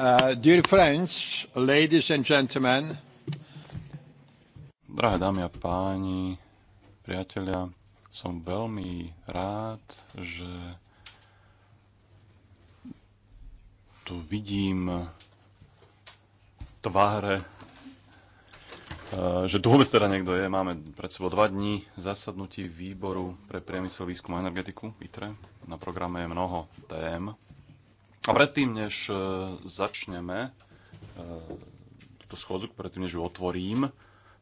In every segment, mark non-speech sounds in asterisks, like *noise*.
Uh, dear friends, ladies and gentlemen. Drahé dámy a páni, priatelia, som veľmi rád, že tu vidím tváre, uh, že tu vôbec teda niekto je. Máme pred sebou dva dní zasadnutí výboru pre priemysel, výskum a energetiku, ITRE. Na programe je mnoho tém, a predtým, než e, začneme e, túto schôdzu, predtým, než ju otvorím,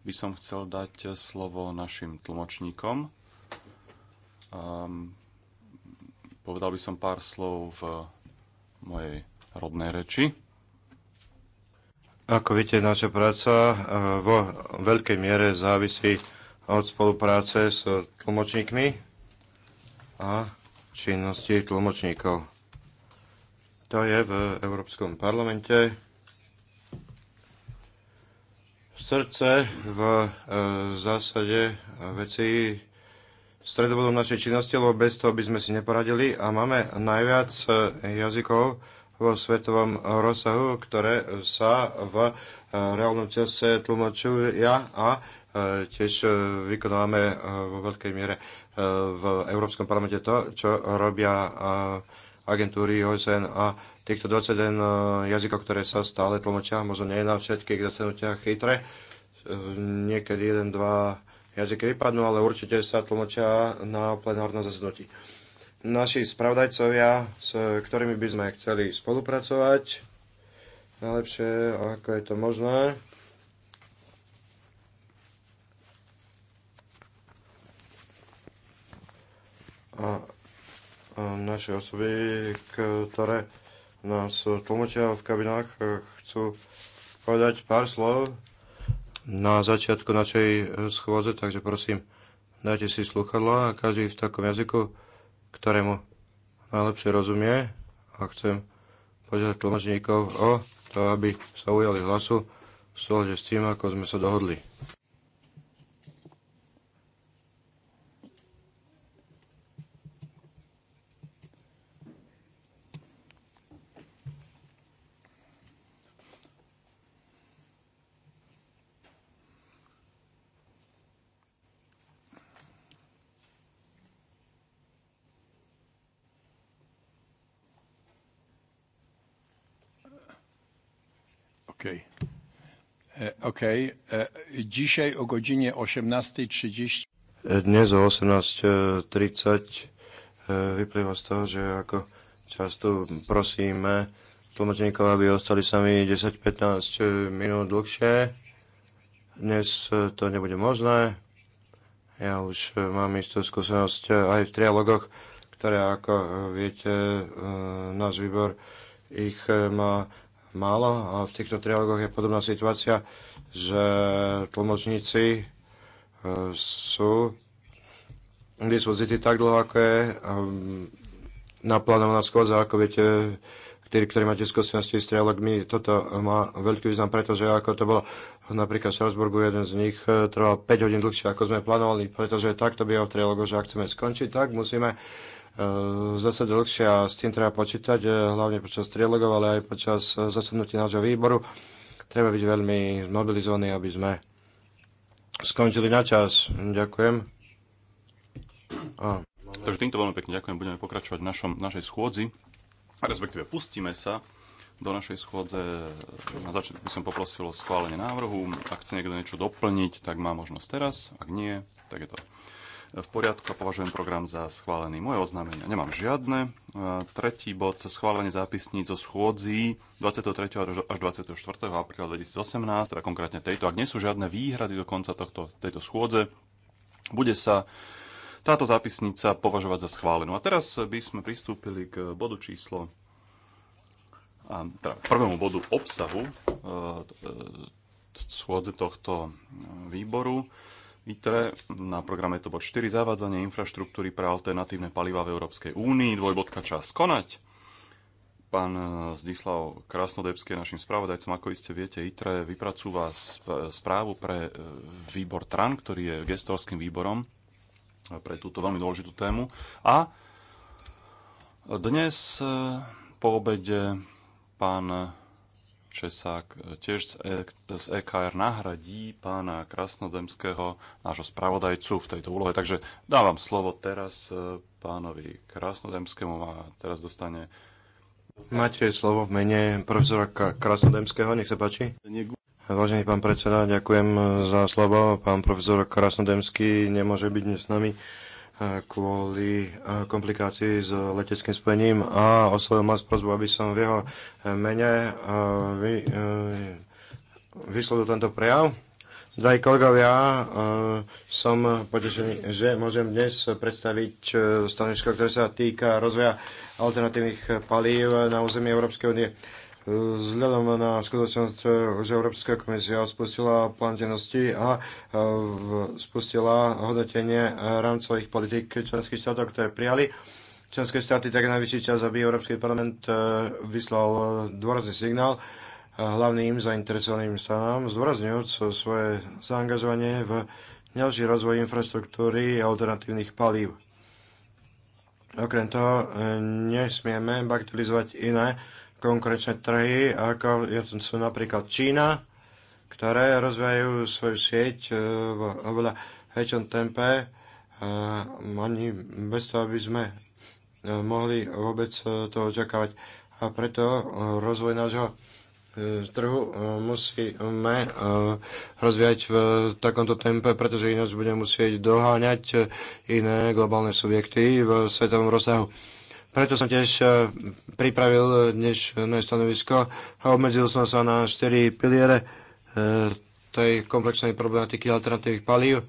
by som chcel dať slovo našim tlmočníkom. Um, povedal by som pár slov v mojej rodnej reči. Ako viete, naša práca e, vo veľkej miere závisí od spolupráce s tlmočníkmi a činnosti tlmočníkov to je v Európskom parlamente v srdce, v e, zásade veci stredobodom našej činnosti, lebo bez toho by sme si neporadili a máme najviac e, jazykov vo svetovom rozsahu, ktoré sa v e, reálnom čase tlmočujú ja a e, tiež vykonávame vo veľkej miere v Európskom parlamente to, čo robia agentúry OSN a týchto 21 eh, jazykov, ktoré sa stále tlmočia, možno nie na všetkých zasenutiach chytre, eh, niekedy jeden, dva jazyky vypadnú, ale určite sa tlmočia na plenárnom zasenutí. Naši spravodajcovia, s ktorými by sme chceli spolupracovať, najlepšie, ako je to možné, a naše osoby, ktoré nás tlmočia v kabinách, chcú povedať pár slov na začiatku našej schôze, takže prosím, dajte si sluchadlo a každý v takom jazyku, ktorému najlepšie rozumie a chcem požiadať tlmočníkov o to, aby sa ujali hlasu v súlade s tým, ako sme sa dohodli. Okej. Okay. E, dzisiaj o godzinie 18.30... Dnes o 18.30 e, vyplýva z toho, že ako často prosíme tlmočníkov, aby ostali sami 10-15 e, minút dlhšie. Dnes to nebude možné. Ja už mám istú skúsenosť aj v trialogoch, ktoré, ako viete, náš výbor ich má málo a v týchto trialogoch je podobná situácia, že tlmočníci e, sú k dispozícii tak dlho, ako je naplánovaná schôdza, ako viete, ktorí, ktorí máte skúsenosti s trialogmi, toto má veľký význam, pretože ako to bolo napríklad v Štrasburgu, jeden z nich e, trval 5 hodín dlhšie, ako sme plánovali, pretože takto by v trialogu, že ak chceme skončiť, tak musíme uh, Eh, zase dlhšie a s tým treba počítať, eh, hlavne počas trilogov, ale aj počas eh, zasadnutí nášho výboru. Treba byť veľmi zmobilizovaný, aby sme skončili na čas. Ďakujem. A. Takže týmto veľmi pekne ďakujem. Budeme pokračovať v našom, našej schôdzi, respektíve pustíme sa do našej schôdze. Na začiatku by som poprosil o schválenie návrhu. Ak chce niekto niečo doplniť, tak má možnosť teraz. Ak nie, tak je to v poriadku a považujem program za schválený. Moje oznámenia nemám žiadne. Tretí bod, schválenie zápisníc zo schôdzí 23. až 24. apríla 2018, teda konkrétne tejto. Ak nie sú žiadne výhrady do konca tohto, tejto schôdze, bude sa táto zápisnica považovať za schválenú. A teraz by sme pristúpili k bodu číslo a teda prvému bodu obsahu e, e, schôdze tohto e, výboru. ITRE. Na programe to bod 4 zavádzanie infraštruktúry pre alternatívne paliva v Európskej únii. Dvojbodka čas konať. Pán eh, Zdislav Krasnodebský je našim spravodajcom. Ako iste viete, ITRE vypracúva správu pre eh, výbor TRAN, ktorý je gestorským výborom eh, pre túto veľmi dôležitú tému. A dnes po obede pán Česák e, tiež z, EKR e nahradí pána Krasnodemského, nášho spravodajcu v tejto úlohe. Takže dávam slovo teraz e, pánovi Krasnodemskému a teraz dostane... dostane... Máte slovo v mene profesora Krasnodemského, nech sa páči. Vážený pán predseda, ďakujem za slovo. Pán profesor Krasnodemský nemôže byť dnes s nami kvôli komplikácii s leteckým spojením a oslovil ma prozbu, aby som v jeho e, mene vy, e, vyslovil tento prejav. Drahí kolegovia, e, som potešený, že môžem dnes predstaviť stanovisko, ktoré sa týka rozvoja alternatívnych palív na území Európskej únie vzhľadom na skutočnosť, že Európska komisia spustila plán činnosti a e, spustila hodnotenie rámcových politik členských štátov, ktoré prijali členské štáty, tak je najvyšší čas, aby Európsky parlament e, vyslal dôrazný signál hlavným zainteresovaným stranám, zdôrazňujúc svoje zaangažovanie v ďalší rozvoj infraštruktúry a alternatívnych palív. Okrem toho, e, nesmieme bagatelizovať iné Konkrétne trhy, ako sú napríklad Čína, ktoré rozvíjajú svoju sieť e, v oveľa väčšom tempe, e, ani bez toho, aby sme e, mohli vôbec to očakávať. A preto rozvoj nášho trhu musíme rozvíjať v takomto tempe, pretože ináč budeme musieť doháňať iné globálne subjekty v svetovom rozsahu. Preto som tiež e, pripravil dnešné stanovisko a obmedzil som sa na štyri piliere e, tej komplexnej problematiky alternatívnych palív,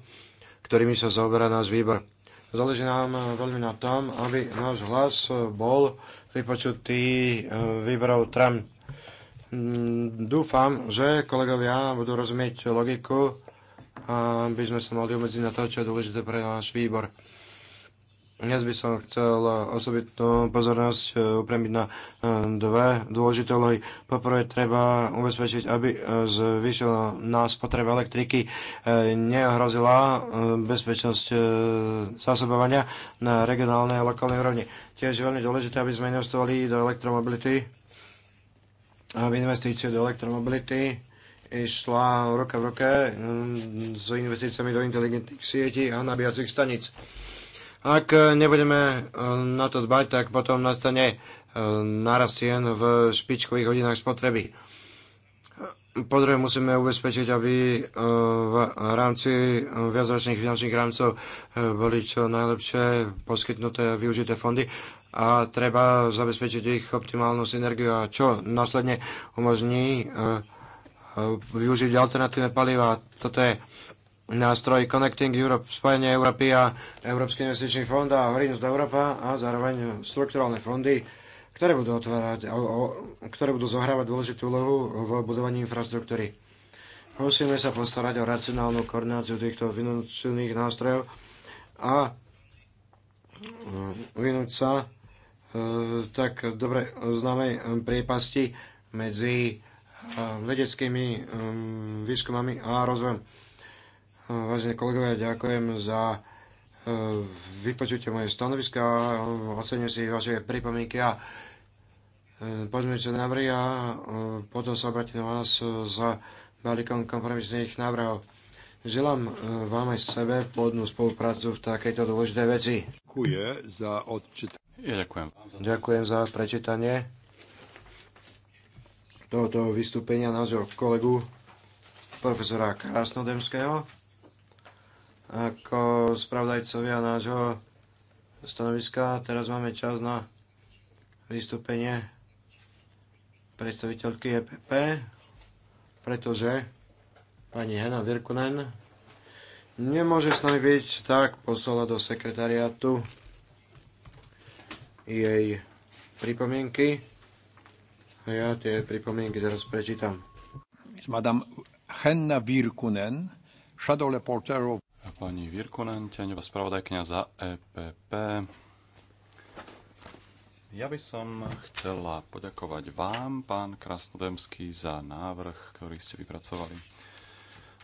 ktorými sa zaoberá náš výbor. Záleží nám veľmi na tom, aby náš hlas bol vypočutý e, výborov TRAM. Mm, dúfam, že kolegovia budú rozumieť logiku, a by sme sa mali obmedziť na to, čo je dôležité pre náš výbor. Dnes by som chcel osobitnú pozornosť e, upremiť na e, dve dôležité úlohy. Poprvé treba ubezpečiť, aby e, nás potreba elektriky neohrozila bezpečnosť zásobovania na regionálnej a lokálnej úrovni. Tiež je veľmi dôležité, aby sme investovali do elektromobility, aby investície do elektromobility išla ruka v ruke mm, s investíciami do inteligentných sietí a nabíjacích staníc ak eh, nebudeme eh, na to dbať, tak potom nastane eh, naraz jen v špičkových hodinách spotreby. Po druhé, musíme ubezpečiť, aby v rámci viacročných finančných rámcov boli čo najlepšie poskytnuté a využité fondy a treba zabezpečiť ich optimálnu synergiu a čo následne umožní využiť alternatívne paliva. Toto je nástroj Connecting Europe, spojenie Európy a Európsky investičný fond a Horizont Európa a zároveň štrukturálne fondy, ktoré budú, otvárať, o, o, ktoré budú zohrávať dôležitú úlohu v budovaní infraštruktúry. Musíme sa postarať o racionálnu koordináciu týchto finančných nástrojov a e, vynúť sa e, tak dobre známej e, priepasti medzi vedeckými výskumami a rozvojom Vážení kolegovia, ďakujem za e, vypočutie moje stanoviska, ocením si vaše pripomienky a e, pozmeňujúce návrhy a e, potom sa obratím na vás za balíkom kompromisných návrhov. Želám vám aj sebe plodnú spoluprácu v takejto dôležitej veci. Ďakujem za odčítanie. ďakujem. Ďakujem za prečítanie tohoto vystúpenia nášho kolegu profesora Krasnodemského ako spravodajcovia nášho stanoviska. Teraz máme čas na vystúpenie predstaviteľky EPP, pretože pani Hena Virkunen nemôže s nami byť, tak poslala do sekretariátu jej pripomienky a ja tie pripomienky teraz prečítam. Madame Henna Virkunen, shadow reporter of pani Virkonen, spravodajkňa za EPP. Ja by som chcela poďakovať vám, pán Krasnodemský, za návrh, ktorý ste vypracovali.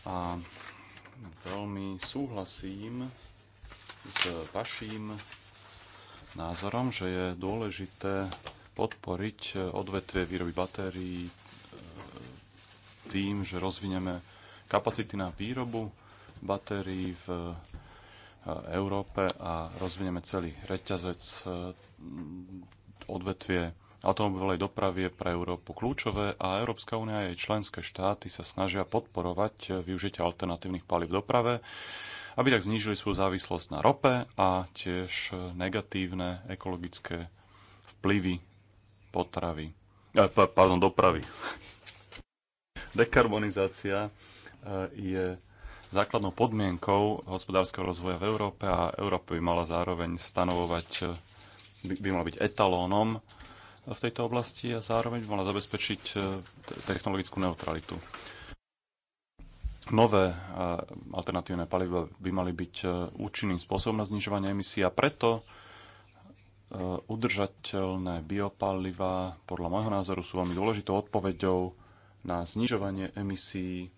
A veľmi súhlasím s vaším názorom, že je dôležité podporiť odvetvie výroby batérií e, tým, že rozvineme kapacity na výrobu batérií v e, Európe a rozvinieme celý reťazec e, odvetvie automobilovej dopravy je pre Európu kľúčové a Európska únia a jej členské štáty sa snažia podporovať e, využitie alternatívnych palív v doprave, aby tak znížili svoju závislosť na rope a tiež negatívne ekologické vplyvy potravy, eh, pardon, dopravy. *laughs* Dekarbonizácia je základnou podmienkou hospodárskeho rozvoja v Európe a Európa by mala zároveň stanovovať, by, by mala byť etalónom v tejto oblasti a zároveň by mala zabezpečiť e, technologickú neutralitu. Nové e, alternatívne paliva by mali byť e, účinným spôsobom na znižovanie emisí a preto udržateľné biopaliva podľa môjho názoru sú veľmi dôležitou odpoveďou na znižovanie emisí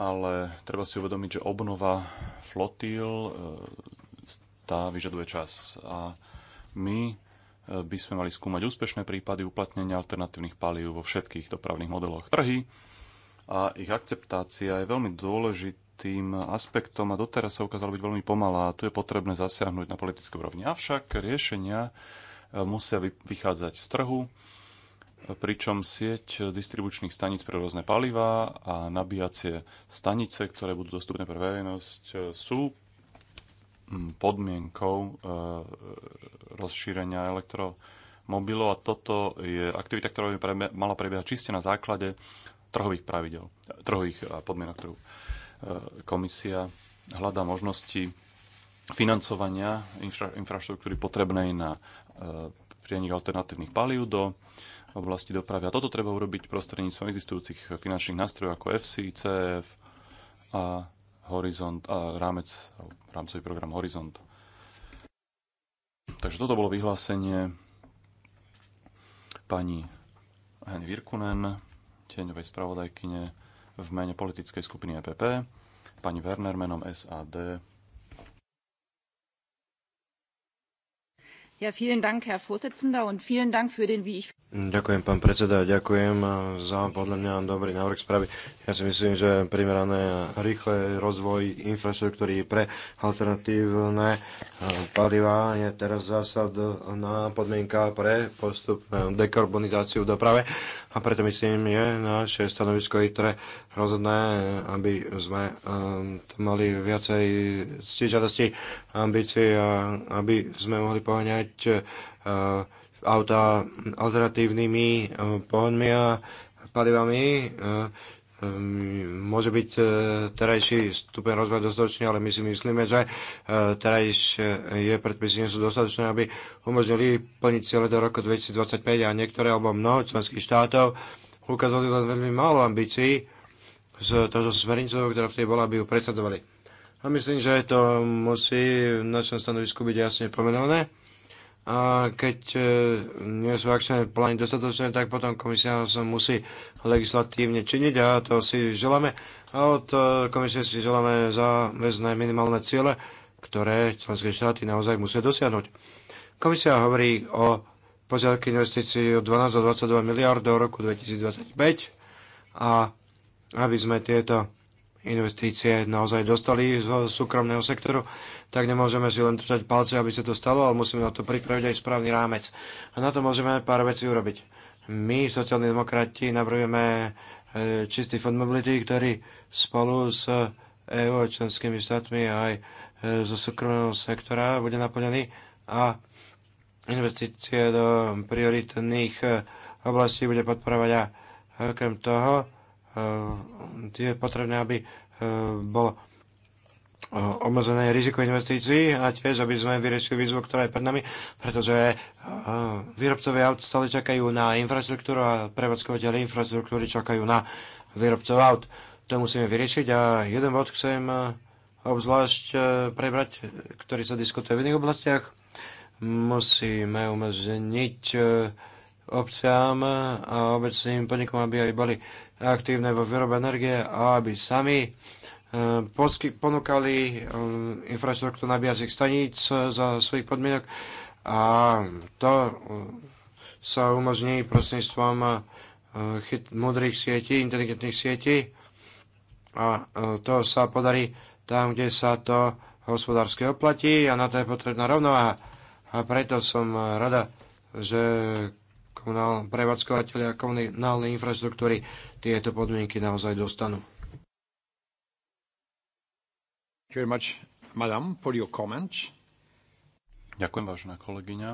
ale treba si uvedomiť, že obnova flotíl e, tá vyžaduje čas. A my e, by sme mali skúmať úspešné prípady uplatnenia alternatívnych palív vo všetkých dopravných modeloch trhy a ich akceptácia je veľmi dôležitým aspektom a doteraz sa ukázalo byť veľmi pomalá. Tu je potrebné zasiahnuť na politické úrovni. Avšak riešenia e, musia vychádzať z trhu, pričom sieť distribučných staníc pre rôzne palivá a nabíjacie stanice, ktoré budú dostupné pre verejnosť, e, sú mm, podmienkou e, rozšírenia elektromobilov a toto je aktivita, ktorá by mala prebiehať čiste na základe trhových pravidel, trhových e, podmienok ktorú Komisia hľadá možnosti financovania infra, infraštruktúry potrebnej na prienik alternatívnych palív do oblasti dopravy. A toto treba urobiť prostredníctvom existujúcich finančných nástrojov ako FC, CF a, Horizont, a rámec, rámcový program Horizont. Takže toto bolo vyhlásenie pani Hen Virkunen, tieňovej spravodajkyne v mene politickej skupiny EPP, pani Werner menom SAD. Ja, vielen Dank, Herr Vorsitzender, und vielen Dank für den, wie ich Mm, ďakujem, pán predseda, ďakujem za podľa mňa dobrý návrh správy. Ja si myslím, že primerané rýchle rozvoj infraštruktúry pre alternatívne e, paliva je teraz zásadná podmienka pre postupnú e, dekarbonizáciu v doprave a preto myslím, je naše stanovisko ITRE rozhodné, aby sme um, mali viacej ctižadosti, ambícií a aby sme mohli poháňať uh, auta alternatívnymi e, pohodmi a palivami. E, e, môže byť terajší stupeň rozvoja dostatočný, ale my si myslíme, že terajšie predpisy nie sú dostatočné, aby umožnili plniť cieľe do roku 2025 a niektoré alebo mnoho členských štátov ukázali len veľmi málo ambícií z toho smernicou, ktorá v tej bola, aby ju presadzovali. A myslím, že to musí v našom stanovisku byť jasne pomenované a keď e, nie sú akčné plány dostatočné, tak potom komisia sa musí legislatívne činiť a to si želáme. A od e, komisie si želáme záväzné minimálne ciele, ktoré členské štáty naozaj musia dosiahnuť. Komisia hovorí o požiadky investícií od 12 do 22 miliard do roku 2025 a aby sme tieto investície naozaj dostali z súkromného sektoru, tak nemôžeme si len držať palce, aby sa to stalo, ale musíme na to pripraviť aj správny rámec. A na to môžeme pár vecí urobiť. My, sociálni demokrati, navrhujeme e, čistý fond mobility, ktorý spolu s EU a členskými štátmi aj e, zo súkromného sektora bude naplnený a investície do prioritných e, oblastí bude podporovať a okrem toho Eh, je potrebné, aby eh, bolo eh, obmedzené riziko investícií a tiež, aby sme vyriešili výzvu, ktorá je pred nami, pretože výrobcovi aut stále čakajú na infraštruktúru a prevádzkovateľi infraštruktúry čakajú na výrobcov aut. To musíme vyriešiť a jeden bod chcem obzvlášť prebrať, ktorý sa diskutuje v iných oblastiach. Musíme umožniť uh, obciám a obecným podnikom, aby aj boli aktívne vo výrobe energie a aby sami e, ponúkali e, infraštruktúru nabíjacích staníc e, za svojich podmienok a to sa umožní prostredníctvom chyt, múdrych sietí, inteligentných sietí a to sa podarí tam, kde sa to hospodárske oplatí a na to je potrebná rovnováha. A preto som rada, že komunál, a komunálnej infraštruktúry tieto podmienky naozaj dostanú. Much, Ďakujem, vážená kolegyňa,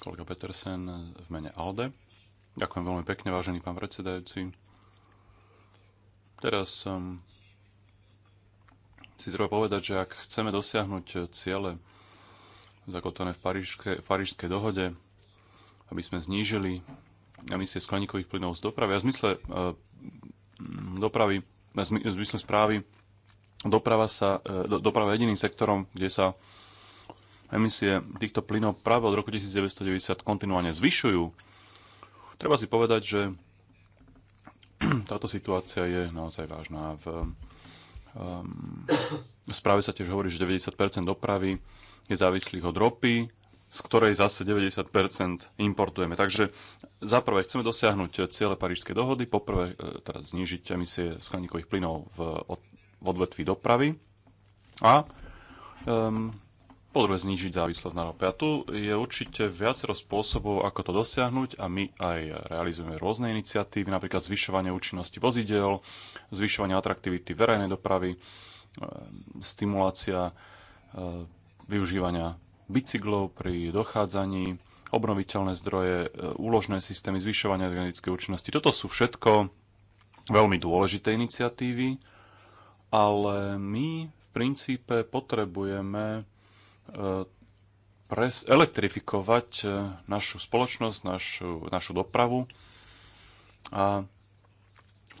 kolega Petersen v mene ALDE. Ďakujem veľmi pekne, vážený pán predsedajúci. Teraz um, si treba povedať, že ak chceme dosiahnuť ciele zakotvené v v Parížskej dohode, aby sme znížili emisie skleníkových plynov z dopravy. A v zmysle eh, dopravy, v zmysle správy, doprava, sa, eh, doprava je jediným sektorom, kde sa emisie týchto plynov práve od roku 1990 kontinuálne zvyšujú. Treba si povedať, že *clears throat* táto situácia je naozaj vážna. V, um, správe sa tiež hovorí, že 90% dopravy je závislých od ropy z ktorej zase 90 importujeme. Takže za prvé chceme dosiahnuť ciele Parížskej dohody, poprvé e, teda znížiť emisie skleníkových plynov v, v odvetví dopravy a um, po druhé znížiť závislosť na rope. A tu je určite viacero spôsobov, ako to dosiahnuť a my aj realizujeme rôzne iniciatívy, napríklad zvyšovanie účinnosti vozidel, zvyšovanie atraktivity verejnej dopravy, stimulácia e, využívania bicyklov, pri dochádzaní, obnoviteľné zdroje, e, úložné systémy, zvyšovania energetickej účinnosti. Toto sú všetko veľmi dôležité iniciatívy, ale my v princípe potrebujeme e, pres, elektrifikovať e, našu spoločnosť, našu, našu dopravu. A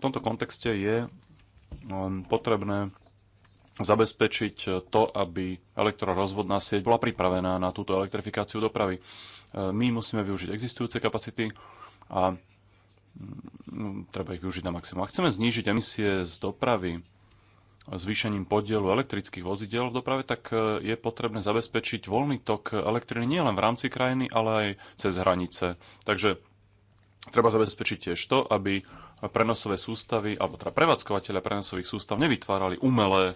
v tomto kontexte je potrebné zabezpečiť to, aby elektrorozvodná sieť bola pripravená na túto elektrifikáciu dopravy. E, my musíme využiť existujúce kapacity a mm, treba ich využiť na maximum. Ak chceme znížiť emisie z dopravy zvýšením podielu elektrických vozidel v doprave, tak e, je potrebné zabezpečiť voľný tok elektriny nielen v rámci krajiny, ale aj cez hranice. Takže treba zabezpečiť tiež to, aby prenosové sústavy, alebo teda prevádzkovateľe prenosových sústav nevytvárali umelé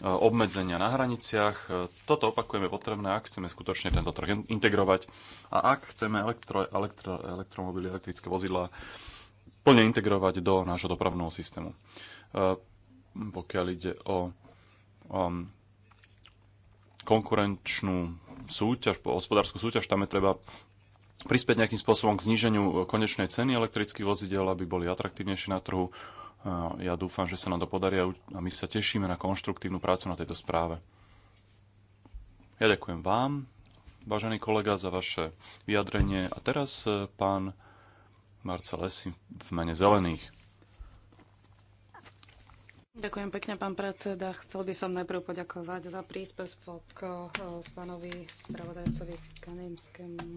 Eh, obmedzenia na hraniciach. Eh, toto opakujeme potrebné, ak chceme skutočne tento trh integrovať a ak chceme elektro, elektro, elektromobily, elektrické vozidlá plne integrovať do nášho dopravného systému. Eh, pokiaľ ide o um, konkurenčnú súťaž, hospodárskú súťaž, tam je treba prispieť nejakým spôsobom k zníženiu konečnej ceny elektrických vozidel, aby boli atraktívnejšie na trhu ja dúfam, že sa nám to podarí a my sa tešíme na konštruktívnu prácu na tejto správe. Ja ďakujem vám, vážený kolega, za vaše vyjadrenie. A teraz e, pán Marcel Lesin v mene Zelených. Ďakujem pekne, pán predseda. Chcel by som najprv poďakovať za príspevok s e, pánovi spravodajcovi Kanemskému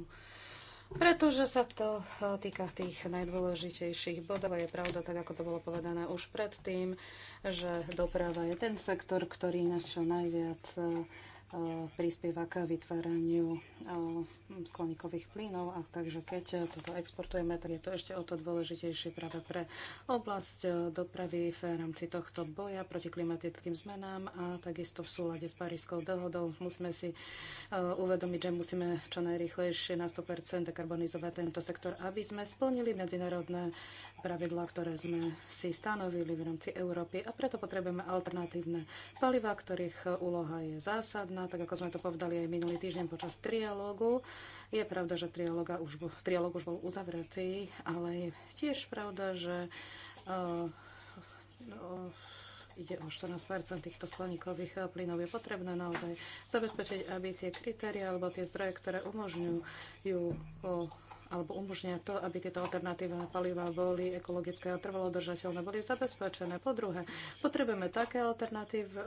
pretože sa to e, týka tých najdôležitejších bodov a je pravda, tak ako to bolo povedané už predtým, že doprava je ten sektor, ktorý nás čo najviac e, E, prispieva k vytváraniu e, skleníkových plynov. A takže keď toto exportujeme, tak je to ešte o to dôležitejšie práve pre oblasť e, dopravy v rámci tohto boja proti klimatickým zmenám a takisto v súlade s Parískou dohodou. Musíme si uvedomiť, že musíme čo najrychlejšie na 100% dekarbonizovať tento sektor, aby sme splnili medzinárodné pravidlá, ktoré sme si stanovili v rámci Európy a preto potrebujeme alternatívne paliva, ktorých úloha je zásadná, tak ako sme to povedali aj minulý týždeň počas trialógu. Je pravda, že trialóg už, trialóg už bol uzavretý, ale je tiež pravda, že uh, no, ide o 14 týchto skleníkových eh, plynov, je potrebné naozaj zabezpečiť, aby tie kritéria alebo tie zdroje, ktoré umožňujú eh, alebo umožnia to, aby tieto alternatívne paliva boli ekologické a trvalo držateľné, boli zabezpečené. Po druhé, potrebujeme také, alternatív, e,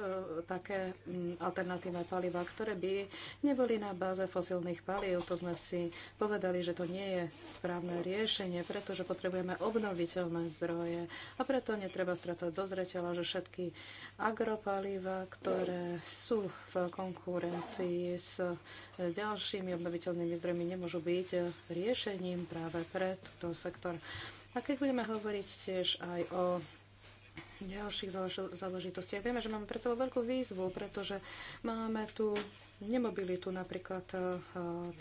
také alternatívne paliva, ktoré by neboli na báze fosilných palív. To sme si povedali, že to nie je správne riešenie, pretože potrebujeme obnoviteľné zdroje a preto netreba strácať zo zreteľa, že všetky agropaliva, ktoré sú v konkurencii s e, ďalšími obnoviteľnými zdrojmi, nemôžu byť e, riešenie riešením práve pre tento sektor. A keď budeme hovoriť tiež aj o ďalších záležitostiach, vieme, že máme pred sebou veľkú výzvu, pretože máme tu nemobilitu napríklad uh,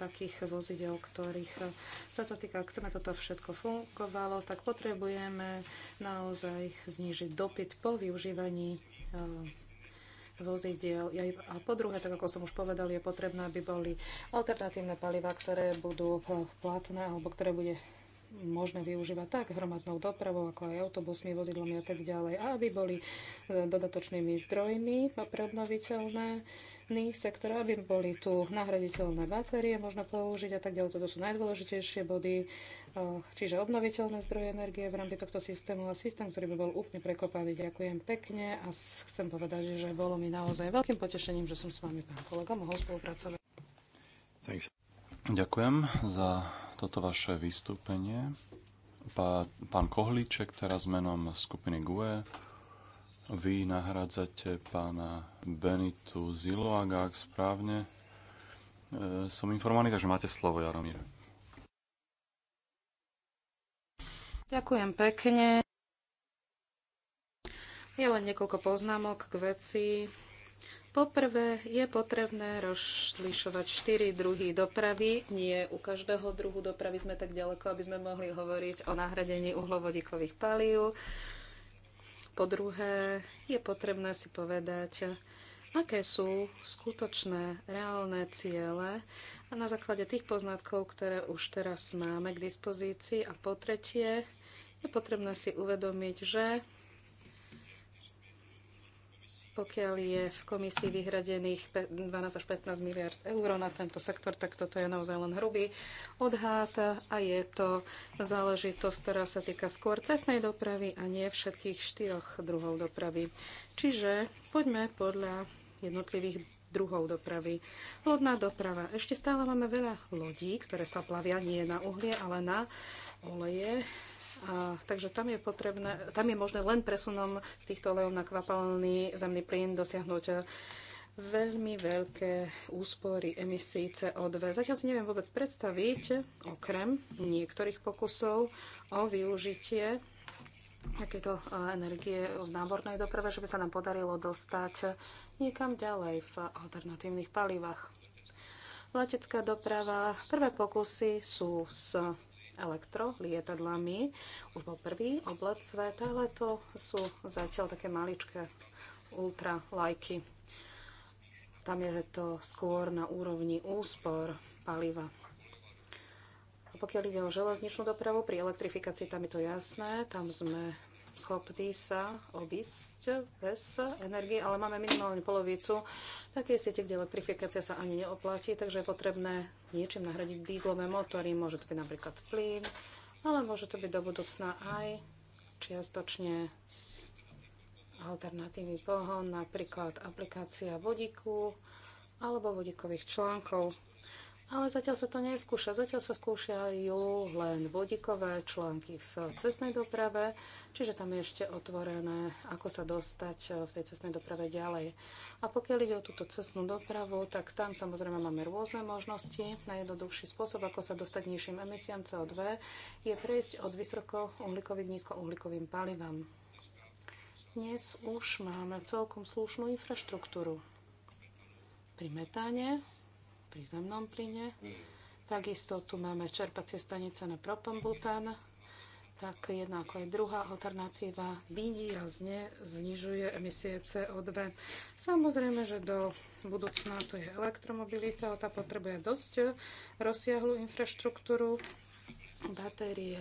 takých vozidel, ktorých eh, sa to týka, ak chceme toto všetko fungovalo, tak potrebujeme naozaj znížiť dopyt po využívaní uh, vozidiel. A po druhé, tak ako som už povedal, je potrebné, aby boli alternatívne paliva, ktoré budú eh, platné alebo ktoré bude možné využívať tak hromadnou dopravou, ako aj autobusmi, vozidlami a tak ďalej. A aby boli eh, dodatočnými zdrojmi pre obnoviteľné iných sektorov, aby boli tu nahraditeľné batérie, možno použiť a tak ďalej. Toto sú najdôležitejšie body, eh, čiže obnoviteľné zdroje energie v rámci tohto systému a systém, ktorý by bol úplne prekopaný. Ďakujem pekne a chcem povedať, že bolo mi naozaj veľkým potešením, že som s vami, pán kolega, mohol spolupracovať. Thanks. Ďakujem za toto vaše vystúpenie. pán Kohlíček teraz menom skupiny GUE. Vy nahradzate pána Benitu Ziloaga, ak správne e, som informovaný, takže máte slovo, Jaromír. Ďakujem pekne. Je len niekoľko poznámok k veci. Poprvé je potrebné rozlišovať štyri druhy dopravy. Nie u každého druhu dopravy sme tak ďaleko, aby sme mohli hovoriť o nahradení uhlovodíkových palív. Po druhé, je potrebné si povedať, aké sú skutočné, reálne ciele a na základe tých poznatkov, ktoré už teraz máme k dispozícii. A po tretie, je potrebné si uvedomiť, že pokiaľ je v komisii vyhradených 12 až 15 miliard eur na tento sektor, tak toto je naozaj len hrubý odhad a je to záležitosť, ktorá sa týka skôr cestnej dopravy a nie všetkých štyroch druhov dopravy. Čiže poďme podľa jednotlivých druhov dopravy. Lodná doprava. Ešte stále máme veľa lodí, ktoré sa plavia nie na uhlie, ale na oleje. A, takže tam je, potrebné, tam je možné len presunom z týchto olejov na kvapalný zemný plyn dosiahnuť eh, veľmi veľké úspory emisí CO2. Zatiaľ si neviem vôbec predstaviť, okrem niektorých pokusov o využitie takéto eh, energie v nábornej doprave, že by sa nám podarilo dostať niekam ďalej v alternatívnych palivách. Letecká doprava, prvé pokusy sú s Elektro lietadlami. Už bol prvý oblet sveta, ale to sú zatiaľ také maličké lajky. Tam je to skôr na úrovni úspor paliva. A pokiaľ ide o železničnú dopravu, pri elektrifikácii tam je to jasné, tam sme schopní sa obísť bez energie, ale máme minimálne polovicu také siete, kde elektrifikácia sa ani neoplatí, takže je potrebné niečím nahradiť dízlové motory. Môže to byť napríklad plyn, ale môže to byť do budúcna aj čiastočne alternatívny pohon, napríklad aplikácia vodíku alebo vodíkových článkov. Ale zatiaľ sa to neskúša. Zatiaľ sa skúšajú len vodíkové články v cestnej doprave, čiže tam je ešte otvorené, ako sa dostať eh, v tej cestnej doprave ďalej. A pokiaľ ide o túto cestnú dopravu, tak tam samozrejme máme rôzne možnosti. Najjednoduchší spôsob, ako sa dostať nižším emisiám CO2, je prejsť od vysokouhlíkových k nízkouhlíkovým palivám. Dnes už máme celkom slušnú infraštruktúru. Pri metáne pri zemnom plyne. Mm. Takisto tu máme čerpacie stanice na propambután, tak jedna ako aj druhá alternatíva výrazne znižuje emisie CO2. Samozrejme, že do budúcna to je elektromobilita, ale tá potrebuje dosť rozsiahlu infraštruktúru, batérie,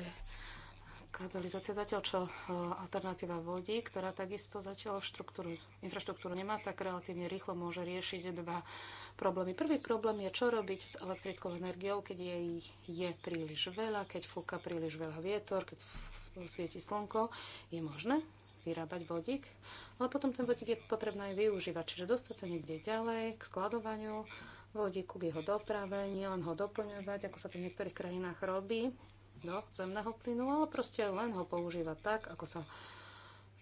Kanalizácia zatiaľ, čo e, alternatíva vodí, ktorá takisto zatiaľ štruktúru, infraštruktúru nemá, tak relatívne rýchlo môže riešiť dva problémy. Prvý problém je, čo robiť s elektrickou energiou, keď jej je príliš veľa, keď fúka príliš veľa vietor, keď svieti slnko. Je možné vyrábať vodík, ale potom ten vodík je potrebné aj využívať, čiže dostať sa niekde ďalej k skladovaniu vodíku, k jeho doprave, nielen ho doplňovať, ako sa to v niektorých krajinách robí, do zemného plynu, ale proste len ho používať tak, ako, sa,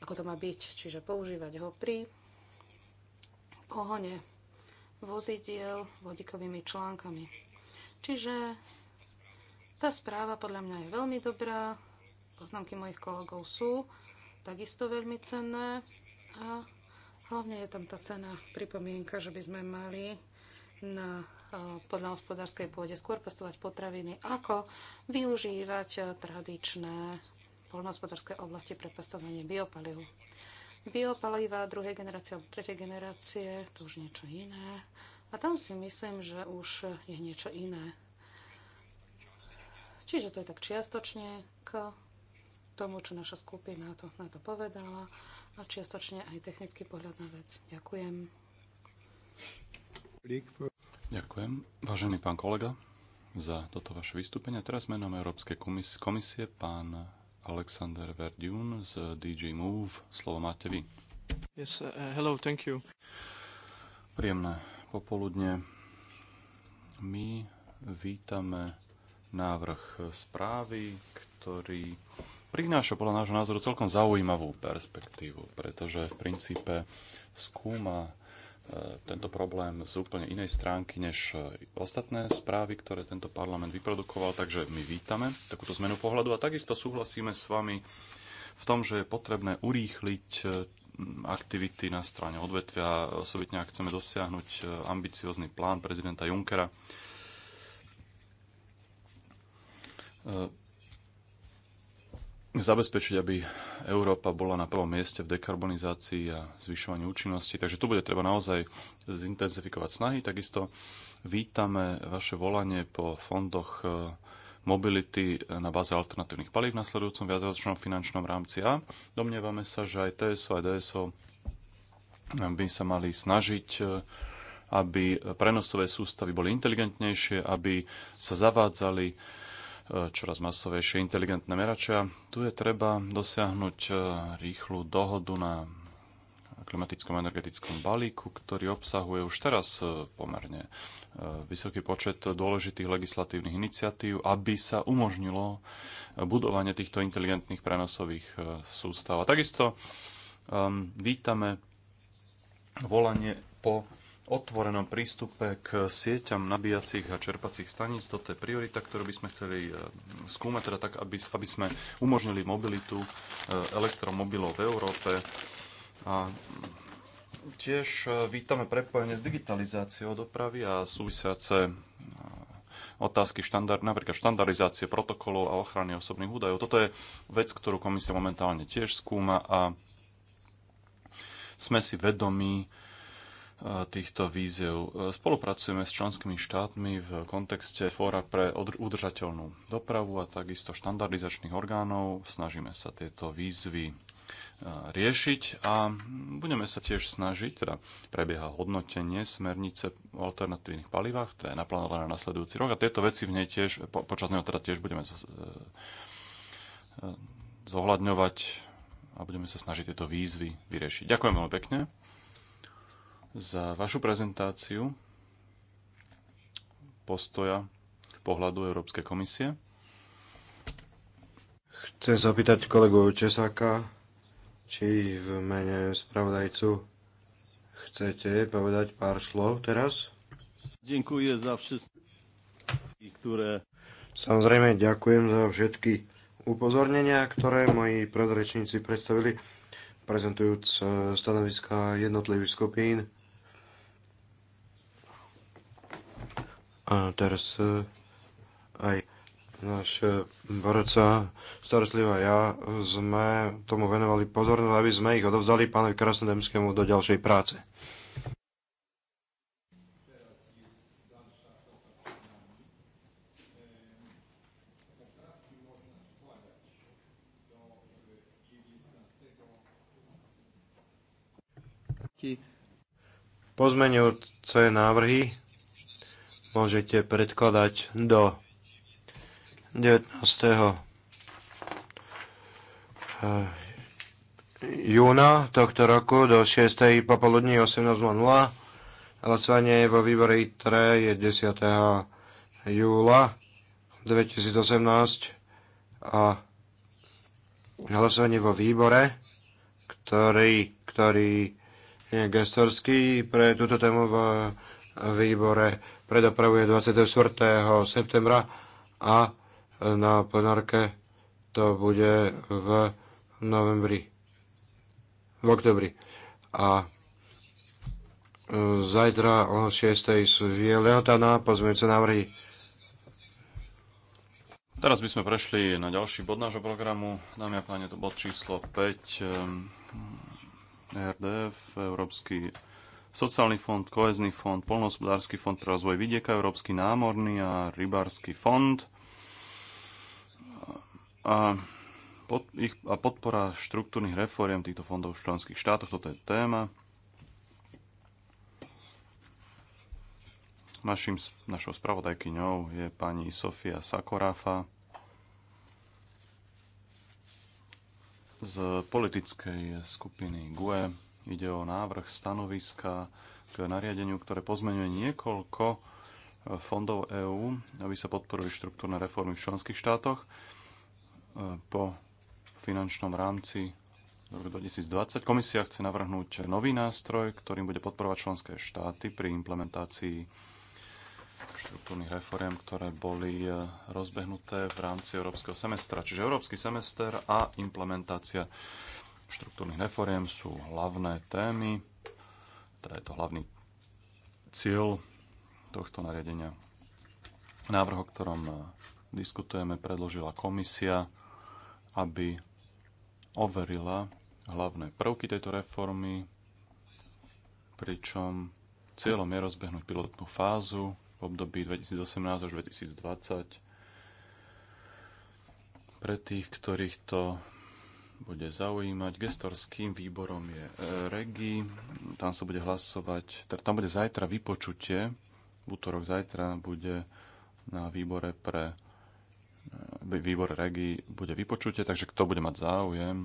ako to má byť. Čiže používať ho pri pohone vozidiel vodíkovými článkami. Čiže tá správa podľa mňa je veľmi dobrá, poznámky mojich kolegov sú takisto veľmi cenné a hlavne je tam tá cena pripomienka, že by sme mali na hospodárskej pôde, skôr pestovať potraviny, ako využívať e, tradičné poľnohospodárske oblasti pre pestovanie biopalivu. Biopaliva druhej generácie alebo tretej generácie, to už niečo iné. A tam si myslím, že už je niečo iné. Čiže to je tak čiastočne k tomu, čo naša skupina to, na to povedala a čiastočne aj technický pohľad na vec. Ďakujem. Ďakujem, vážený pán kolega, za toto vaše vystúpenie. Teraz menom Európskej komisie, komisie pán Alexander Verdiun z DG Move. Slovo máte vy. Yes, uh, hello, thank you. Príjemné popoludne. My vítame návrh správy, ktorý prináša podľa nášho názoru celkom zaujímavú perspektívu, pretože v princípe skúma E, tento problém z úplne inej stránky než e, ostatné správy, ktoré tento parlament vyprodukoval, takže my vítame takúto zmenu pohľadu a takisto súhlasíme s vami v tom, že je potrebné urýchliť e, aktivity na strane odvetvia. Osobitne, ak chceme dosiahnuť ambiciózny plán prezidenta Junckera, zabezpečiť, aby Európa bola na prvom mieste v dekarbonizácii a zvyšovaní účinnosti. Takže tu bude treba naozaj zintenzifikovať snahy. Takisto vítame vaše volanie po fondoch e, mobility na báze alternatívnych palív v nasledujúcom viacročnom finančnom rámci a domnievame sa, že aj TSO aj DSO by sa mali snažiť e, aby prenosové sústavy boli inteligentnejšie, aby sa zavádzali čoraz masovejšie inteligentné merača. Tu je treba dosiahnuť e, rýchlu dohodu na klimatickom energetickom balíku, ktorý obsahuje už teraz e, pomerne e, vysoký počet dôležitých legislatívnych iniciatív, aby sa umožnilo budovanie týchto inteligentných prenosových sústav. A takisto um, vítame volanie po otvorenom prístupe k sieťam nabíjacích a čerpacích staníc. Toto je priorita, ktorú by sme chceli e, skúmať, teda tak, aby, aby sme umožnili mobilitu e, elektromobilov v Európe. A tiež e, vítame prepojenie s digitalizáciou dopravy a súvisiace otázky štandard, napríklad štandardizácie protokolov a ochrany osobných údajov. Toto je vec, ktorú komisia momentálne tiež skúma a sme si vedomí E, týchto víziev. E, spolupracujeme s členskými štátmi v kontexte fóra pre udržateľnú dopravu a takisto štandardizačných orgánov. Snažíme sa tieto výzvy e, riešiť a budeme sa tiež snažiť, teda prebieha hodnotenie smernice o alternatívnych palivách, ktorá je naplánovaná na nasledujúci rok a tieto veci v nej tiež, po, počas neho teda tiež budeme zohľadňovať a budeme sa snažiť tieto výzvy vyriešiť. Ďakujem veľmi pekne za vašu prezentáciu postoja pohľadu Európskej komisie. Chcem sa opýtať kolegu Česáka, či v mene spravodajcu chcete povedať pár slov teraz? Ďakujem za všetky, ktoré... Samozrejme, ďakujem za všetky upozornenia, ktoré moji predrečníci predstavili, prezentujúc stanoviska jednotlivých skupín A teraz e, aj náš e, borca, starostlivá ja, sme tomu venovali pozornosť, aby sme ich odovzdali pánovi Krasnodemskému do ďalšej práce. pozmeňujúce návrhy môžete predkladať do 19. Eh, júna tohto roku do 6. popoludní 18.00. Hlasovanie vo výbore ITRE je 10. júla 2018 a hlasovanie vo výbore, ktorý, ktorý je gestorský pre túto tému v výbore predopravuje 24. septembra a na plenárke to bude v novembri, v oktobri. A e, zajtra o 6. je lehota na pozmeňujúce návrhy. Teraz by sme prešli na ďalší bod nášho programu. Dámy a páni, to bod číslo 5. E, RDF Európsky sociálny fond, kohezný fond, polnohospodársky fond pre rozvoj vidieka, Európsky námorný a rybársky fond a, pod, ich, a podpora štruktúrnych reforiem týchto fondov v členských štátoch. Toto je téma. Našim, našou spravodajkyňou je pani Sofia Sakorafa z politickej skupiny GUE Ide o návrh stanoviska k nariadeniu, ktoré pozmenuje niekoľko e, fondov EÚ, aby sa podporili štruktúrne reformy v členských štátoch e, po finančnom rámci roku 2020. Komisia chce navrhnúť nový nástroj, ktorým bude podporovať členské štáty pri implementácii štruktúrnych reforiem, ktoré boli e, rozbehnuté v rámci európskeho semestra. Čiže európsky semester a implementácia štruktúrnych reforiem sú hlavné témy, teda je to hlavný cieľ tohto nariadenia. Návrh, o ktorom e, diskutujeme, predložila komisia, aby overila hlavné prvky tejto reformy, pričom cieľom je rozbehnúť pilotnú fázu v období 2018 až 2020 pre tých, ktorých to bude zaujímať. Gestorským výborom je e, REGI. Tam sa bude hlasovať, teda tam bude zajtra vypočutie. V útorok zajtra bude na výbore pre e, výbor REGI bude vypočutie, takže kto bude mať záujem,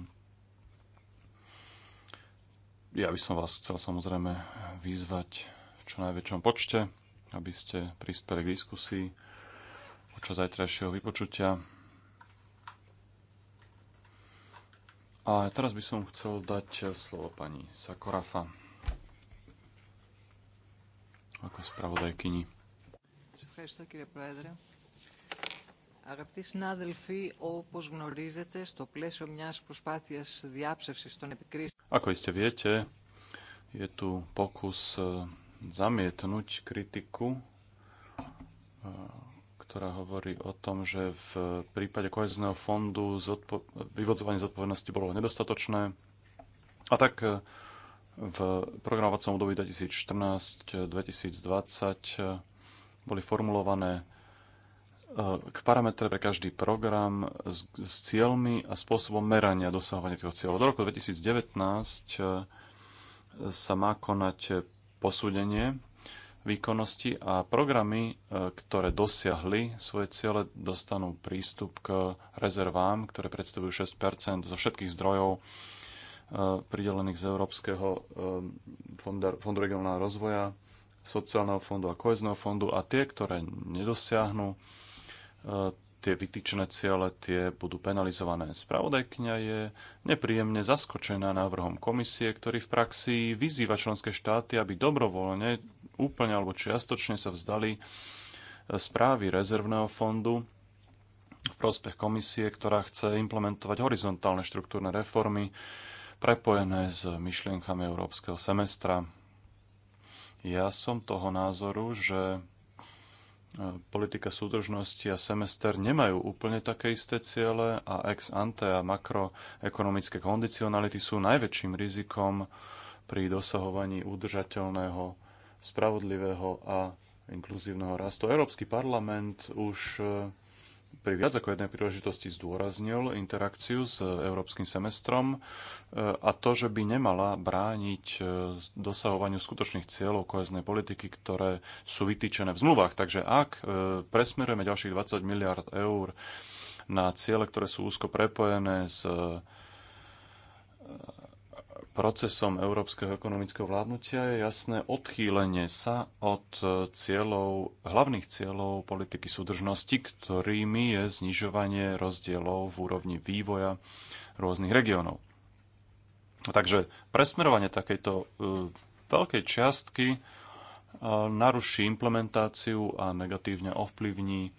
ja by som vás chcel samozrejme vyzvať v čo najväčšom počte, aby ste prispeli k diskusii počas zajtrajšieho vypočutia. A teraz by som chcel dať slovo pani Sakorafa ako spravodajkyni. Αγαπητοί συνάδελφοι, όπως γνωρίζετε, στο πλαίσιο μιας προσπάθειας διάψευσης των επικρίσεων... Ako iste viete, je tu pokus zamietnúť kritiku ktorá hovorí o tom, že v prípade kohezného fondu zodpo- vyvodzovanie zodpovednosti bolo nedostatočné. A tak e, v programovacom období 2014-2020 e, boli formulované e, k parametre pre každý program s, s cieľmi a spôsobom merania dosahovania týchto cieľov. Do roku 2019 sa má konať posúdenie výkonnosti a programy, e, ktoré dosiahli svoje ciele, dostanú prístup k rezervám, ktoré predstavujú 6 zo všetkých zdrojov e, pridelených z Európskeho e, fondu regionálneho rozvoja, sociálneho fondu a kohezného fondu a tie, ktoré nedosiahnu tie vytýčené ciele tie budú penalizované. Spravodajkňa je nepríjemne zaskočená návrhom komisie, ktorý v praxi vyzýva členské štáty, aby dobrovoľne, úplne alebo čiastočne sa vzdali eh, správy rezervného fondu v prospech komisie, ktorá chce implementovať horizontálne štruktúrne reformy prepojené s myšlienkami európskeho semestra. Ja som toho názoru, že politika súdržnosti a semester nemajú úplne také isté ciele a ex ante a makroekonomické kondicionality sú najväčším rizikom pri dosahovaní udržateľného, spravodlivého a inkluzívneho rastu. Európsky parlament už pri viac ako jednej príležitosti zdôraznil interakciu s európskym semestrom e, a to, že by nemala brániť e, dosahovaniu skutočných cieľov koheznej politiky, ktoré sú vytýčené v zmluvách. Takže ak e, presmerujeme ďalších 20 miliard eur na ciele, ktoré sú úzko prepojené s procesom európskeho ekonomického vládnutia je jasné odchýlenie sa od cieľov, hlavných cieľov politiky súdržnosti, ktorými je znižovanie rozdielov v úrovni vývoja rôznych regiónov. Takže presmerovanie takejto e, veľkej čiastky e, naruší implementáciu a negatívne ovplyvní e,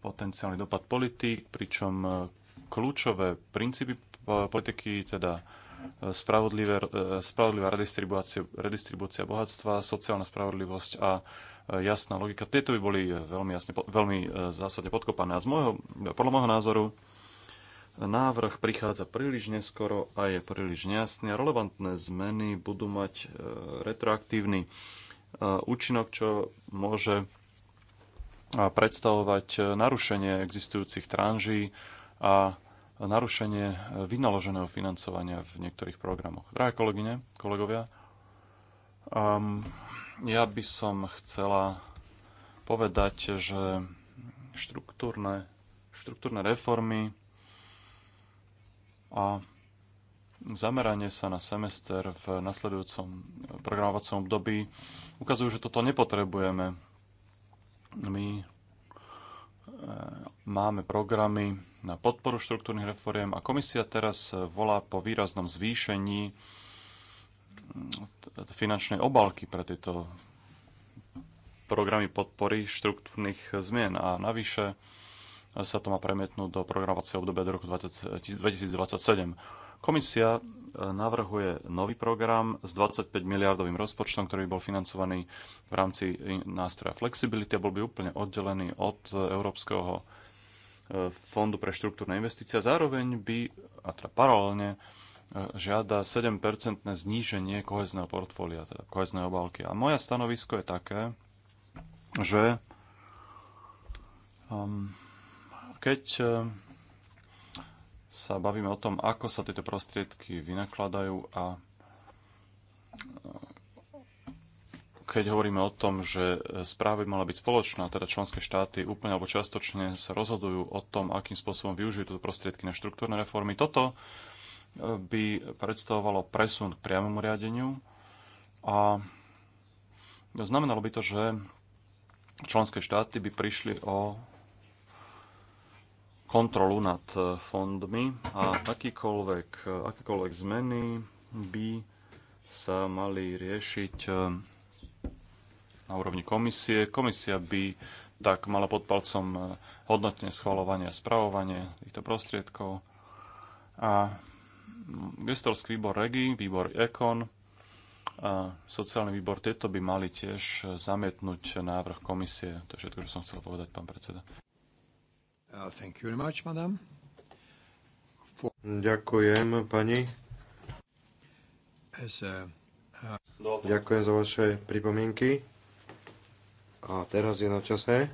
potenciálny dopad politík, pričom kľúčové princípy politiky, teda e, spravodlivé, e, spravodlivá redistribúcia, redistribúcia bohatstva, sociálna spravodlivosť a e, jasná logika. Tieto by boli veľmi, jasne, veľmi zásadne podkopané. A z môjho, podľa môjho názoru návrh prichádza príliš neskoro a je príliš nejasný a relevantné zmeny budú mať retroaktívny účinok, čo môže predstavovať narušenie existujúcich tranží a narušenie e, vynaloženého financovania v niektorých programoch. Drahé kolegyne, kolegovia, um, ja by som chcela povedať, že štruktúrne, štruktúrne reformy a zameranie sa na semester v nasledujúcom programovacom období ukazujú, že toto nepotrebujeme. My e, máme programy, na podporu štruktúrnych reforiem a komisia teraz e, volá po výraznom zvýšení mm, finančnej obalky pre tieto programy podpory štruktúrnych zmien a navyše e, sa to má premietnúť do programovacieho obdobia do roku 2027. E, komisia navrhuje nový program s 25 miliardovým rozpočtom, ktorý by bol financovaný v rámci nástroja flexibility a bol by úplne oddelený od európskeho Fondu pre štruktúrne investície. Zároveň by, a teda paralelne, e, žiada 7-percentné zníženie kohezného portfólia, teda kohezného obálky. A moje stanovisko je také, že um, keď e, sa bavíme o tom, ako sa tieto prostriedky vynakladajú a keď hovoríme o tom, že správa by mala byť spoločná, teda členské štáty úplne alebo čiastočne sa rozhodujú o tom, akým spôsobom využijú tieto prostriedky na štruktúrne reformy, toto e, by predstavovalo presun k priamomu riadeniu a znamenalo by to, že členské štáty by prišli o kontrolu nad e, fondmi a akýkoľvek, e, akékoľvek zmeny by sa mali riešiť na úrovni komisie. Komisia by tak mala pod palcom e, hodnotne schvalovanie a spravovanie týchto prostriedkov. A mm, gestorský výbor REGI, výbor EKON, a sociálny výbor, tieto by mali tiež e, zamietnúť návrh komisie. To je všetko, čo som chcel povedať, pán predseda. Uh, much, For... Ďakujem, pani. As, uh, uh, Ďakujem za vaše pripomienky. A teraz je na čase,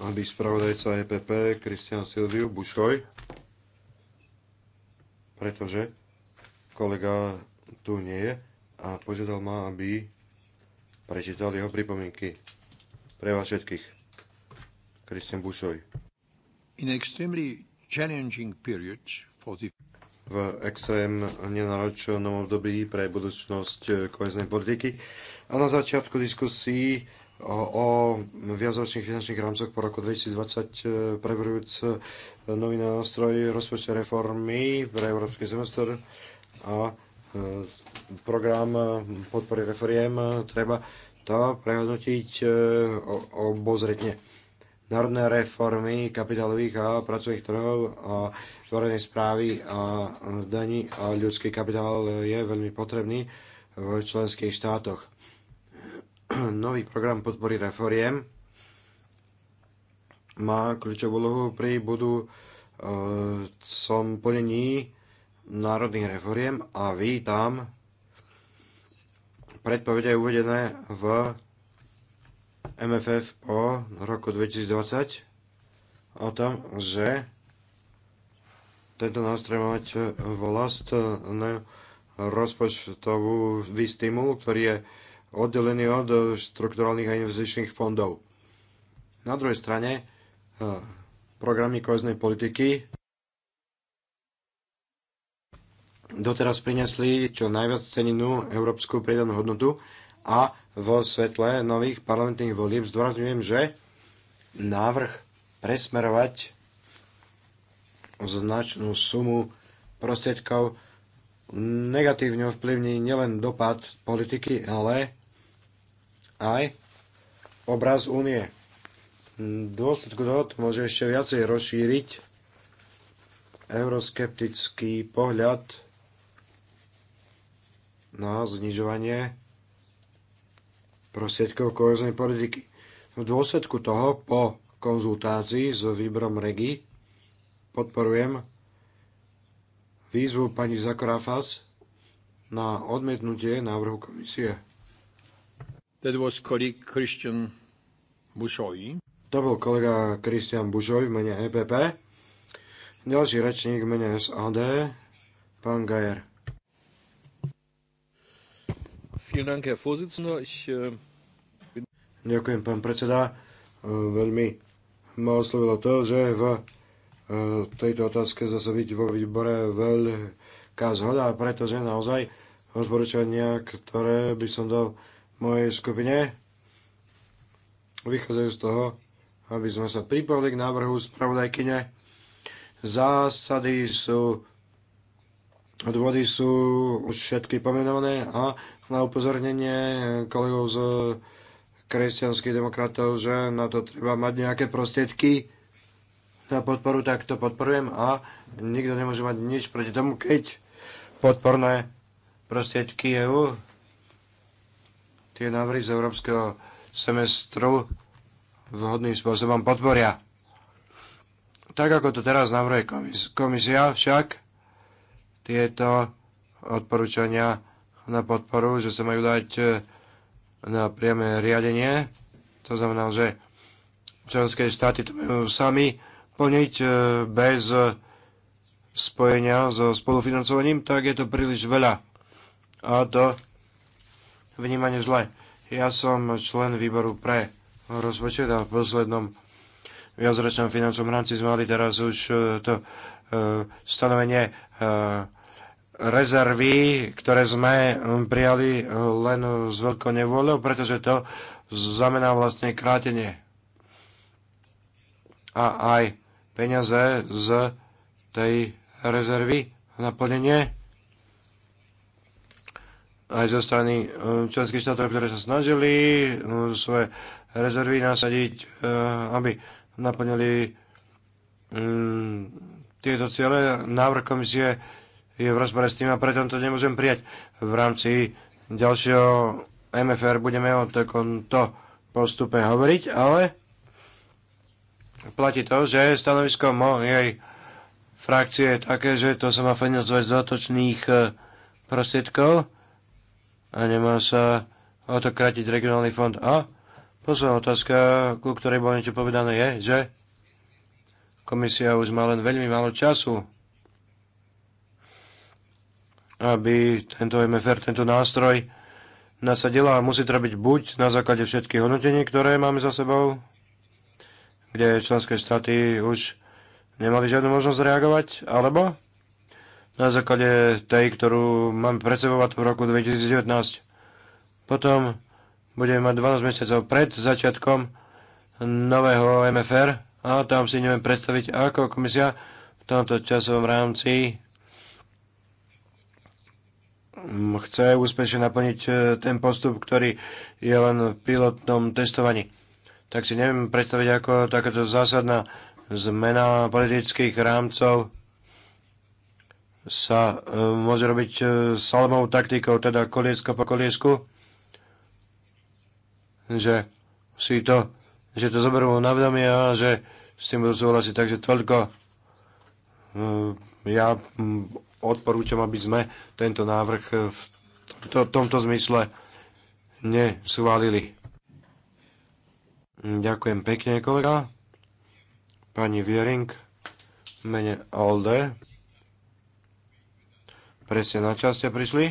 aby spravodajca EPP Kristian Silviu Bušoj, pretože kolega tu nie je a požiadal ma, aby prečítal jeho pripomienky pre vás všetkých. Kristian Bušoj. In extremely challenging period for the v extrém nenáročnom období pre budúcnosť eh, koheznej politiky. A na začiatku diskusí o, o viazočných finančných rámcoch po roku 2020 eh, preberujúc eh, nový nástroj rozpočtnej reformy pre Európsky semester a program podpory reforiem treba to prehodnotiť obozretne národné reformy kapitálových a pracových trhov a tvorenej správy a daní a ľudský kapitál je veľmi potrebný v členských štátoch. *clears throat* Nový program podpory reforiem má kľúčovú úlohu pri budúcom plnení národných reforiem a vítam predpovede uvedené v MFF po roku 2020 o tom, že tento nástroj mať e, vlastnú e, rozpočtovú stimul, ktorý je oddelený od e, štrukturálnych a investičných fondov. Na druhej strane programy koheznej politiky doteraz priniesli čo najviac ceninu európsku pridanú hodnotu a vo svetle nových parlamentných volieb zdôrazňujem, že návrh presmerovať značnú sumu prostriedkov negatívne ovplyvní nielen dopad politiky, ale aj obraz únie. V dôsledku toho môže ešte viacej rozšíriť euroskeptický pohľad na znižovanie prostriedkov koheznej politiky. V dôsledku toho po konzultácii s výborom REGI podporujem výzvu pani Zakrafas na odmietnutie návrhu komisie. That was colleague Christian To bol kolega Christian Bušoj v mene EPP. Ďalší rečník v mene SAD, pán Gajer. Äh, Ďakujem, pán predseda. Äh, veľmi ma oslovilo to, že v äh, tejto otázke zase byť vo výbore veľká zhoda, pretože naozaj odporúčania, ktoré by som dal mojej skupine, vychádzajú z toho, aby sme sa pripali k návrhu spravodajkyne. Zásady sú, odvody sú už všetky pomenované a na upozornenie kolegov z kresťanských demokratov, že na to treba mať nejaké prostriedky na podporu, tak to podporujem a nikto nemôže mať nič proti tomu, keď podporné prostriedky EU, tie návrhy z európskeho semestru vhodným spôsobom podporia. Tak ako to teraz navrhuje komisia, však tieto odporúčania na podporu, že sa majú dať e, na priame riadenie. To znamená, že členské štáty to majú sami plniť e, bez spojenia so spolufinancovaním, tak je to príliš veľa. A to vnímanie zle. Ja som člen výboru pre rozpočet a v poslednom viacročnom finančnom rámci sme mali teraz už e, to stanovenie rezervy, ktoré sme hm, prijali eh, len s eh, veľkou nevôľou, pretože to znamená vlastne krátenie. A aj peniaze z tej rezervy na plnenie aj zo strany hm, členských štátov, ktoré sa snažili hm, svoje rezervy nasadiť, eh, aby naplnili tieto ciele. Návrh komisie je v rozpore s tým a preto to nemôžem prijať. V rámci ďalšieho MFR budeme o takomto postupe hovoriť, ale platí to, že stanovisko mojej frakcie je také, že to sa má financovať z dotočných e, prostriedkov a nemá sa o to krátiť regionálny fond. A posledná otázka, ku ktorej bolo niečo povedané, je, že komisia už má len veľmi málo času aby tento MFR, tento nástroj nasadila a musí to buď na základe všetkých hodnotení, ktoré máme za sebou, kde členské štáty už nemali žiadnu možnosť reagovať, alebo na základe tej, ktorú máme pred sebou v roku 2019. Potom budeme mať 12 mesiacov pred začiatkom nového MFR a tam si neviem predstaviť, ako komisia v tomto časovom rámci chce úspešne naplniť e, ten postup, ktorý je len v pilotnom testovaní. Tak si neviem predstaviť, ako takáto zásadná zmena politických rámcov sa e, môže robiť e, salmou taktikou, teda koliesko po koliesku, že si to, že to zoberú na vedomie a že s tým budú súhlasiť. Takže toľko ja odporúčam, aby sme tento návrh v tomto zmysle nesválili. Ďakujem pekne, kolega. Pani Viering, mene Alde. Presne na čas ste prišli.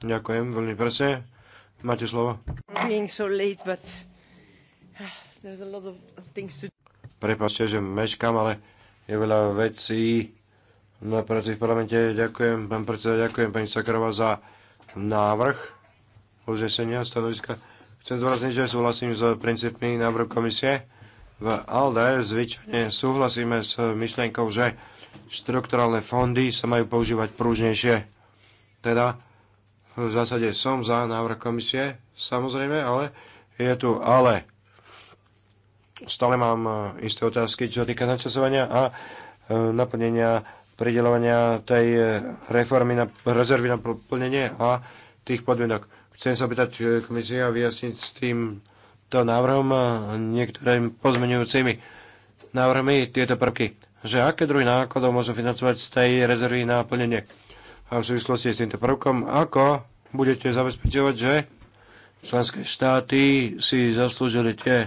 Ďakujem, veľmi presne. Máte slovo. Ah, Prepačte, že meškám, ale je veľa vecí, na práci v parlamente. Ďakujem, pán predseda, ďakujem pani Sakarova za návrh uznesenia stanoviska. Chcem zvrazniť, že súhlasím s princípmi návrhu komisie. V ALDE zvyčajne súhlasíme s myšlienkou, že štrukturálne fondy sa majú používať prúžnejšie. Teda v zásade som za návrh komisie, samozrejme, ale je tu ale. Stále mám e, isté otázky, čo týka načasovania a e, naplnenia pridelovania tej eh, reformy na rezervy na plnenie a tých podmienok. Chcem sa pýtať eh, komisia vyjasniť s týmto návrhom a eh, niektorým pozmenujúcimi návrhmi tieto prvky, že aké druhy nákladov môžu financovať z tej rezervy na plnenie a v súvislosti s týmto prvkom, ako budete zabezpečovať, že členské štáty si zaslúžili tie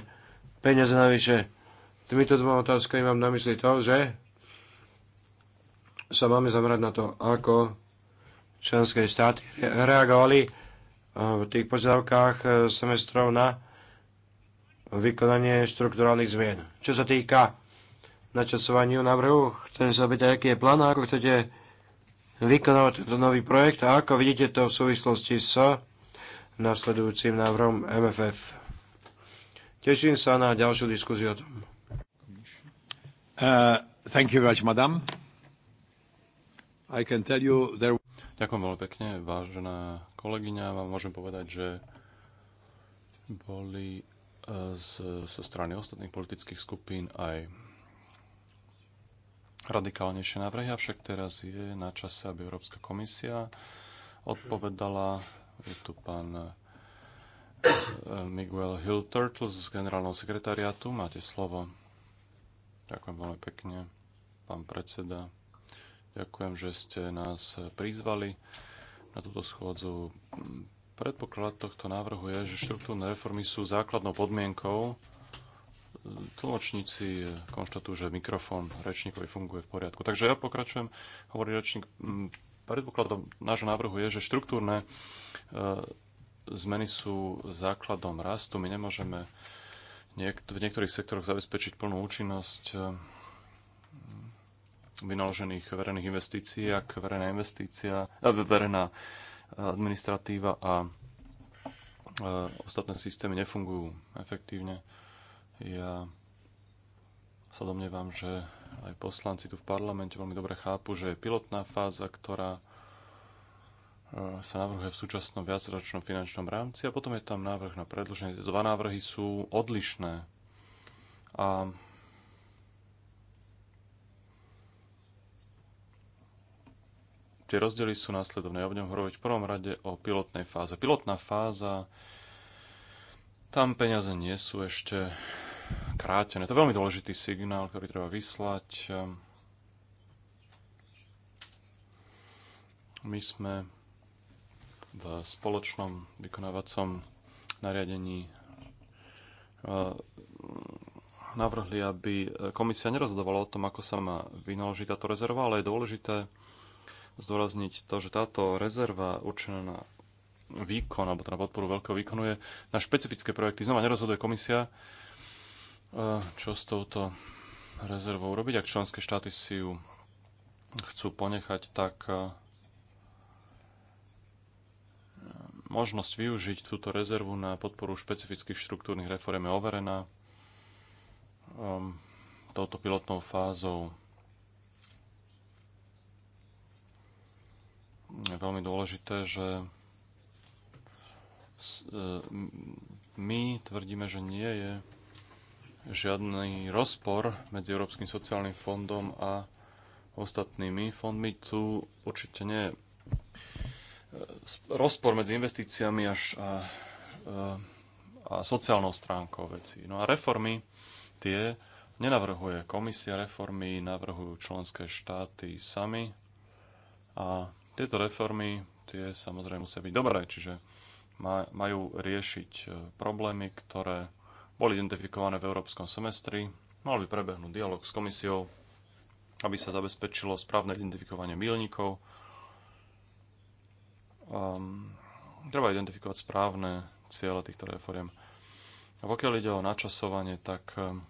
peniaze navyše. Týmito dvoma otázkami mám na mysli to, že sa máme zamerať na to, ako členské štáty reagovali eh, v tých požiadavkách eh, semestrov na vykonanie štrukturálnych zmien. Čo sa týka načasovaniu návrhu, chcem sa byť, aký je plán, ako chcete vykonávať tento nový projekt a ako vidíte to v súvislosti s nasledujúcim návrhom MFF. Teším sa na ďalšiu diskusiu o tom. Uh, thank you very much, madam. I can tell you there... Ďakujem veľmi pekne, vážená kolegyňa. Vám môžem povedať, že boli e, z, zo strany ostatných politických skupín aj radikálnejšie návrhy, avšak teraz je na čase, aby Európska komisia odpovedala. Je tu pán e, Miguel Hill Turtle z generálneho sekretariátu. Máte slovo. Ďakujem veľmi pekne, pán predseda. Ďakujem, že ste nás prizvali na túto schôdzu. Predpoklad tohto návrhu je, že štruktúrne reformy sú základnou podmienkou. Tlmočníci konštatujú, že mikrofón rečníkovi funguje v poriadku. Takže ja pokračujem, hovorí rečník. Predpokladom nášho návrhu je, že štruktúrne e, zmeny sú základom rastu. My nemôžeme v niektorých sektoroch zabezpečiť plnú účinnosť vynaložených verejných investícií, ak verejná investícia, eh, verejná eh, administratíva a eh, ostatné systémy nefungujú efektívne. Ja sa domnievam, že aj poslanci tu v parlamente veľmi dobre chápu, že je pilotná fáza, ktorá sa navrhuje v súčasnom viacročnom finančnom rámci a potom je tam návrh na predlženie. Tieto dva návrhy sú odlišné a Tie rozdiely sú následovné. Ja budem hovoriť v prvom rade o pilotnej fáze. Pilotná fáza, tam peniaze nie sú ešte krátené. To je veľmi dôležitý signál, ktorý treba vyslať. My sme v spoločnom vykonávacom nariadení eh, navrhli, aby komisia nerozhodovala o tom, ako sa má vynaložiť táto rezerva, ale je dôležité zdôrazniť to, že táto rezerva určená na výkon, alebo na teda podporu veľkého výkonu je na špecifické projekty. Znova nerozhoduje komisia, e, čo s touto rezervou robiť. Ak členské štáty si ju chcú ponechať, tak e, možnosť využiť túto rezervu na podporu špecifických štruktúrnych reform je overená ehm, touto pilotnou fázou. veľmi dôležité, že e, my tvrdíme, že nie je žiadny rozpor medzi Európskym sociálnym fondom a ostatnými fondmi. Tu určite nie je e, rozpor medzi investíciami až a, a, e, a sociálnou stránkou veci. No a reformy tie nenavrhuje komisia, reformy navrhujú členské štáty sami a tieto reformy, tie samozrejme musia byť dobré, čiže majú riešiť e, problémy, ktoré boli identifikované v európskom semestri. Mal by prebehnúť dialog s komisiou, aby sa zabezpečilo správne identifikovanie milníkov. Um, treba identifikovať správne ciele týchto reforiem. A pokiaľ ide o načasovanie, tak um,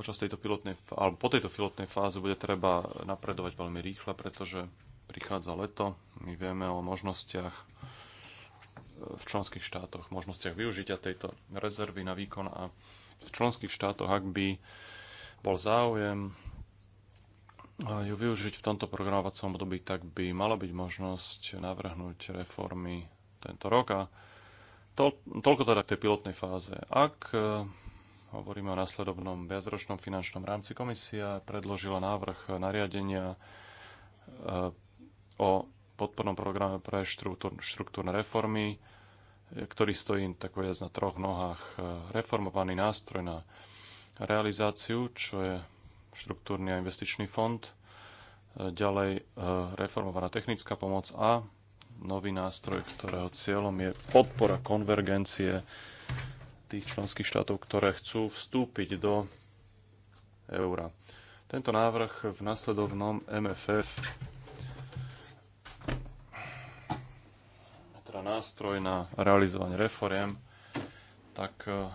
počas tejto pilotnej, alebo po tejto pilotnej fáze bude treba napredovať veľmi rýchle, pretože prichádza leto, my vieme o možnostiach e, v členských štátoch, možnostiach využitia tejto rezervy na výkon a v členských štátoch, ak by bol záujem ju využiť v tomto programovacom období, tak by mala byť možnosť navrhnúť reformy tento rok. A to, toľko teda k tej pilotnej fáze. Ak e, Hovoríme o následovnom viacročnom finančnom rámci. Komisia predložila návrh nariadenia eh, o podpornom programe pre štruktúrne reformy, ktorý stojí tak povedať na troch nohách. Eh, reformovaný nástroj na realizáciu, čo je štruktúrny a investičný fond, eh, ďalej reformovaná technická pomoc a nový nástroj, ktorého cieľom je podpora konvergencie tých členských štátov, ktoré chcú vstúpiť do eura. Tento návrh v nasledovnom MFF teda nástroj na realizovanie reforiem, tak e,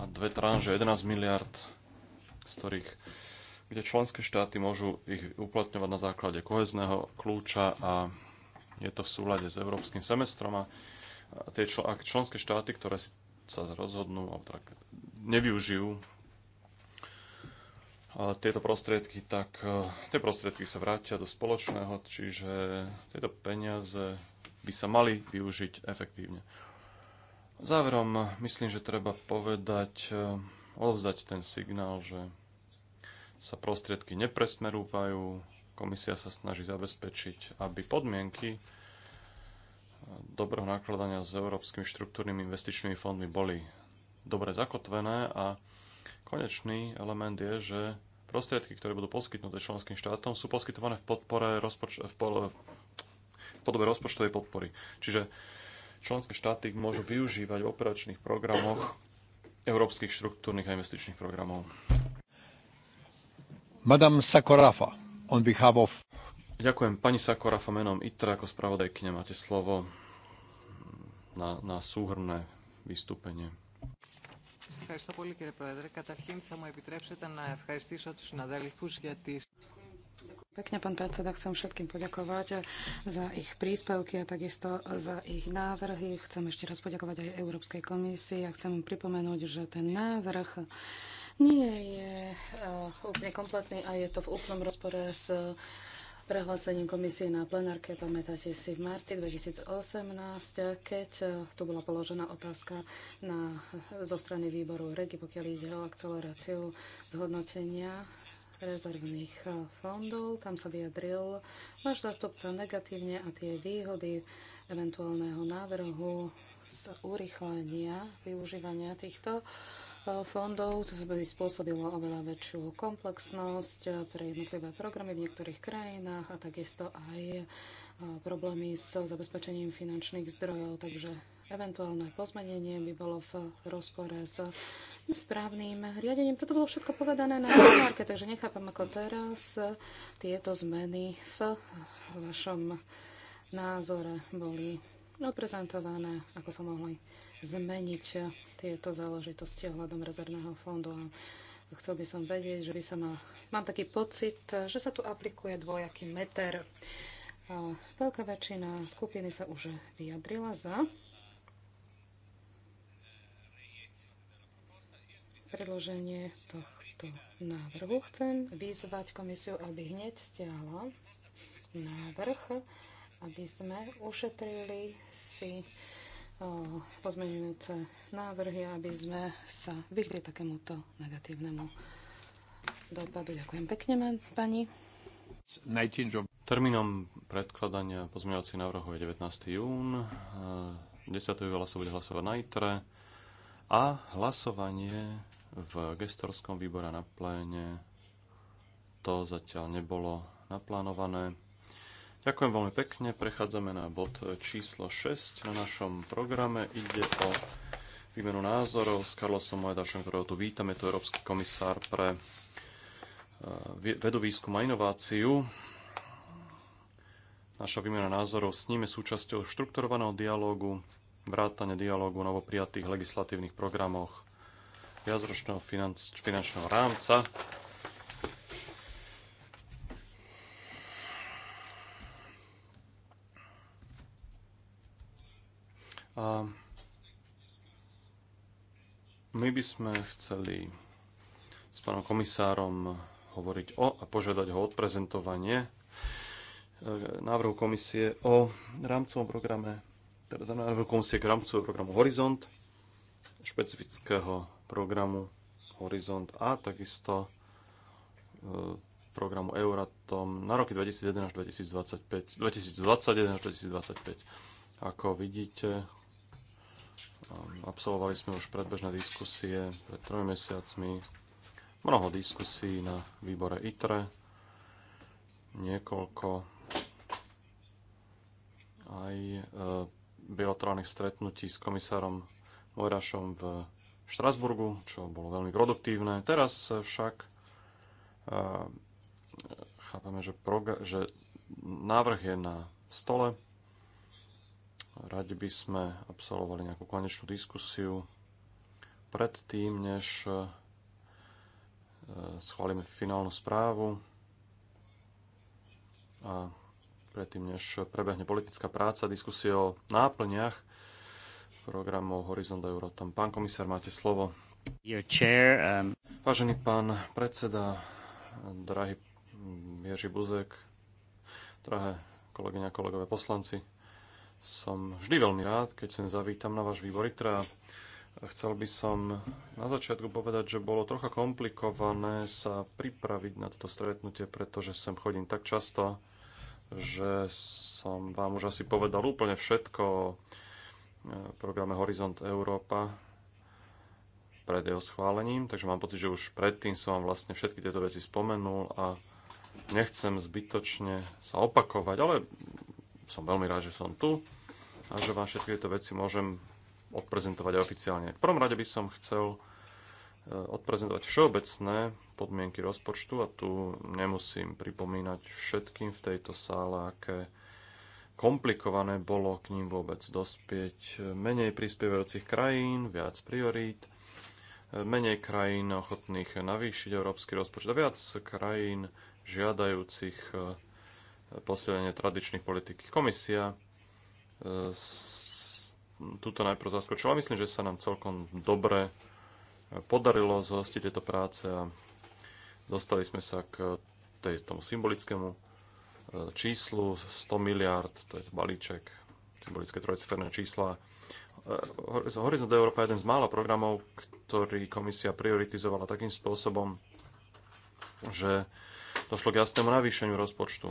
má dve tranže, 11 miliard, z ktorých kde členské štáty môžu ich uplatňovať na základe kohezného kľúča a je to v súlade s európskym semestrom a tie čl- ak členské štáty, ktoré si sa rozhodnú, alebo tak nevyužijú tieto prostriedky, tak e, tie prostriedky sa vrátia do spoločného, čiže tieto peniaze by sa mali využiť efektívne. Záverom myslím, že treba povedať, e, odvzdať ten signál, že sa prostriedky nepresmerúvajú, komisia sa snaží zabezpečiť, aby podmienky, dobrého nakladania s európskymi štruktúrnymi investičnými fondmi boli dobre zakotvené a konečný element je, že prostriedky, ktoré budú poskytnuté členským štátom, sú poskytované v, podpore rozpoč- v, v podobe rozpočtovej podpory. Čiže členské štáty môžu využívať v operačných programoch európskych štruktúrnych a investičných programov. Madame Sakorafa, on behalf of Ďakujem. Pani Sakorafa menom ITRA ako spravodajkyňa máte slovo na, na súhrné vystúpenie. Ευχαριστώ πολύ κύριε Πρόεδρε. Καταρχήν θα μου επιτρέψετε να ευχαριστήσω τους συναδέλφους για τις... Pekne, pán predseda, chcem všetkým poďakovať za ich príspevky a takisto za ich návrhy. Chcem ešte raz poďakovať aj Európskej komisii a chcem im pripomenúť, že ten návrh nie je uh, úplne kompletný a je to v úplnom rozpore s uh, prehlásením komisie na plenárke, pamätáte si, v marci 2018, keď e, tu bola položená otázka na, zo strany výboru REGI, pokiaľ ide o akceleráciu zhodnotenia rezervných e, fondov. Tam sa vyjadril váš zástupca negatívne a tie výhody eventuálneho návrhu z urychlenia využívania týchto fondov. To by spôsobilo oveľa väčšiu komplexnosť pre jednotlivé programy v niektorých krajinách a takisto aj e, problémy s zabezpečením finančných zdrojov. Takže eventuálne pozmenenie by bolo v rozpore s správnym riadením. Toto bolo všetko povedané na seminárke, takže nechápam, ako teraz tieto zmeny v vašom názore boli odprezentované, ako sa mohli zmeniť tieto záležitosti ohľadom rezervného fondu. A chcel by som vedieť, že by sa ma... Mám taký pocit, že sa tu aplikuje dvojaký meter. A veľká väčšina skupiny sa už vyjadrila za predloženie tohto návrhu. Chcem vyzvať komisiu, aby hneď stiahla návrh, aby sme ušetrili si pozmeňujúce návrhy, aby sme sa vyhli takémuto negatívnemu dopadu. Ďakujem pekne, pani. Termínom predkladania pozmeňovacích návrhov je 19. jún. 10. E, júla sa bude hlasovať na ITRE a hlasovanie v gestorskom výbore na pléne to zatiaľ nebolo naplánované. Ďakujem veľmi pekne. Prechádzame na bod číslo 6 na našom programe. Ide o výmenu názorov s Karlosom Mojedašom, ktorého tu vítam. Je to Európsky komisár pre eh, vedu, výskum a inováciu. Naša výmena názorov s ním je súčasťou štrukturovaného dialógu, vrátane dialógu o novoprijatých legislatívnych programoch viacročného finančného rámca A my by sme chceli s pánom komisárom hovoriť o a požiadať ho odprezentovanie e, návrhu komisie o rámcovom programe, teda návrhu komisie k rámcovom programu Horizont, špecifického programu Horizont a takisto e, programu Euratom na roky 2021 až 2025, 2021 až 2025. Ako vidíte, Absolvovali sme už predbežné diskusie pred tromi mesiacmi, mnoho diskusí na výbore ITRE, niekoľko aj e, bilaterálnych stretnutí s komisárom Mojrašom v Štrasburgu, čo bolo veľmi produktívne. Teraz však e, e, chápame, že, že návrh je na stole Radi by sme absolvovali nejakú konečnú diskusiu predtým, než e, schválime finálnu správu a predtým, než prebehne politická práca, diskusie o náplniach programov Horizont Euro. Tam pán komisár, máte slovo. Chair, um... Vážený pán predseda, drahý Ježi Buzek, drahé kolegyňa, kolegové poslanci, som vždy veľmi rád, keď sem zavítam na váš výbor ITRA. Chcel by som na začiatku povedať, že bolo trocha komplikované sa pripraviť na toto stretnutie, pretože sem chodím tak často, že som vám už asi povedal úplne všetko o e, programe Horizont Európa pred jeho schválením, takže mám pocit, že už predtým som vám vlastne všetky tieto veci spomenul a nechcem zbytočne sa opakovať, ale som veľmi rád, že som tu a že vám všetky tieto veci môžem odprezentovať aj oficiálne. V prvom rade by som chcel eh, odprezentovať všeobecné podmienky rozpočtu a tu nemusím pripomínať všetkým v tejto sále, aké komplikované bolo k ním vôbec dospieť. Menej prispievajúcich krajín, viac priorít, eh, menej krajín ochotných navýšiť európsky rozpočet a viac krajín žiadajúcich eh, posilnenie tradičných politik. Komisia e, túto najprv zaskočila. Myslím, že sa nám celkom dobre podarilo zhostiť tieto práce a dostali sme sa k tej, tomu symbolickému e, číslu 100 miliard, to je balíček, symbolické trojciferné čísla. E, Horizont Európa je jeden z mála programov, ktorý komisia prioritizovala takým spôsobom, že došlo k jasnému navýšeniu rozpočtu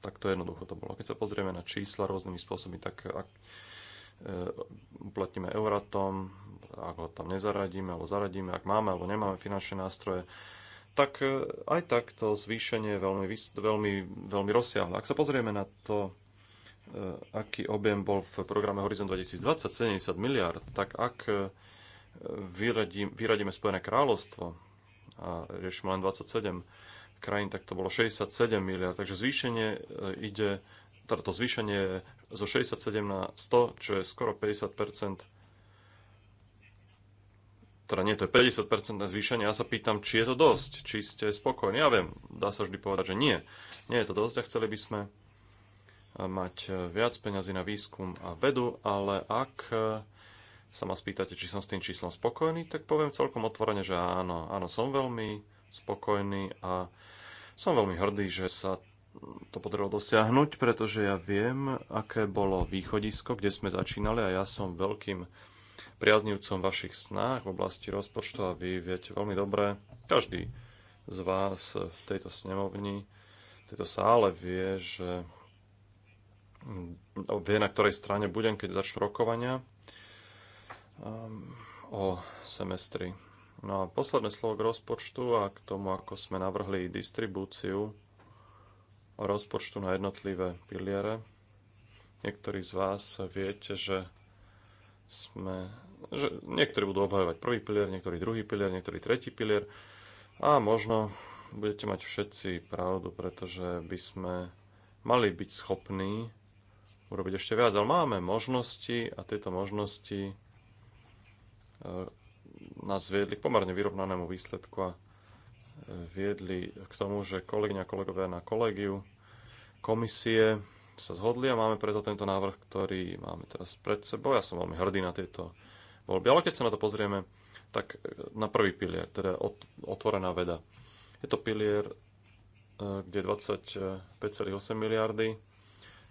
tak to jednoducho to bolo. Keď sa pozrieme na čísla rôznymi spôsobmi, tak ak e, uplatníme Euratom, ak ho tam nezaradíme alebo zaradíme, ak máme alebo nemáme finančné nástroje, tak e, aj tak to zvýšenie je veľmi, veľmi, veľmi rozsiahle. Ak sa pozrieme na to, e, aký objem bol v programe Horizon 2020, 70 miliard, tak ak vyradíme Spojené kráľovstvo a riešime len 27, krajín, tak to bolo 67 miliard. Takže zvýšenie e, ide, teda to zvýšenie je zo 67 na 100, čo je skoro 50 teda nie, to je 50% zvýšenie. Ja sa pýtam, či je to dosť, či ste spokojní. Ja viem, dá sa vždy povedať, že nie. Nie je to dosť a chceli by sme e, mať e, viac peňazí na výskum a vedu, ale ak sa ma spýtate, či som s tým číslom spokojný, tak poviem celkom otvorene, že áno, áno, som veľmi spokojný a som veľmi hrdý, že sa to podarilo dosiahnuť, pretože ja viem, aké bolo východisko, kde sme začínali a ja som veľkým priaznivcom vašich snách v oblasti rozpočtu a vy viete veľmi dobre, každý z vás v tejto snemovni, v tejto sále vie, že vie, na ktorej strane budem, keď začnú rokovania um, o semestri No a posledné slovo k rozpočtu a k tomu, ako sme navrhli distribúciu rozpočtu na jednotlivé piliere. Niektorí z vás viete, že sme, že niektorí budú obhajovať prvý pilier, niektorí druhý pilier, niektorí tretí pilier a možno budete mať všetci pravdu, pretože by sme mali byť schopní urobiť ešte viac, ale máme možnosti a tieto možnosti nás viedli k pomerne vyrovnanému výsledku a e, viedli k tomu, že kolegyňa kolegovia na kolegiu komisie sa zhodli a máme preto tento návrh, ktorý máme teraz pred sebou. Ja som veľmi hrdý na tieto voľby. Ale keď sa na to pozrieme, tak e, na prvý pilier, teda otvorená veda. Je to pilier, e, kde 25,8 miliardy,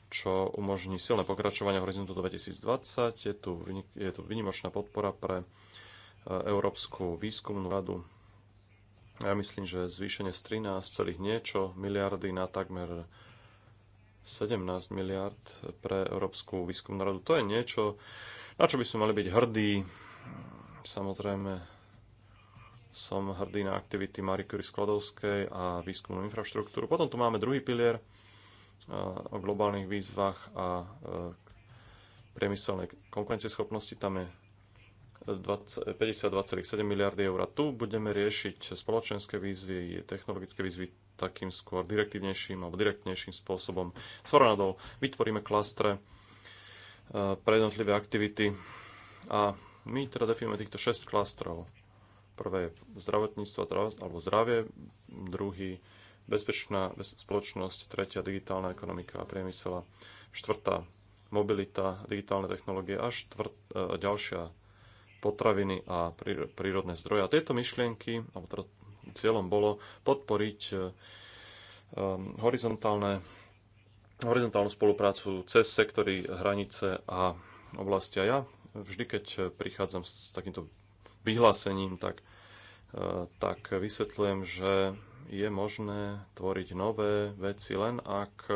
čo umožní silné pokračovanie horizontu 2020. Je tu, je tu vynimočná podpora pre Európsku výskumnú radu. Ja myslím, že zvýšenie z 13 celých niečo miliardy na takmer 17 miliard pre Európsku výskumnú radu. To je niečo, na čo by sme mali byť hrdí. Samozrejme, som hrdý na aktivity Marie Curie Skladovskej a výskumnú infraštruktúru. Potom tu máme druhý pilier o globálnych výzvach a e, priemyselnej konkurencieschopnosti. Tam je 52,7 miliardy eur. A tu budeme riešiť spoločenské výzvy, technologické výzvy takým skôr direktívnejším alebo direktnejším spôsobom. S nadol, vytvoríme klastre eh, pre jednotlivé aktivity a my teda definujeme týchto 6 klastrov. Prvé je zdravotníctvo alebo zdravie, druhý bezpečná spoločnosť, tretia digitálna ekonomika a priemysel, štvrtá mobilita, digitálne technológie a štvrt, eh, ďalšia potraviny a prírodné zdroje. A tieto myšlienky, alebo teda cieľom bolo podporiť e, um, horizontálne, horizontálnu spoluprácu cez sektory, hranice a oblasti. A ja vždy, keď prichádzam s takýmto vyhlásením, tak, e, tak vysvetľujem, že je možné tvoriť nové veci len ak e,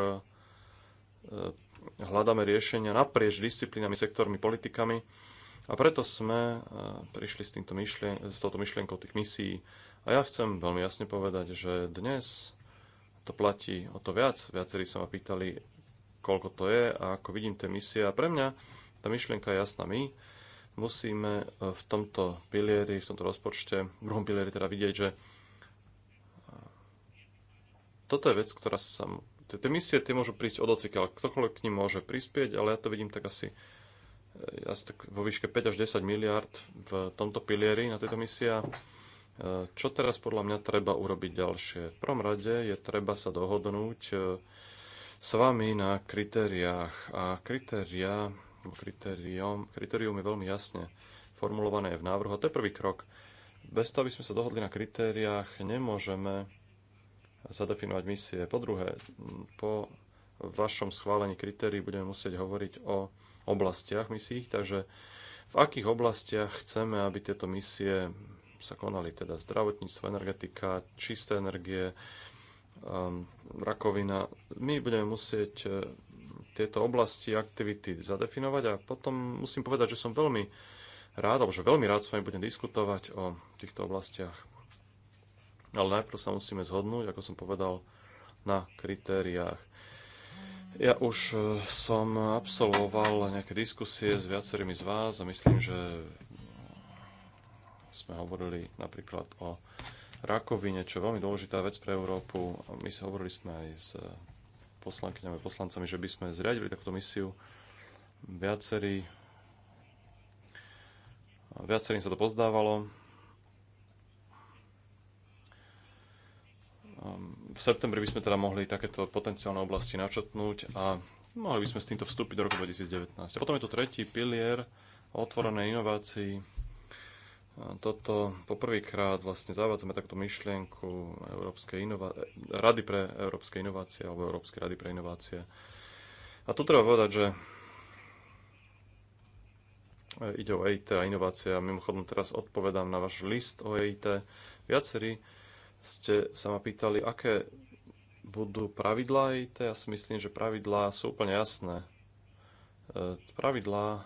hľadáme riešenia naprieč disciplínami, sektormi, politikami a preto sme e, prišli s, týmto myšlien- s touto myšlienkou tých misií. A ja chcem veľmi jasne povedať, že dnes to platí o to viac. Viacerí sa ma pýtali, koľko to je a ako vidím tie misie. A pre mňa tá myšlienka je jasná. My musíme e, v tomto pilieri, v tomto rozpočte, v druhom pilieri teda vidieť, že e, toto je vec, ktorá sa... Tie misie tie môžu prísť od ale ktokoľvek k ním môže prispieť, ale ja to vidím tak asi E, asi tak vo výške 5 až 10 miliard v tomto pilieri na tejto misia. E, čo teraz podľa mňa treba urobiť ďalšie? V prvom rade je treba sa dohodnúť e, s vami na kritériách. A kritéria, kritérium, kritérium je veľmi jasne formulované v návrhu. A to je prvý krok. Bez toho, aby sme sa dohodli na kritériách, nemôžeme zadefinovať misie. Po druhé, po vašom schválení kritérií budeme musieť hovoriť o oblastiach misií, takže v akých oblastiach chceme, aby tieto misie sa konali, teda zdravotníctvo, energetika, čisté energie, um, rakovina. My budeme musieť eh, tieto oblasti aktivity zadefinovať a potom musím povedať, že som veľmi rád, alebo že veľmi rád s vami budem diskutovať o týchto oblastiach. Ale najprv sa musíme zhodnúť, ako som povedal, na kritériách. Ja už e, som absolvoval nejaké diskusie s viacerými z vás a myslím, že sme hovorili napríklad o rakovine, čo je veľmi dôležitá vec pre Európu. My sa hovorili sme aj s poslankyňami a poslancami, že by sme zriadili takúto misiu. Viacerí, viacerým sa to pozdávalo. Um, v septembri by sme teda mohli takéto potenciálne oblasti načrtnúť a mohli by sme s týmto vstúpiť do roku 2019. A potom je tu tretí pilier o otvorenej inovácii. Toto poprvýkrát vlastne zavádzame takúto myšlienku Európskej inova- Rady pre európske inovácie alebo Európskej rady pre inovácie. A tu treba povedať, že ide o EIT a inovácia. Mimochodom teraz odpovedám na váš list o EIT. Viacerí ste sa ma pýtali, aké budú pravidlá IT. Ja si myslím, že pravidlá sú úplne jasné. E, pravidlá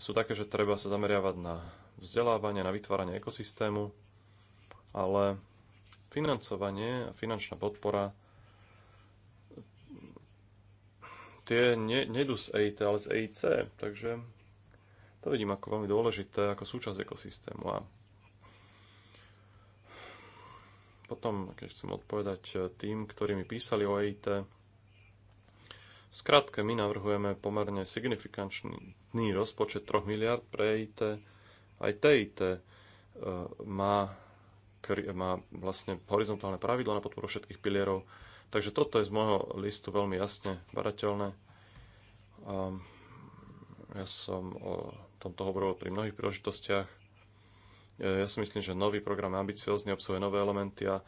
sú také, že treba sa zameriavať na vzdelávanie, na vytváranie ekosystému, ale financovanie a finančná podpora tie ne, z EIT, ale z EIC, takže to vidím ako veľmi dôležité, ako súčasť ekosystému. A Potom, keď chcem odpovedať e, tým, ktorí mi písali o EIT, v skratke my navrhujeme pomerne signifikančný rozpočet 3 miliard pre EIT. Aj TIT e, má, má vlastne horizontálne pravidlo na podporu všetkých pilierov, takže toto je z môjho listu veľmi jasne barateľné. Ja som o tomto hovoril pri mnohých príležitostiach E, ja si myslím, že nový program je ambiciózny, obsahuje nové elementy a e,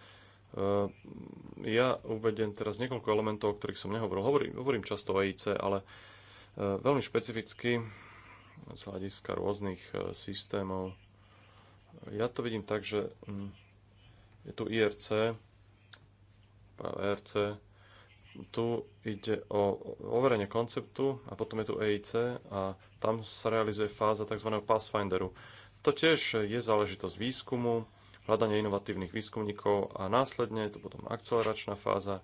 ja uvedem teraz niekoľko elementov, o ktorých som nehovoril. Hovorím, hovorím často o EIC, ale e, veľmi špecificky z hľadiska rôznych systémov. Ja to vidím tak, že mm, je tu IRC, RC, tu ide o overenie konceptu a potom je tu EIC a tam sa realizuje fáza tzv. Pathfinderu. To tiež je záležitosť výskumu, hľadanie inovatívnych výskumníkov a následne je to potom akceleračná fáza,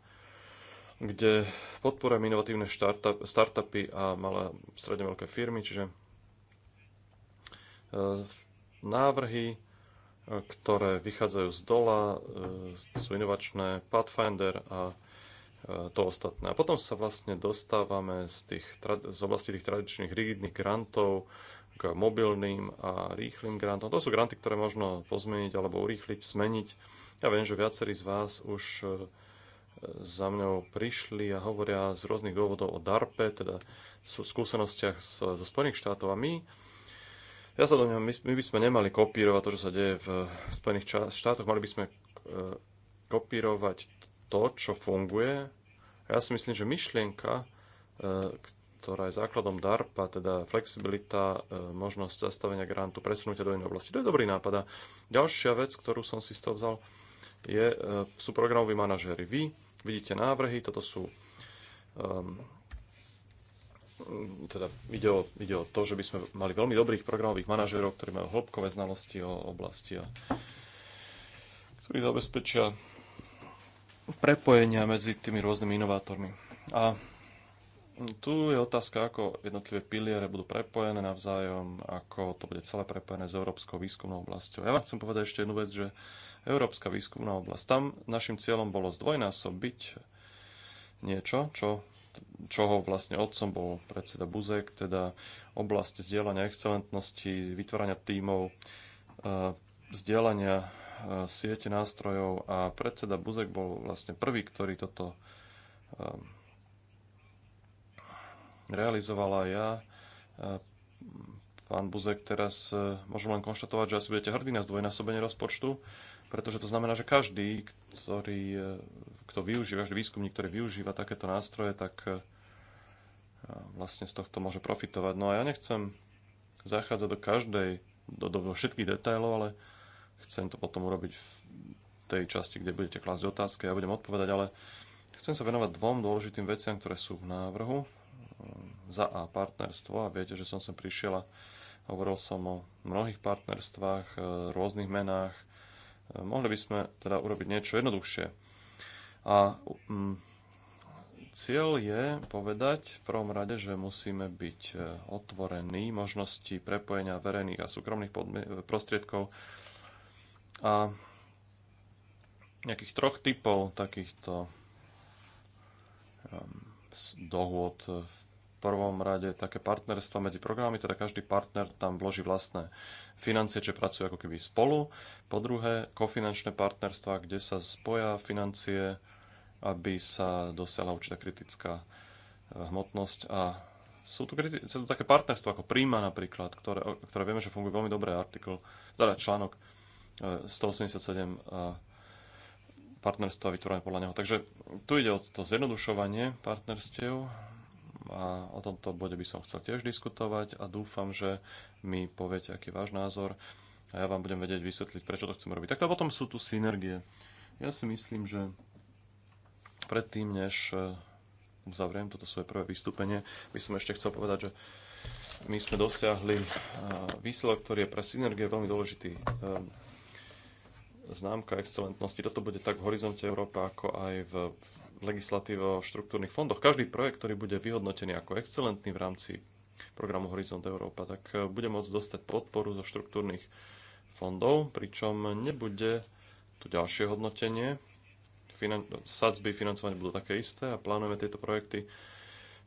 kde podporujem inovatívne startup, startupy a malé stredne veľké firmy, čiže e, návrhy, e, ktoré vychádzajú z dola, e, sú inovačné, Pathfinder a to ostatné. A potom sa vlastne dostávame z, tých, z oblasti tých tradičných rigidných grantov k mobilným a rýchlym grantom. To sú granty, ktoré možno pozmeniť alebo urýchliť, zmeniť. Ja viem, že viacerí z vás už e, za mňou prišli a hovoria z rôznych dôvodov o DARPE, teda skúsenostiach zo Spojených štátov. A my, ja sa do my, my by sme nemali kopírovať to, čo sa deje v Spojených štátoch, mali by sme e, kopírovať to, čo funguje. Ja si myslím, že myšlienka, e, ktorá je základom DARPA, teda flexibilita, e, možnosť zastavenia grantu, presunutia do inej oblasti. To je dobrý nápad. A ďalšia vec, ktorú som si z toho vzal, je, e, sú programoví manažéri. Vy vidíte návrhy, toto sú um, teda ide o, ide o to, že by sme mali veľmi dobrých programových manažerov, ktorí majú hĺbkové znalosti o oblasti a ktorí zabezpečia prepojenia medzi tými rôznymi inovátormi. A tu je otázka, ako jednotlivé piliere budú prepojené navzájom, ako to bude celé prepojené s Európskou výskumnou oblasťou. Ja vám chcem povedať ešte jednu vec, že Európska výskumná oblasť, tam našim cieľom bolo zdvojnásobiť niečo, čo, čoho vlastne otcom bol predseda Buzek, teda oblasť vzdielania excelentnosti, vytvárania tímov, e, vzdielania e, siete nástrojov a predseda Buzek bol vlastne prvý, ktorý toto e, realizovala. Ja, pán Buzek, teraz e, môžem len konštatovať, že asi budete hrdí na zdvojnásobenie rozpočtu, pretože to znamená, že každý, ktorý, e, kto využíva, každý výskumník, ktorý využíva takéto nástroje, tak e, vlastne z tohto môže profitovať. No a ja nechcem zachádzať do každej, do, do všetkých detajlov, ale chcem to potom urobiť v tej časti, kde budete klásť otázky, ja budem odpovedať, ale chcem sa venovať dvom dôležitým veciam, ktoré sú v návrhu za A partnerstvo a viete, že som sem prišiel a hovoril som o mnohých partnerstvách, e, rôznych menách. E, mohli by sme teda urobiť niečo jednoduchšie. A um, cieľ je povedať v prvom rade, že musíme byť e, otvorení možnosti prepojenia verejných a súkromných prostriedkov a nejakých troch typov takýchto um, dohôd v prvom rade také partnerstva medzi programy, teda každý partner tam vloží vlastné financie, čiže pracujú ako keby spolu. Po druhé, kofinančné partnerstva, kde sa spoja financie, aby sa dosiahla určitá kritická eh, hmotnosť a sú tu, kriti- sú tu také partnerstva ako Príma napríklad, ktoré, ktoré vieme, že fungujú veľmi dobré artikl, teda článok 187 eh, a partnerstva vytvorené podľa neho. Takže tu ide o to zjednodušovanie partnerstiev a o tomto bode by som chcel tiež diskutovať a dúfam, že mi poviete, aký je váš názor a ja vám budem vedieť vysvetliť, prečo to chcem robiť. Tak potom sú tu synergie. Ja si myslím, že predtým, než e, uzavriem toto svoje prvé vystúpenie, by som ešte chcel povedať, že my sme dosiahli e, výsledok, ktorý je pre synergie veľmi dôležitý. E, známka excelentnosti, toto bude tak v horizonte Európa, ako aj v, v legislatíve o štruktúrnych fondoch. Každý projekt, ktorý bude vyhodnotený ako excelentný v rámci programu Horizont Európa, tak e, bude môcť dostať podporu zo štruktúrnych fondov, pričom nebude tu ďalšie hodnotenie. Finan- sadzby financovania budú také isté a plánujeme tieto projekty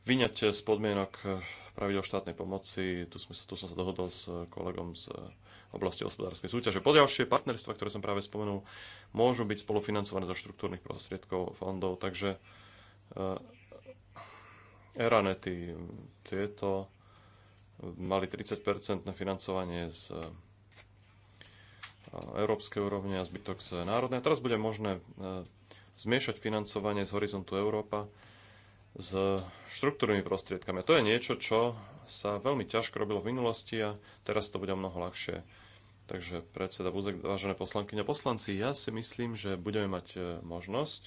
vyňať z podmienok e, pravidel štátnej pomoci. Tu, sme, tu som sa dohodol s kolegom z oblasti hospodárskej súťaže. ďalšie partnerstva, ktoré som práve spomenul, môžu byť spolufinancované zo štruktúrnych prostriedkov fondov, takže eh, Eranety, tieto mali 30 na financovanie z eh, európskej úrovne a zbytok z národnej. A teraz bude možné eh, zmiešať financovanie z Horizontu Európa s štruktúrnymi prostriedkami. A to je niečo, čo sa veľmi ťažko robilo v minulosti a teraz to bude mnoho ľahšie. Takže predseda Buzek, vážené poslankyne a poslanci, ja si myslím, že budeme mať e, možnosť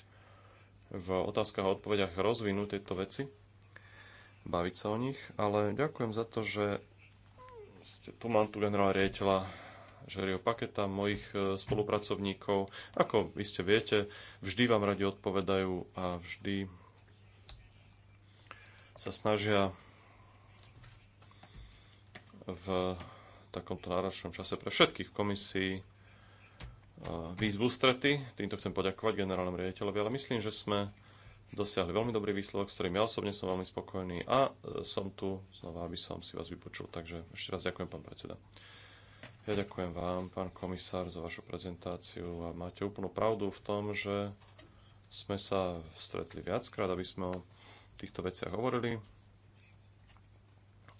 v otázkach a odpovediach rozvinúť tieto veci, baviť sa o nich, ale ďakujem za to, že ste, tu mám tu generál riaditeľa Žerio Paketa, mojich e, spolupracovníkov. Ako vy ste viete, vždy vám radi odpovedajú a vždy sa snažia v takomto náročnom čase pre všetkých komisií e, výzvu strety. Týmto chcem poďakovať generálnom riaditeľovi, ale myslím, že sme dosiahli veľmi dobrý výsledok, s ktorým ja osobne som veľmi spokojný a e, som tu znova, aby som si vás vypočul. Takže ešte raz ďakujem, pán predseda. Ja ďakujem vám, pán komisár, za vašu prezentáciu a máte úplnú pravdu v tom, že sme sa stretli viackrát, aby sme o týchto veciach hovorili,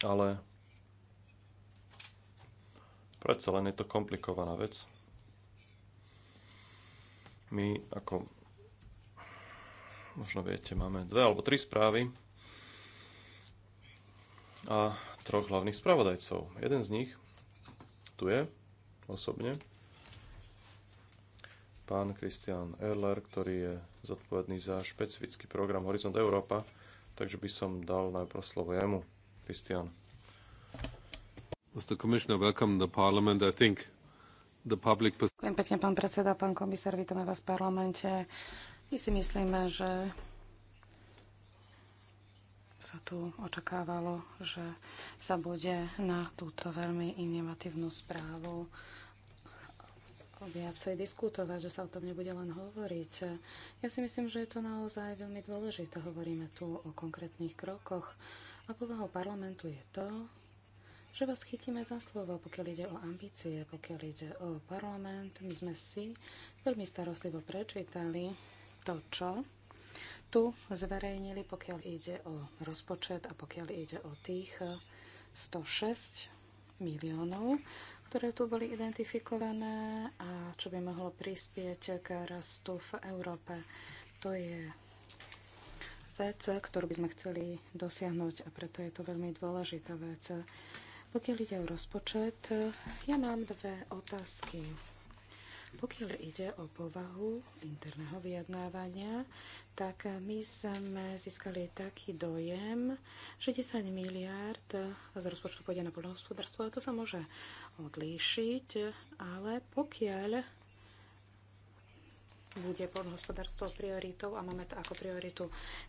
ale predsa len je to komplikovaná vec. My, ako možno viete, máme dve alebo tri správy a troch hlavných spravodajcov. Jeden z nich tu je osobne, pán Christian Erler, ktorý je zodpovedný za špecifický program Horizont Európa, takže by som dal najprv slovo jemu. Christian. Mr. Commissioner, welcome the parliament. I think the public... Ďakujem pekne, pán predseda, pán komisár, vítame vás v parlamente. My si myslíme, že sa tu očakávalo, že sa bude na túto veľmi inovatívnu správu viacej diskutovať, že sa o tom nebude len hovoriť. Ja si myslím, že je to naozaj veľmi dôležité. Hovoríme tu o konkrétnych krokoch a povahou parlamentu je to, že vás chytíme za slovo, pokiaľ ide o ambície, pokiaľ ide o parlament. My sme si veľmi starostlivo prečítali to, čo tu zverejnili, pokiaľ ide o rozpočet a pokiaľ ide o tých 106 miliónov, ktoré tu boli identifikované a čo by mohlo prispieť k rastu v Európe. To je vec, ktorú by sme chceli dosiahnuť a preto je to veľmi dôležitá vec. Pokiaľ ide o rozpočet, ja mám dve otázky. Pokiaľ ide o povahu interného vyjednávania, tak my sme získali taký dojem, že 10 miliárd z rozpočtu pôjde na poľnohospodárstvo a to sa môže odlíšiť, ale pokiaľ bude podhospodárstvo prioritou a máme to ako prioritu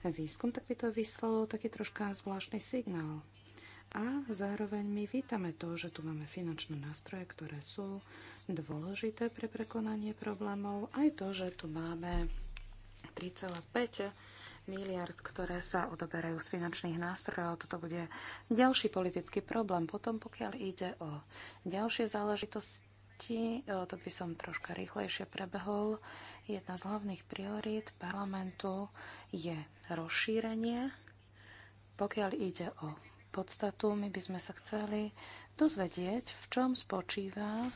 výskum, tak by to vyslalo taký troška zvláštny signál. A zároveň my vítame to, že tu máme finančné nástroje, ktoré sú dôležité pre prekonanie problémov, aj to, že tu máme 3,5 miliard, ktoré sa odoberajú z finančných nástrojov. Toto bude ďalší politický problém. Potom, pokiaľ ide o ďalšie záležitosti, e, to by som troška rýchlejšie prebehol. Jedna z hlavných priorít parlamentu je rozšírenie. Pokiaľ ide o podstatu, my by sme sa chceli dozvedieť, v čom spočíva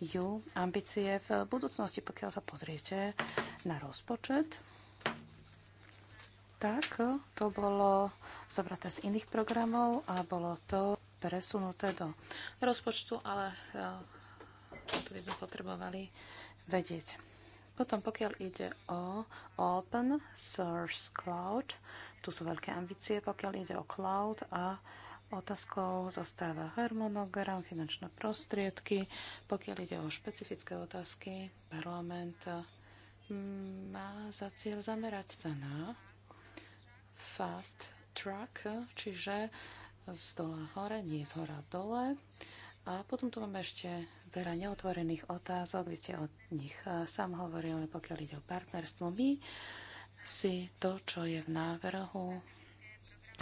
ju ambície v budúcnosti, pokiaľ sa pozriete na rozpočet tak e, to bolo zobraté z iných programov a bolo to presunuté do rozpočtu, ale e, to by sme potrebovali vedieť. Potom pokiaľ ide o Open Source Cloud, tu sú veľké ambície, pokiaľ ide o cloud a otázkou zostáva harmonogram, finančné prostriedky, pokiaľ ide o špecifické otázky, parlament e, má za cieľ zamerať sa na fast track, čiže z dola hore, nie z hora dole. A potom tu máme ešte veľa neotvorených otázok. Vy ste o nich eh, sám hovorili, pokiaľ ide o partnerstvo. My si to, čo je v návrhu,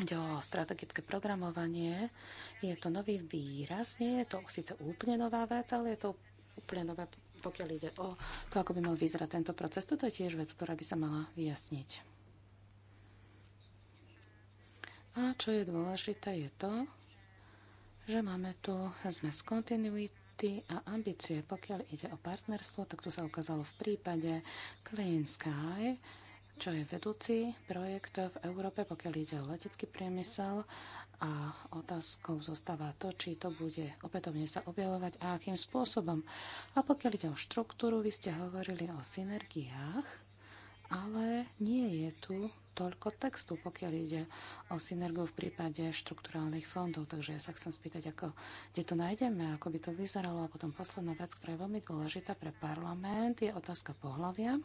ide o strategické programovanie. Je to nový výraz, nie je to síce úplne nová vec, ale je to úplne nové, pokiaľ ide o to, ako by mal vyzerať tento proces. Toto je tiež vec, ktorá by sa mala vyjasniť. A čo je dôležité, je to, že máme tu zmes kontinuity a ambície. Pokiaľ ide o partnerstvo, tak tu sa ukázalo v prípade Clean Sky, čo je vedúci projekt v Európe, pokiaľ ide o letecký priemysel. A otázkou zostáva to, či to bude opätovne sa objavovať a akým spôsobom. A pokiaľ ide o štruktúru, vy ste hovorili o synergiách, ale nie je tu toľko textu, pokiaľ ide o synergiu v prípade štrukturálnych fondov. Takže ja sa chcem spýtať, ako, kde to nájdeme, ako by to vyzeralo. A potom posledná vec, ktorá je veľmi dôležitá pre parlament, je otázka pohľavia.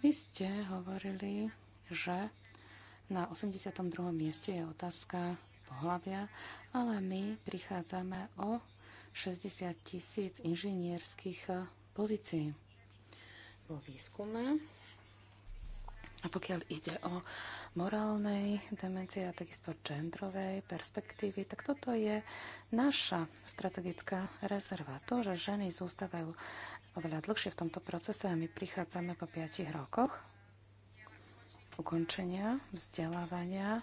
Vy ste hovorili, že na 82. mieste je otázka pohľavia, ale my prichádzame o 60 tisíc inžinierských eh, pozícií vo výskume a pokiaľ ide o morálnej demencie a takisto genderovej perspektívy, tak toto je naša strategická rezerva. To, že ženy zústavajú oveľa dlhšie v tomto procese a my prichádzame po piatich rokoch ukončenia vzdelávania,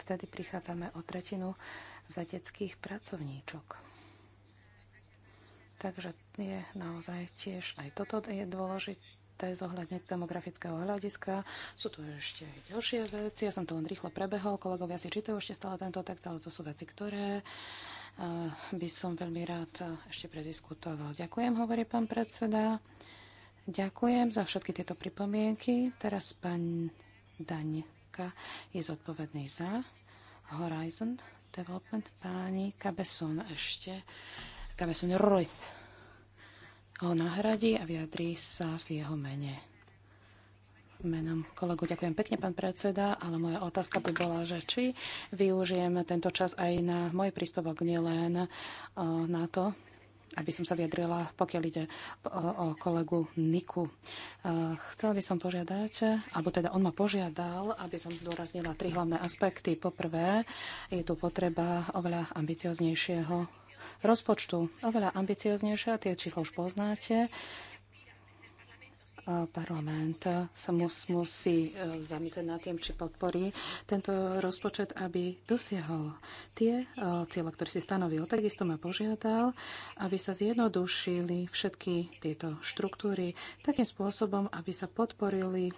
vtedy prichádzame o tretinu vedeckých pracovníčok. Takže je naozaj tiež aj toto je dôležité dôležité je z demografického hľadiska. Sú tu ešte aj ďalšie veci. Ja som to len rýchlo prebehol. Kolegovia si čítajú ešte stále tento text, ale to sú veci, ktoré eh, by som veľmi rád ešte prediskutoval. Ďakujem, hovorí pán predseda. Ďakujem za všetky tieto pripomienky. Teraz pán Daňka je zodpovedný za Horizon Development. Páni Kabeson ešte. Kabeson Ruiz ho nahradí a vyjadrí sa v jeho mene. Menom kolegu ďakujem pekne, pán predseda, ale moja otázka by bola, že či využijem tento čas aj na môj príspevok, nielen eh, na to, aby som sa vyjadrila, pokiaľ ide o, o kolegu Niku. Eh, chcela by som požiadať, alebo teda on ma požiadal, aby som zdôraznila tri hlavné aspekty. Poprvé, je tu potreba oveľa ambicioznejšieho rozpočtu. Oveľa ambicioznejšie, a tie čísla už poznáte, parlament sa mus, musí e, zamyslieť nad tým, či podporí tento rozpočet, aby dosiahol tie e, cieľe, ktoré si stanovil. Takisto ma požiadal, aby sa zjednodušili všetky tieto štruktúry takým spôsobom, aby sa podporili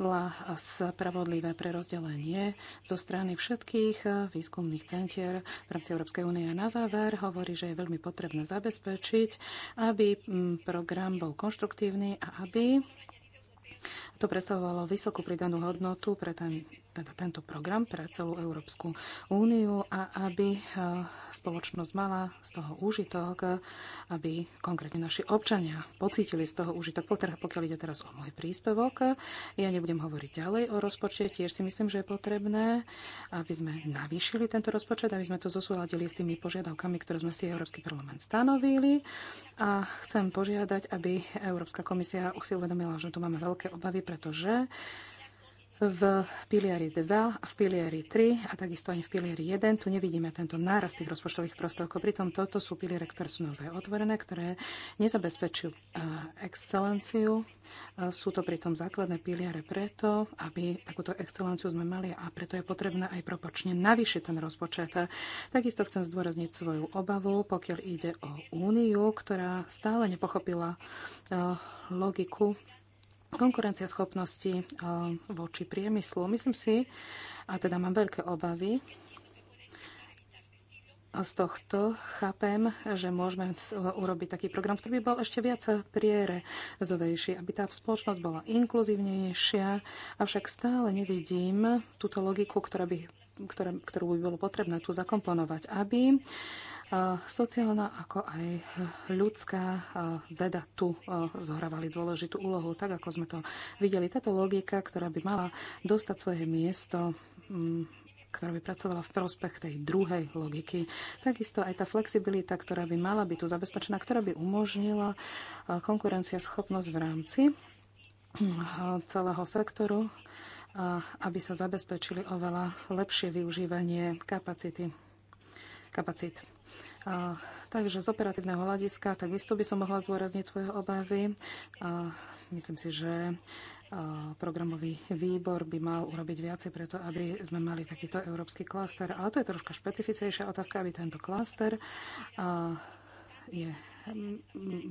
bola spravodlivé prerozdelenie zo strany všetkých eh, výskumných centier v rámci Európskej únie. A na záver hovorí, že je veľmi potrebné zabezpečiť, aby mm, program bol konštruktívny a aby to predstavovalo vysokú pridanú hodnotu pre ten teda tento program pre celú Európsku úniu a aby e, spoločnosť mala z toho úžitok, aby konkrétne naši občania pocítili z toho úžitok. Pokiaľ ide teraz o môj príspevok, ja nebudem hovoriť ďalej o rozpočte, tiež si myslím, že je potrebné, aby sme navýšili tento rozpočet, aby sme to zosúladili s tými požiadavkami, ktoré sme si Európsky parlament stanovili a chcem požiadať, aby Európska komisia si uvedomila, že tu máme veľké obavy, pretože v pilieri 2 a v pilieri 3 a takisto aj v pilieri 1. Tu nevidíme tento nárast tých rozpočtových prostriedkov. Pritom toto sú piliere, ktoré sú naozaj otvorené, ktoré nezabezpečujú e, excelenciu. E, sú to pritom základné piliere preto, aby takúto excelenciu sme mali a preto je potrebné aj propočne navýšiť ten rozpočet. Takisto chcem zdôrazniť svoju obavu, pokiaľ ide o úniu, ktorá stále nepochopila e, logiku konkurencieschopnosti eh, voči priemyslu. Myslím si, a teda mám veľké obavy, z tohto chápem, že môžeme urobiť taký program, ktorý by bol ešte viac prierezovejší, aby tá spoločnosť bola inkluzívnejšia, avšak stále nevidím túto logiku, ktorá by, ktoré, ktorú by bolo potrebné tu zakomponovať, aby Sociálna ako aj ľudská veda tu zohrávali dôležitú úlohu, tak ako sme to videli. Táto logika, ktorá by mala dostať svoje miesto mm, ktorá by pracovala v prospech tej druhej logiky. Takisto aj tá flexibilita, ktorá by mala byť tu zabezpečená, ktorá by umožnila konkurencia schopnosť v rámci celého sektoru, aby sa zabezpečili oveľa lepšie využívanie kapacity, a, takže z operatívneho hľadiska takisto by som mohla zdôrazniť svoje obavy. A, myslím si, že programový výbor by mal urobiť viacej preto, aby sme mali takýto európsky klaster. Ale to je troška špecifickejšia otázka, aby tento klaster je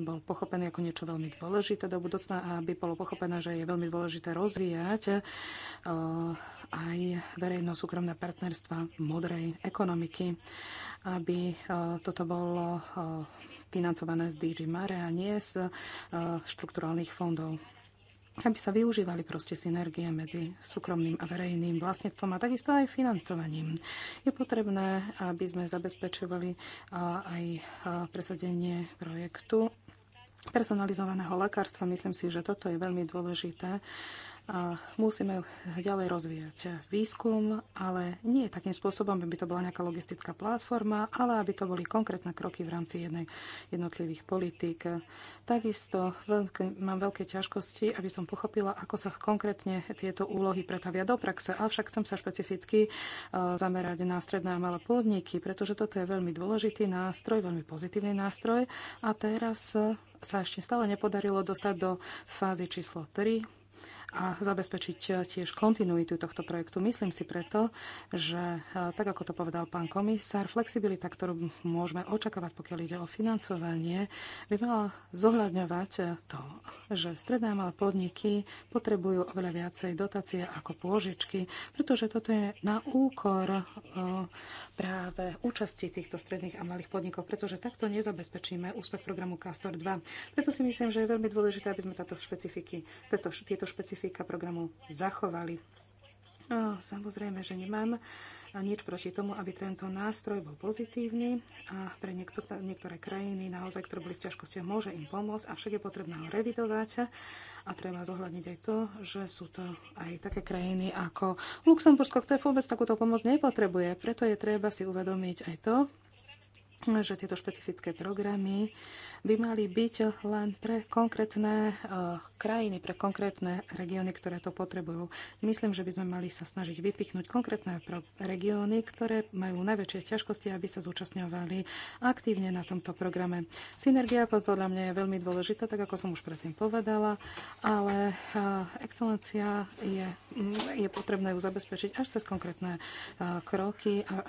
bol pochopený ako niečo veľmi dôležité do budúcna a aby bolo pochopené, že je veľmi dôležité rozvíjať eh, aj verejno-súkromné partnerstva modrej ekonomiky, aby eh, toto bolo eh, financované z DG Mare a nie z štrukturálnych fondov aby sa využívali proste synergie medzi súkromným a verejným vlastníctvom a takisto aj financovaním. Je potrebné, aby sme zabezpečovali aj presadenie projektu personalizovaného lekárstva. Myslím si, že toto je veľmi dôležité a musíme ďalej rozvíjať výskum, ale nie takým spôsobom, aby to bola nejaká logistická platforma, ale aby to boli konkrétne kroky v rámci jednej jednotlivých politík. Takisto veľké, mám veľké ťažkosti, aby som pochopila, ako sa konkrétne tieto úlohy pretavia do praxe, avšak chcem sa špecificky e, zamerať na stredné a malé podniky, pretože toto je veľmi dôležitý nástroj, veľmi pozitívny nástroj a teraz sa ešte stále nepodarilo dostať do fázy číslo 3, a zabezpečiť eh, tiež kontinuitu tohto projektu. Myslím si preto, že eh, tak ako to povedal pán komisár, flexibilita, ktorú môžeme očakávať, pokiaľ ide o financovanie, by mala zohľadňovať eh, to, že stredné a malé podniky potrebujú oveľa viacej dotácie ako pôžičky, pretože toto je na úkor práve účasti týchto stredných a malých podnikov, pretože takto nezabezpečíme úspech programu Castor 2. Preto si myslím, že je veľmi dôležité, aby sme tieto špecifiky, tieto, tieto špecifiky špecifika programu zachovali. No, samozrejme, že nemám nič proti tomu, aby tento nástroj bol pozitívny a pre niektor- niektoré krajiny naozaj, ktoré boli v ťažkostiach, môže im pomôcť, avšak je potrebné ho revidovať a treba zohľadniť aj to, že sú to aj také krajiny ako Luxembursko, ktoré vôbec takúto pomoc nepotrebuje. Preto je treba si uvedomiť aj to, že tieto špecifické programy by mali byť len pre konkrétne eh, krajiny, pre konkrétne regióny, ktoré to potrebujú. Myslím, že by sme mali sa snažiť vypichnúť konkrétne regióny, ktoré majú najväčšie ťažkosti, aby sa zúčastňovali aktívne na tomto programe. Synergia podľa mňa je veľmi dôležitá, tak ako som už predtým povedala, ale eh, excelencia je, je potrebné ju zabezpečiť až cez konkrétne eh, kroky a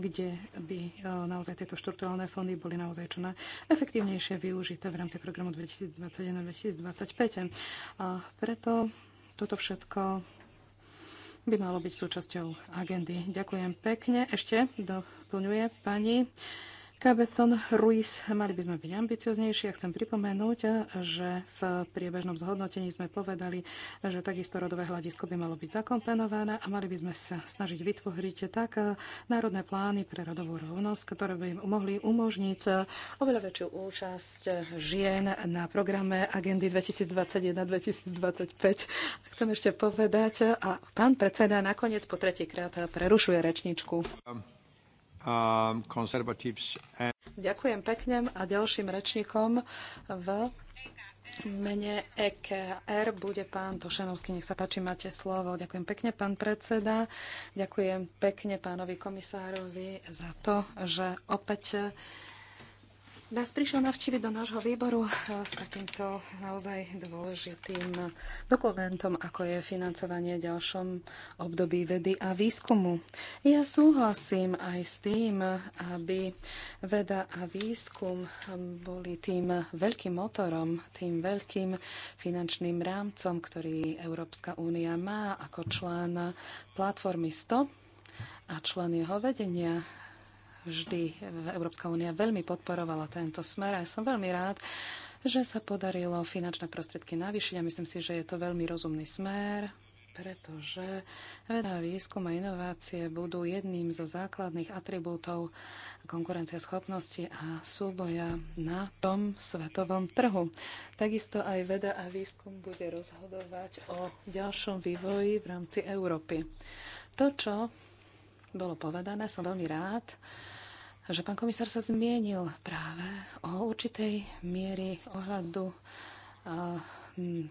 kde by e, naozaj tieto štruktúrálne fondy boli naozaj čo najefektívnejšie využité v rámci programu 2021-2025. A preto toto všetko by malo byť súčasťou agendy. Ďakujem pekne. Ešte doplňuje pani Cabezon Ruiz. Mali by sme byť ambicioznejší a chcem pripomenúť, že v priebežnom zhodnotení sme povedali, že takisto rodové hľadisko by malo byť zakomponované a mali by sme sa snažiť vytvoriť tak národné plány pre rodovú rovnosť, ktoré by im mohli umožniť oveľa väčšiu účasť žien na programe Agendy 2021-2025. Chcem ešte povedať, a pán predseda nakoniec po tretíkrát prerušuje rečničku. Um, Um, Ďakujem pekne a ďalším rečníkom v mene EKR bude pán Tošenovský. Nech sa páči, máte slovo. Ďakujem pekne, pán predseda. Ďakujem pekne pánovi komisárovi za to, že opäť nás prišiel navštíviť do nášho výboru eh, s takýmto naozaj dôležitým dokumentom, ako je financovanie v ďalšom období vedy a výskumu. Ja súhlasím aj s tým, aby veda a výskum hm, boli tým veľkým motorom, tým veľkým finančným rámcom, ktorý Európska únia má ako člen platformy 100 a člen jeho vedenia vždy Európska únia veľmi podporovala tento smer a ja som veľmi rád, že sa podarilo finančné prostriedky navýšiť a myslím si, že je to veľmi rozumný smer, pretože veda, výskum a inovácie budú jedným zo základných atribútov konkurencia schopnosti a súboja na tom svetovom trhu. Takisto aj veda a výskum bude rozhodovať o ďalšom vývoji v rámci Európy. To, čo bolo povedané, som veľmi rád, že pán komisár sa zmienil práve o určitej miery ohľadu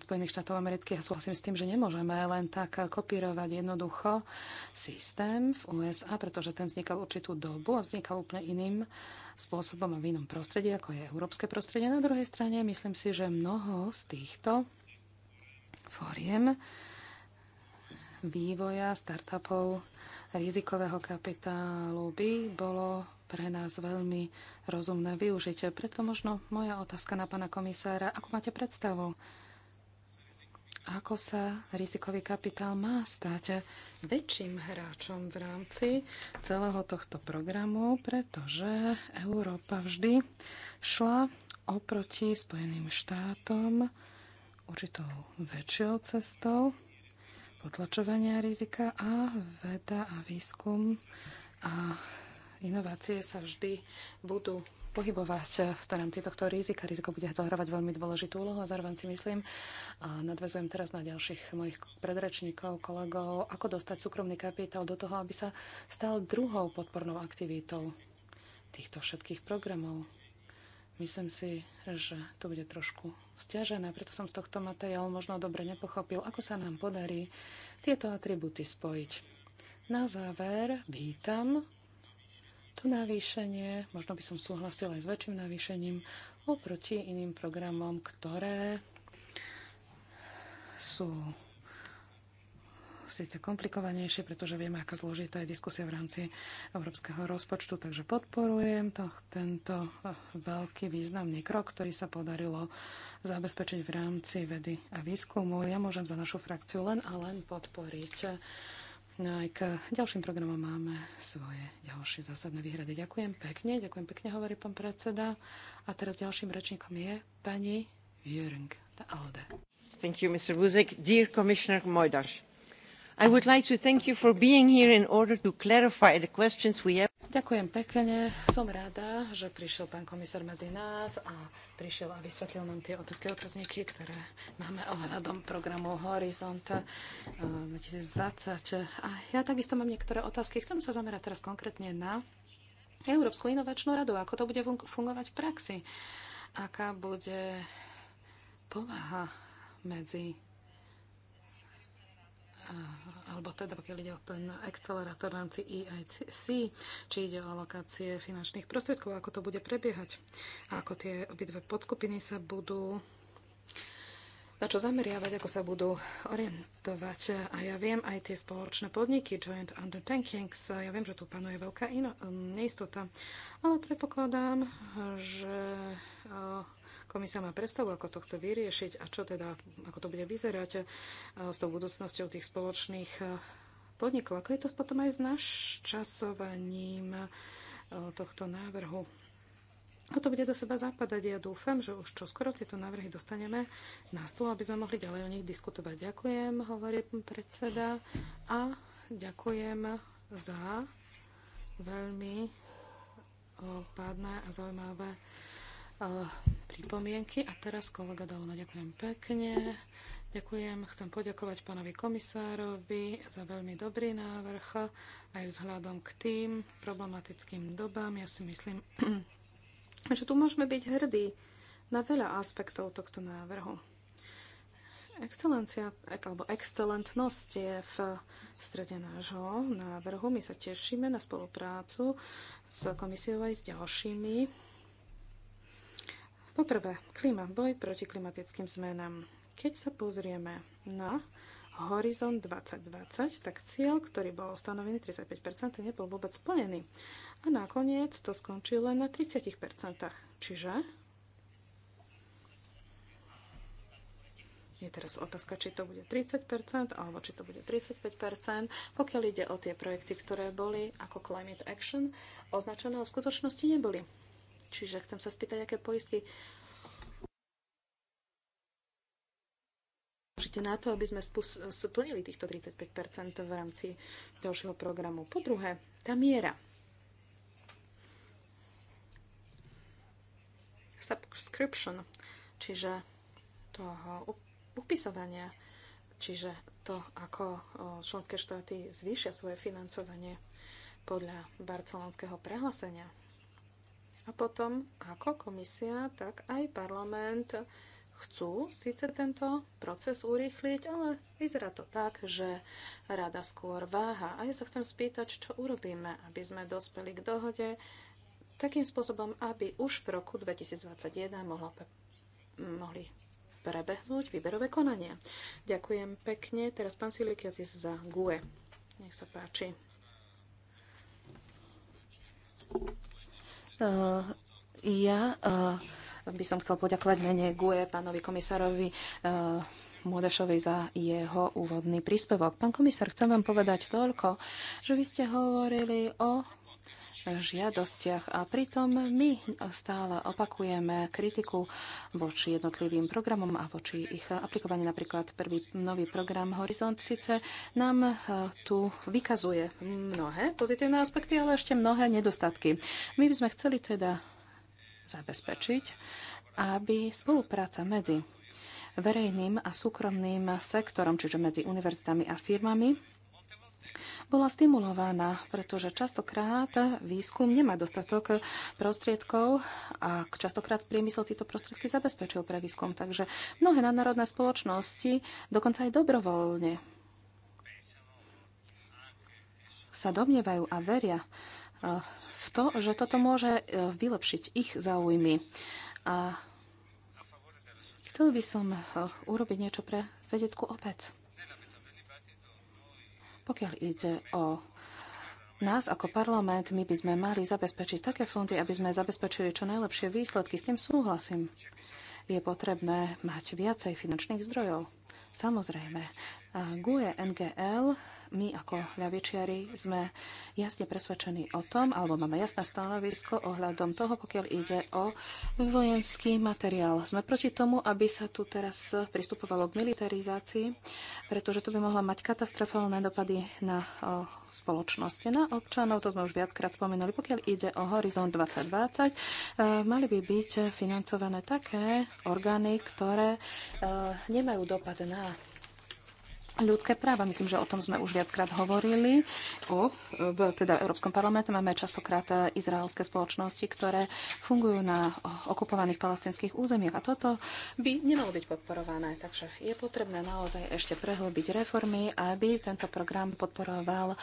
Spojených štátov amerických a súhlasím s tým, že nemôžeme len tak kopírovať jednoducho systém v USA, pretože ten vznikal určitú dobu a vznikal úplne iným spôsobom a v inom prostredí, ako je európske prostredie. Na druhej strane myslím si, že mnoho z týchto fóriem vývoja startupov rizikového kapitálu by bolo pre nás veľmi rozumné využitie. Preto možno moja otázka na pána komisára, ako máte predstavu, ako sa rizikový kapitál má stať väčším hráčom v rámci celého tohto programu, pretože Európa vždy šla oproti Spojeným štátom určitou väčšou cestou potlačovania rizika a veda a výskum a Inovácie sa vždy budú pohybovať v rámci tohto rizika. Riziko bude zohrávať veľmi dôležitú úlohu a zároveň si myslím, a nadvezujem teraz na ďalších mojich predrečníkov, kolegov, ako dostať súkromný kapitál do toho, aby sa stal druhou podpornou aktivitou týchto všetkých programov. Myslím si, že to bude trošku stiažené, preto som z tohto materiálu možno dobre nepochopil, ako sa nám podarí tieto atributy spojiť. Na záver vítam to navýšenie, možno by som súhlasila aj s väčším navýšením, oproti iným programom, ktoré sú síce komplikovanejšie, pretože vieme, aká zložitá je diskusia v rámci európskeho rozpočtu, takže podporujem to, tento veľký významný krok, ktorý sa podarilo zabezpečiť v rámci vedy a výskumu. Ja môžem za našu frakciu len a len podporiť No aj k ďalším programom máme svoje ďalšie zásadné výhrady. Ďakujem pekne, ďakujem pekne, hovorí pán predseda. A teraz ďalším rečníkom je pani Jürgen Alde. Thank you, Mr. Buzek. Dear Commissioner Mojdaš, I would like to thank you for being here in order to clarify the questions we have. Ďakujem pekne. Som rada, že prišiel pán komisár medzi nás a prišiel a vysvetlil nám tie otázky otázniky, ktoré máme ohľadom programu Horizont 2020. Eh, a ja takisto mám niektoré otázky. Chcem sa zamerať teraz konkrétne na Európsku inovačnú radu. Ako to bude fungovať v praxi? Aká bude povaha medzi alebo teda pokiaľ ide o ten akcelerátor v rámci EIC, či ide o alokácie finančných prostriedkov, ako to bude prebiehať a ako tie obidve podskupiny sa budú na čo zameriavať, ako sa budú orientovať. A ja viem aj tie spoločné podniky, joint undertakings, ja viem, že tu panuje veľká ino- um, neistota, ale predpokladám, že uh, komisia má predstavu, ako to chce vyriešiť a čo teda, ako to bude vyzerať e, s tou budúcnosťou tých spoločných e, podnikov. Ako je to potom aj s naščasovaním e, tohto návrhu? A to bude do seba zapadať. Ja dúfam, že už čoskoro tieto návrhy dostaneme na stôl, aby sme mohli ďalej o nich diskutovať. Ďakujem, hovorí predseda. A ďakujem za veľmi pádne a zaujímavé pripomienky. A teraz kolega Dalona, ďakujem pekne. Ďakujem, chcem poďakovať pánovi komisárovi za veľmi dobrý návrh aj vzhľadom k tým problematickým dobám. Ja si myslím, *clears throat* že tu môžeme byť hrdí na veľa aspektov tohto návrhu. Excelencia, alebo excelentnosť je v strede nášho návrhu. My sa tešíme na spoluprácu s komisiou aj s ďalšími Poprvé, klíma, boj proti klimatickým zmenám. Keď sa pozrieme na Horizont 2020, tak cieľ, ktorý bol stanovený 35%, nebol vôbec splnený. A nakoniec to skončilo len na 30%. Čiže je teraz otázka, či to bude 30% alebo či to bude 35%, pokiaľ ide o tie projekty, ktoré boli ako Climate Action označené, v skutočnosti neboli. Čiže chcem sa spýtať, aké poisty. použite na to, aby sme splnili týchto 35 v rámci ďalšieho programu. Po druhé, tá miera. Subscription, čiže toho upisovania, čiže to, ako členské štáty zvýšia svoje financovanie podľa barcelonského prehlásenia. A potom, ako komisia, tak aj parlament chcú síce tento proces urýchliť, ale vyzerá to tak, že rada skôr váha. A ja sa chcem spýtať, čo urobíme, aby sme dospeli k dohode takým spôsobom, aby už v roku 2021 mohla mohli prebehnúť výberové konania. Ďakujem pekne. Teraz pán Silikiotis za GUE. Nech sa páči. Eh, ja eh, by som chcel poďakovať mene GUE pánovi komisárovi eh, Modešovi za jeho úvodný príspevok. Pán komisár, chcem vám povedať toľko, že vy ste hovorili o žiadostiach. A pritom my stále opakujeme kritiku voči jednotlivým programom a voči ich aplikovaní. Napríklad prvý nový program Horizont síce nám eh, tu vykazuje mnohé pozitívne aspekty, ale ešte mnohé nedostatky. My by sme chceli teda zabezpečiť, aby spolupráca medzi verejným a súkromným sektorom, čiže medzi univerzitami a firmami, bola stimulovaná, pretože častokrát výskum nemá dostatok prostriedkov a častokrát priemysel tieto prostriedky zabezpečil pre výskum. Takže mnohé nadnárodné spoločnosti, dokonca aj dobrovoľne, sa domnievajú a veria eh, v to, že toto môže eh, vylepšiť ich záujmy. A chcel by som eh, urobiť niečo pre vedeckú obec pokiaľ ide o nás ako parlament, my by sme mali zabezpečiť také fondy, aby sme zabezpečili čo najlepšie výsledky. S tým súhlasím. Je potrebné mať viacej finančných zdrojov. Samozrejme, GUE NGL, my ako ľavičiari sme jasne presvedčení o tom, alebo máme jasné stanovisko ohľadom toho, pokiaľ ide o vojenský materiál. Sme proti tomu, aby sa tu teraz pristupovalo k militarizácii, pretože to by mohla mať katastrofálne dopady na spoločnosti, na občanov, to sme už viackrát spomenuli, pokiaľ ide o Horizont 2020, eh, mali by byť financované také orgány, ktoré eh, nemajú dopad na ľudské práva. Myslím, že o tom sme už viackrát hovorili. O, v teda Európskom parlamente máme častokrát e, izraelské spoločnosti, ktoré fungujú na okupovaných palestinských územiach. A toto by nemalo byť podporované. Takže je potrebné naozaj ešte prehlbiť reformy, aby tento program podporoval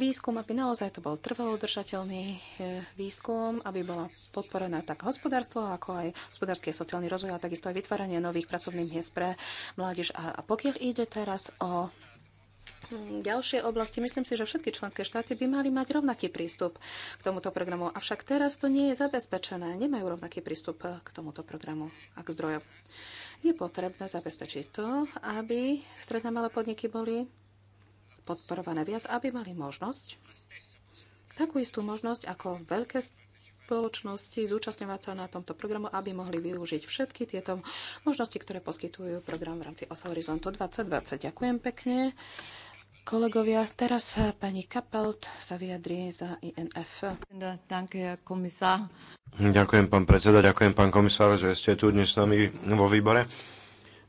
výskum, aby naozaj to bol trvalo udržateľný e, výskum, aby bola podporená tak hospodárstvo, ako aj hospodársky a sociálny rozvoj, a takisto aj vytváranie nových pracovných miest pre mládež. A pokiaľ ide teraz o toho. Hm, ďalšie oblasti. Myslím si, že všetky členské štáty by mali mať rovnaký prístup k tomuto programu. Avšak teraz to nie je zabezpečené. Nemajú rovnaký prístup eh, k tomuto programu a k zdrojom. Je potrebné zabezpečiť to, aby stredné malé podniky boli podporované viac, aby mali možnosť, takú istú možnosť ako veľké spoločnosti zúčastňovať sa na tomto programu, aby mohli využiť všetky tieto možnosti, ktoré poskytujú program v rámci OSA Horizontu 2020. Ďakujem pekne. Kolegovia, teraz pani Kapelt sa vyjadrí za INF. Ďakujem, pán predseda, ďakujem, pán komisár, že ste tu dnes s nami vo výbore.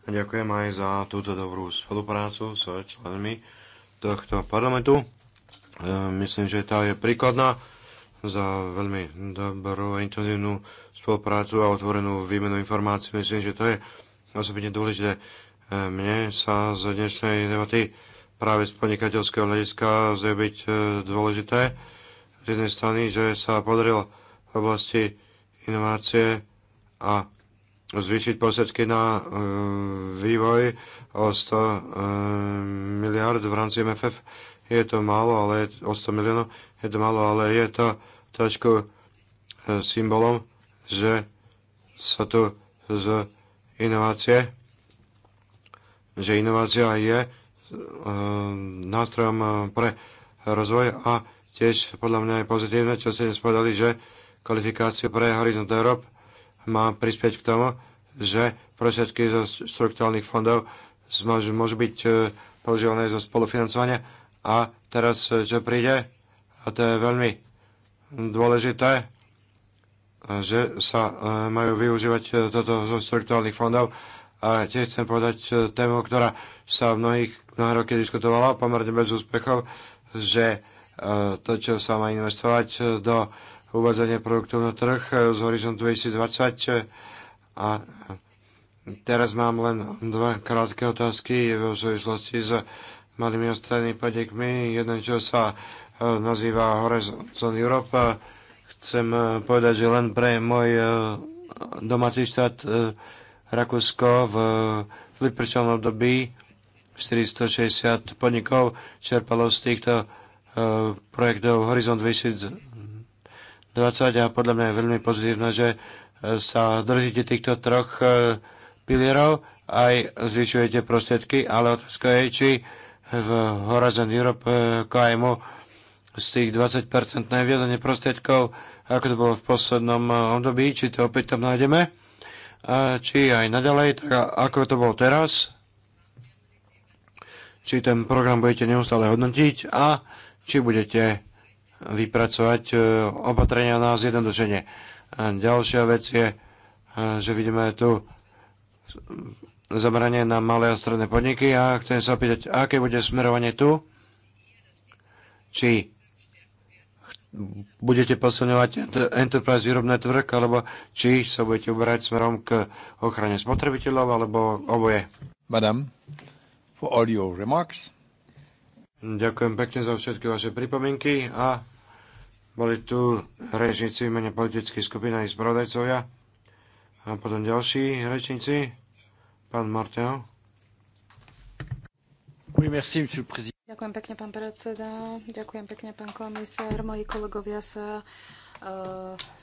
A ďakujem aj za túto dobrú spoluprácu s členmi tohto parlamentu. E, myslím, že tá je príkladná za veľmi dobrú a intenzívnu spoluprácu a otvorenú výmenu informácií. Myslím, že to je osobitne dôležité. E, mne sa z dnešnej debaty práve z podnikateľského hľadiska zje byť e, dôležité. Z jednej strany, že sa podarilo v oblasti inovácie a zvýšiť prostriedky na e, vývoj o 100 miliard v rámci MFF. Je to málo, ale je, o 100 miliónov je to málo, ale je to trošku e, symbolom, že sa tu z inovácie, že inovácia je e, nástrojom e, pre rozvoj a tiež podľa mňa je pozitívne, čo ste dnes povedali, že kvalifikácia pre Horizont Europe má prispieť k tomu, že prosiedky zo štruktúrnych fondov môžu byť používané zo spolufinancovania a teraz, čo príde, a to je veľmi dôležité, že sa e, majú využívať e, toto zo strukturálnych fondov. A tiež chcem povedať e, tému, ktorá sa v mnohých, mnohé roky diskutovala, pomerne bez úspechov, že to, čo sa má investovať do uvádzania produktov na trh z horizontu 2020 a Teraz mám len dva krátke otázky v súvislosti s malými a strednými podnikmi. Jeden, čo sa E, nazýva Horizon Europe. Chcem e, povedať, že len pre môj e, domáci štát Rakúsko v vypršom období 460 podnikov čerpalo z týchto projektov Horizon 2020 a podľa mňa je veľmi pozitívne, že sa držíte týchto troch pilierov, aj zvyšujete prostriedky, ale otázka je, či v Horizon Europe KMU z tých 20% viazanie prostriedkov, ako to bolo v poslednom eh, období, či to opäť tam nájdeme, a či aj naďalej, tak ako to bolo teraz, či ten program budete neustále hodnotiť a či budete vypracovať eh, opatrenia na zjednodušenie. A ďalšia vec je, eh, že vidíme tu zameranie na malé a stredné podniky a chcem sa opýtať, aké bude smerovanie tu, či budete posilňovať Enterprise Europe Network, alebo či sa budete uberať smerom k ochrane spotrebiteľov, alebo oboje. Madam, for all your remarks. Ďakujem pekne za všetky vaše pripomienky a boli tu rečníci v mene politických skupín i spravodajcovia a potom ďalší rečníci, pán Martel. Ďakujem pekne, pán predseda. Ďakujem pekne, pán komisár. Moji kolegovia sa E,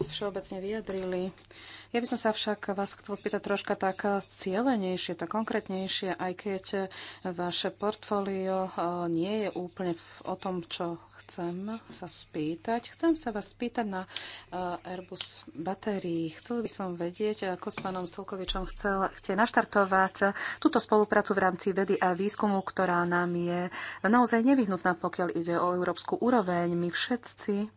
všeobecne vyjadrili. Ja by som sa však vás chcel spýtať troška tak cieľenejšie, tak konkrétnejšie, aj keď vaše portfólio e, nie je úplne o tom, čo chcem sa spýtať. Chcem sa vás spýtať na e, Airbus batérií. Chcel by som vedieť, ako s pánom Solkovičom chcel, chce naštartovať túto spoluprácu v rámci vedy a výskumu, ktorá nám je naozaj nevyhnutná, pokiaľ ide o európsku úroveň. My všetci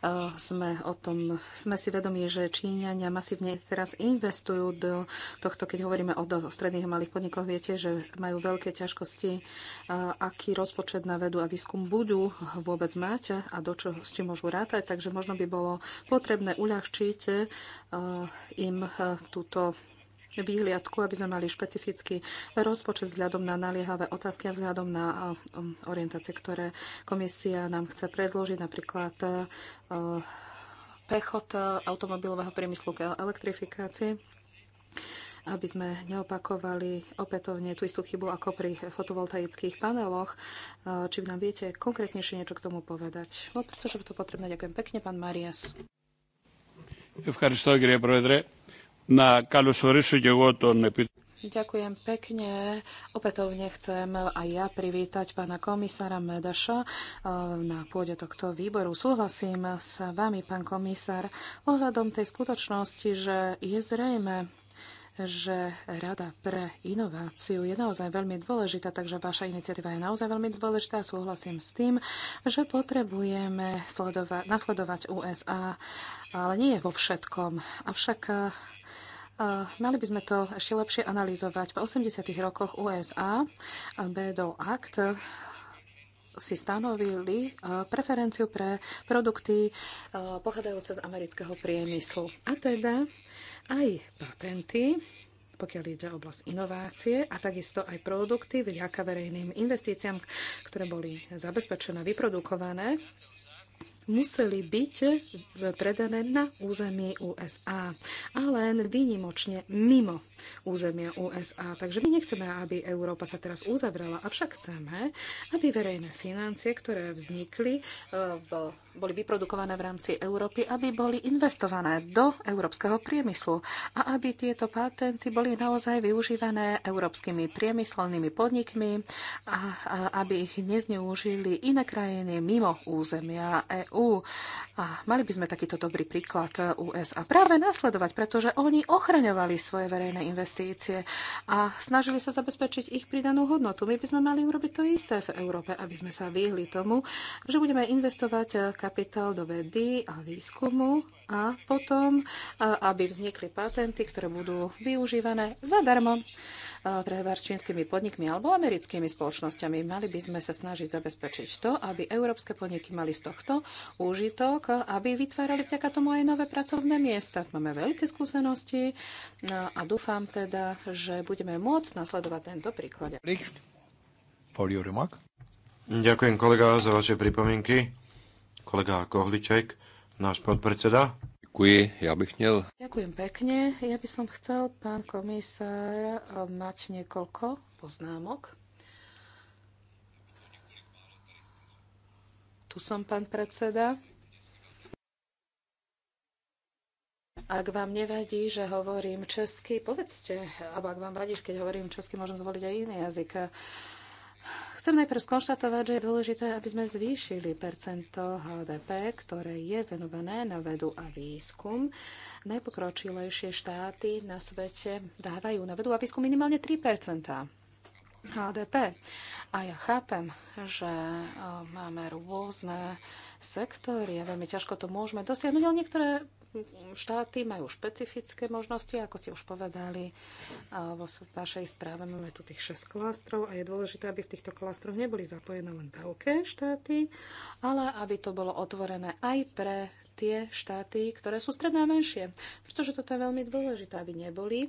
Eh, sme o tom, sme si vedomi, že Číňania masívne teraz investujú do tohto, keď hovoríme o stredných a malých podnikoch, viete, že majú veľké ťažkosti, eh, aký rozpočet na vedu a výskum budú vôbec mať a do čo s čím môžu rátať, takže možno by bolo potrebné uľahčiť eh, im túto výhliadku, aby sme mali špecifický rozpočet vzhľadom na naliehavé otázky a vzhľadom na um, orientácie, ktoré komisia nám chce predložiť, napríklad prechod automobilového priemyslu k elektrifikácii aby sme neopakovali opätovne tú istú chybu ako pri fotovoltaických paneloch. Či nám viete konkrétnejšie niečo k tomu povedať? No, pretože to potrebné. Ďakujem pekne, pán Marias. Ďakujem pekne. Opätovne chcem aj ja privítať pána komisára Medaša eh, na pôde tohto výboru. Súhlasím s vami, pán komisár, ohľadom tej skutočnosti, že je zrejme, že Rada pre inováciu je naozaj veľmi dôležitá, takže vaša iniciatíva je naozaj veľmi dôležitá. Súhlasím s tým, že potrebujeme nasledovať USA, ale nie vo všetkom. Avšak eh, Mali by sme to ešte lepšie analyzovať. V 80. rokoch USA Bedo Act si stanovili e, preferenciu pre produkty e, pochádzajúce z amerického priemyslu. A teda aj patenty pokiaľ ide o oblasť inovácie a takisto aj produkty vďaka verejným investíciám, ktoré boli zabezpečené, vyprodukované museli byť predané na územie USA, ale len výnimočne mimo územia USA. Takže my nechceme, aby Európa sa teraz uzavrela, avšak chceme, aby verejné financie, ktoré vznikli eh, v boli vyprodukované v rámci Európy, aby boli investované do európskeho priemyslu a aby tieto patenty boli naozaj využívané európskymi priemyselnými podnikmi a, aby ich nezneužili iné krajiny mimo územia EÚ. A mali by sme takýto dobrý príklad USA práve nasledovať, pretože oni ochraňovali svoje verejné investície a snažili sa zabezpečiť ich pridanú hodnotu. My by sme mali urobiť to isté v Európe, aby sme sa vyhli tomu, že budeme investovať kapitál do vedy a výskumu a potom, aby vznikli patenty, ktoré budú využívané zadarmo s čínskymi podnikmi alebo americkými spoločnosťami. Mali by sme sa snažiť zabezpečiť to, aby európske podniky mali z tohto úžitok, aby vytvárali vďaka tomu aj nové pracovné miesta. Máme veľké skúsenosti no a dúfam teda, že budeme môcť nasledovať tento príklad. Ďakujem kolega za vaše pripomienky kolega Kohliček, náš podpredseda. Ďakujem, ja bych chcel. Ďakujem pekne. Ja by som chcel, pán komisár, mať niekoľko poznámok. Tu som, pán predseda. Ak vám nevadí, že hovorím česky, povedzte, alebo ak vám vadíš, keď hovorím česky, môžem zvoliť aj iný jazyk. Chcem najprv skonštatovať, že je dôležité, aby sme zvýšili percento HDP, ktoré je venované na vedu a výskum. Najpokročilejšie štáty na svete dávajú na vedu a výskum minimálne 3 HDP. A ja chápem, že eh, máme rôzne sektory a veľmi ťažko to môžeme dosiahnuť, ale niektoré štáty majú špecifické možnosti, ako ste už povedali vo vašej správe. Máme tu tých 6 klastrov a je dôležité, aby v týchto klastroch neboli zapojené len veľké štáty, ale aby to bolo otvorené aj pre tie štáty, ktoré sú stredné a menšie. Pretože toto je veľmi dôležité, aby neboli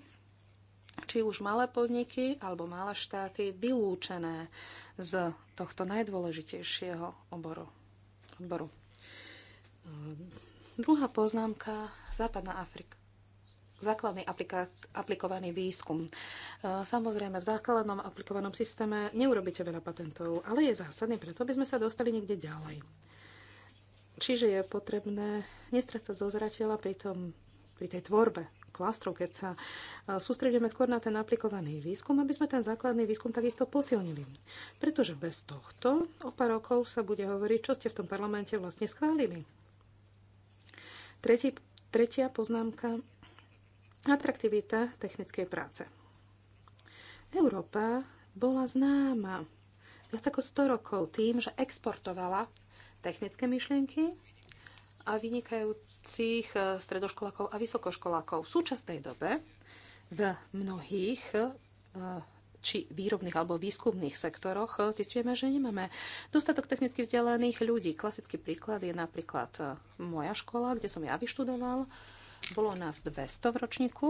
či už malé podniky alebo malé štáty vylúčené z tohto najdôležitejšieho oboru. odboru. Druhá poznámka, Západná Afrika základný aplikát, aplikovaný výskum. E, samozrejme, v základnom aplikovanom systéme neurobíte veľa patentov, ale je zásadný, preto by sme sa dostali niekde ďalej. Čiže je potrebné nestracať zo zrateľa pri, tom, pri tej tvorbe klastrov, keď sa e, sústredíme skôr na ten aplikovaný výskum, aby sme ten základný výskum takisto posilnili. Pretože bez tohto o pár rokov sa bude hovoriť, čo ste v tom parlamente vlastne schválili Tretí, tretia poznámka. Atraktivita technickej práce. Európa bola známa viac ako 100 rokov tým, že exportovala technické myšlienky a vynikajúcich e, stredoškolákov a vysokoškolákov. V súčasnej dobe v mnohých e, či výrobných alebo výskumných sektoroch, e, zistujeme, že nemáme dostatok technicky vzdelaných ľudí. Klasický príklad je napríklad e, moja škola, kde som ja vyštudoval. Bolo nás 200 v ročníku.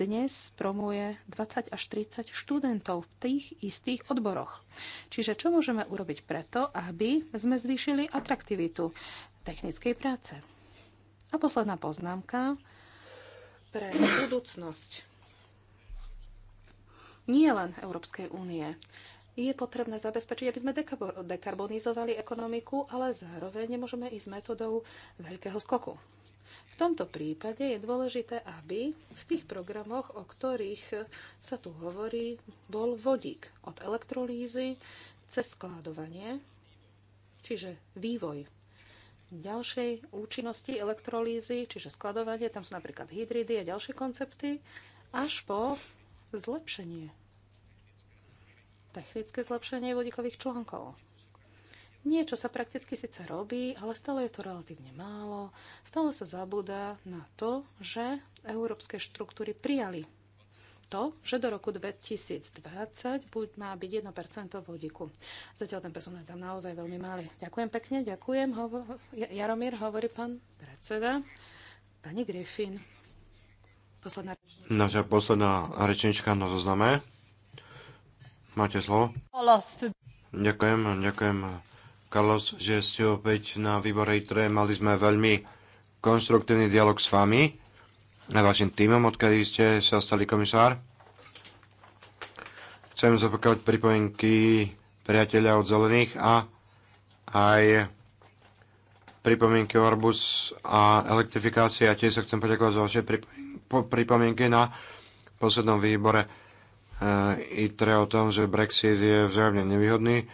Dnes promuje 20 až 30 študentov v tých istých odboroch. Čiže čo môžeme urobiť preto, aby sme zvýšili atraktivitu technickej práce? A posledná poznámka pre budúcnosť nie len Európskej únie. Je potrebné zabezpečiť, aby sme dekarbonizovali ekonomiku, ale zároveň nemôžeme ísť metodou veľkého skoku. V tomto prípade je dôležité, aby v tých programoch, o ktorých sa tu hovorí, bol vodík od elektrolízy cez skladovanie, čiže vývoj ďalšej účinnosti elektrolízy, čiže skladovanie, tam sú napríklad hydridy a ďalšie koncepty, až po zlepšenie. Technické zlepšenie vodíkových článkov. Niečo sa prakticky síce robí, ale stále je to relatívne málo. Stále sa zabúda na to, že európske štruktúry prijali to, že do roku 2020 buď má byť 1% vodíku. Zatiaľ ten personál tam naozaj veľmi malý. Ďakujem pekne, ďakujem. Hovo- Jaromír, hovorí pán predseda. Pani Griffin posledná Naša posledná rečnička na zozname. Máte slovo. Ďakujem, ďakujem. Carlos, že ste opäť na výbore ITRE. Mali sme veľmi konštruktívny dialog s vami a vašim týmom, odkedy ste sa stali komisár. Chcem zopakovať pripomienky priateľa od zelených a aj pripomienky o Arbus a elektrifikácie. A tiež sa chcem poďakovať za vaše pripomienky pripomienky na poslednom výbore eh, ITRE o tom, že Brexit je vzájomne nevýhodný.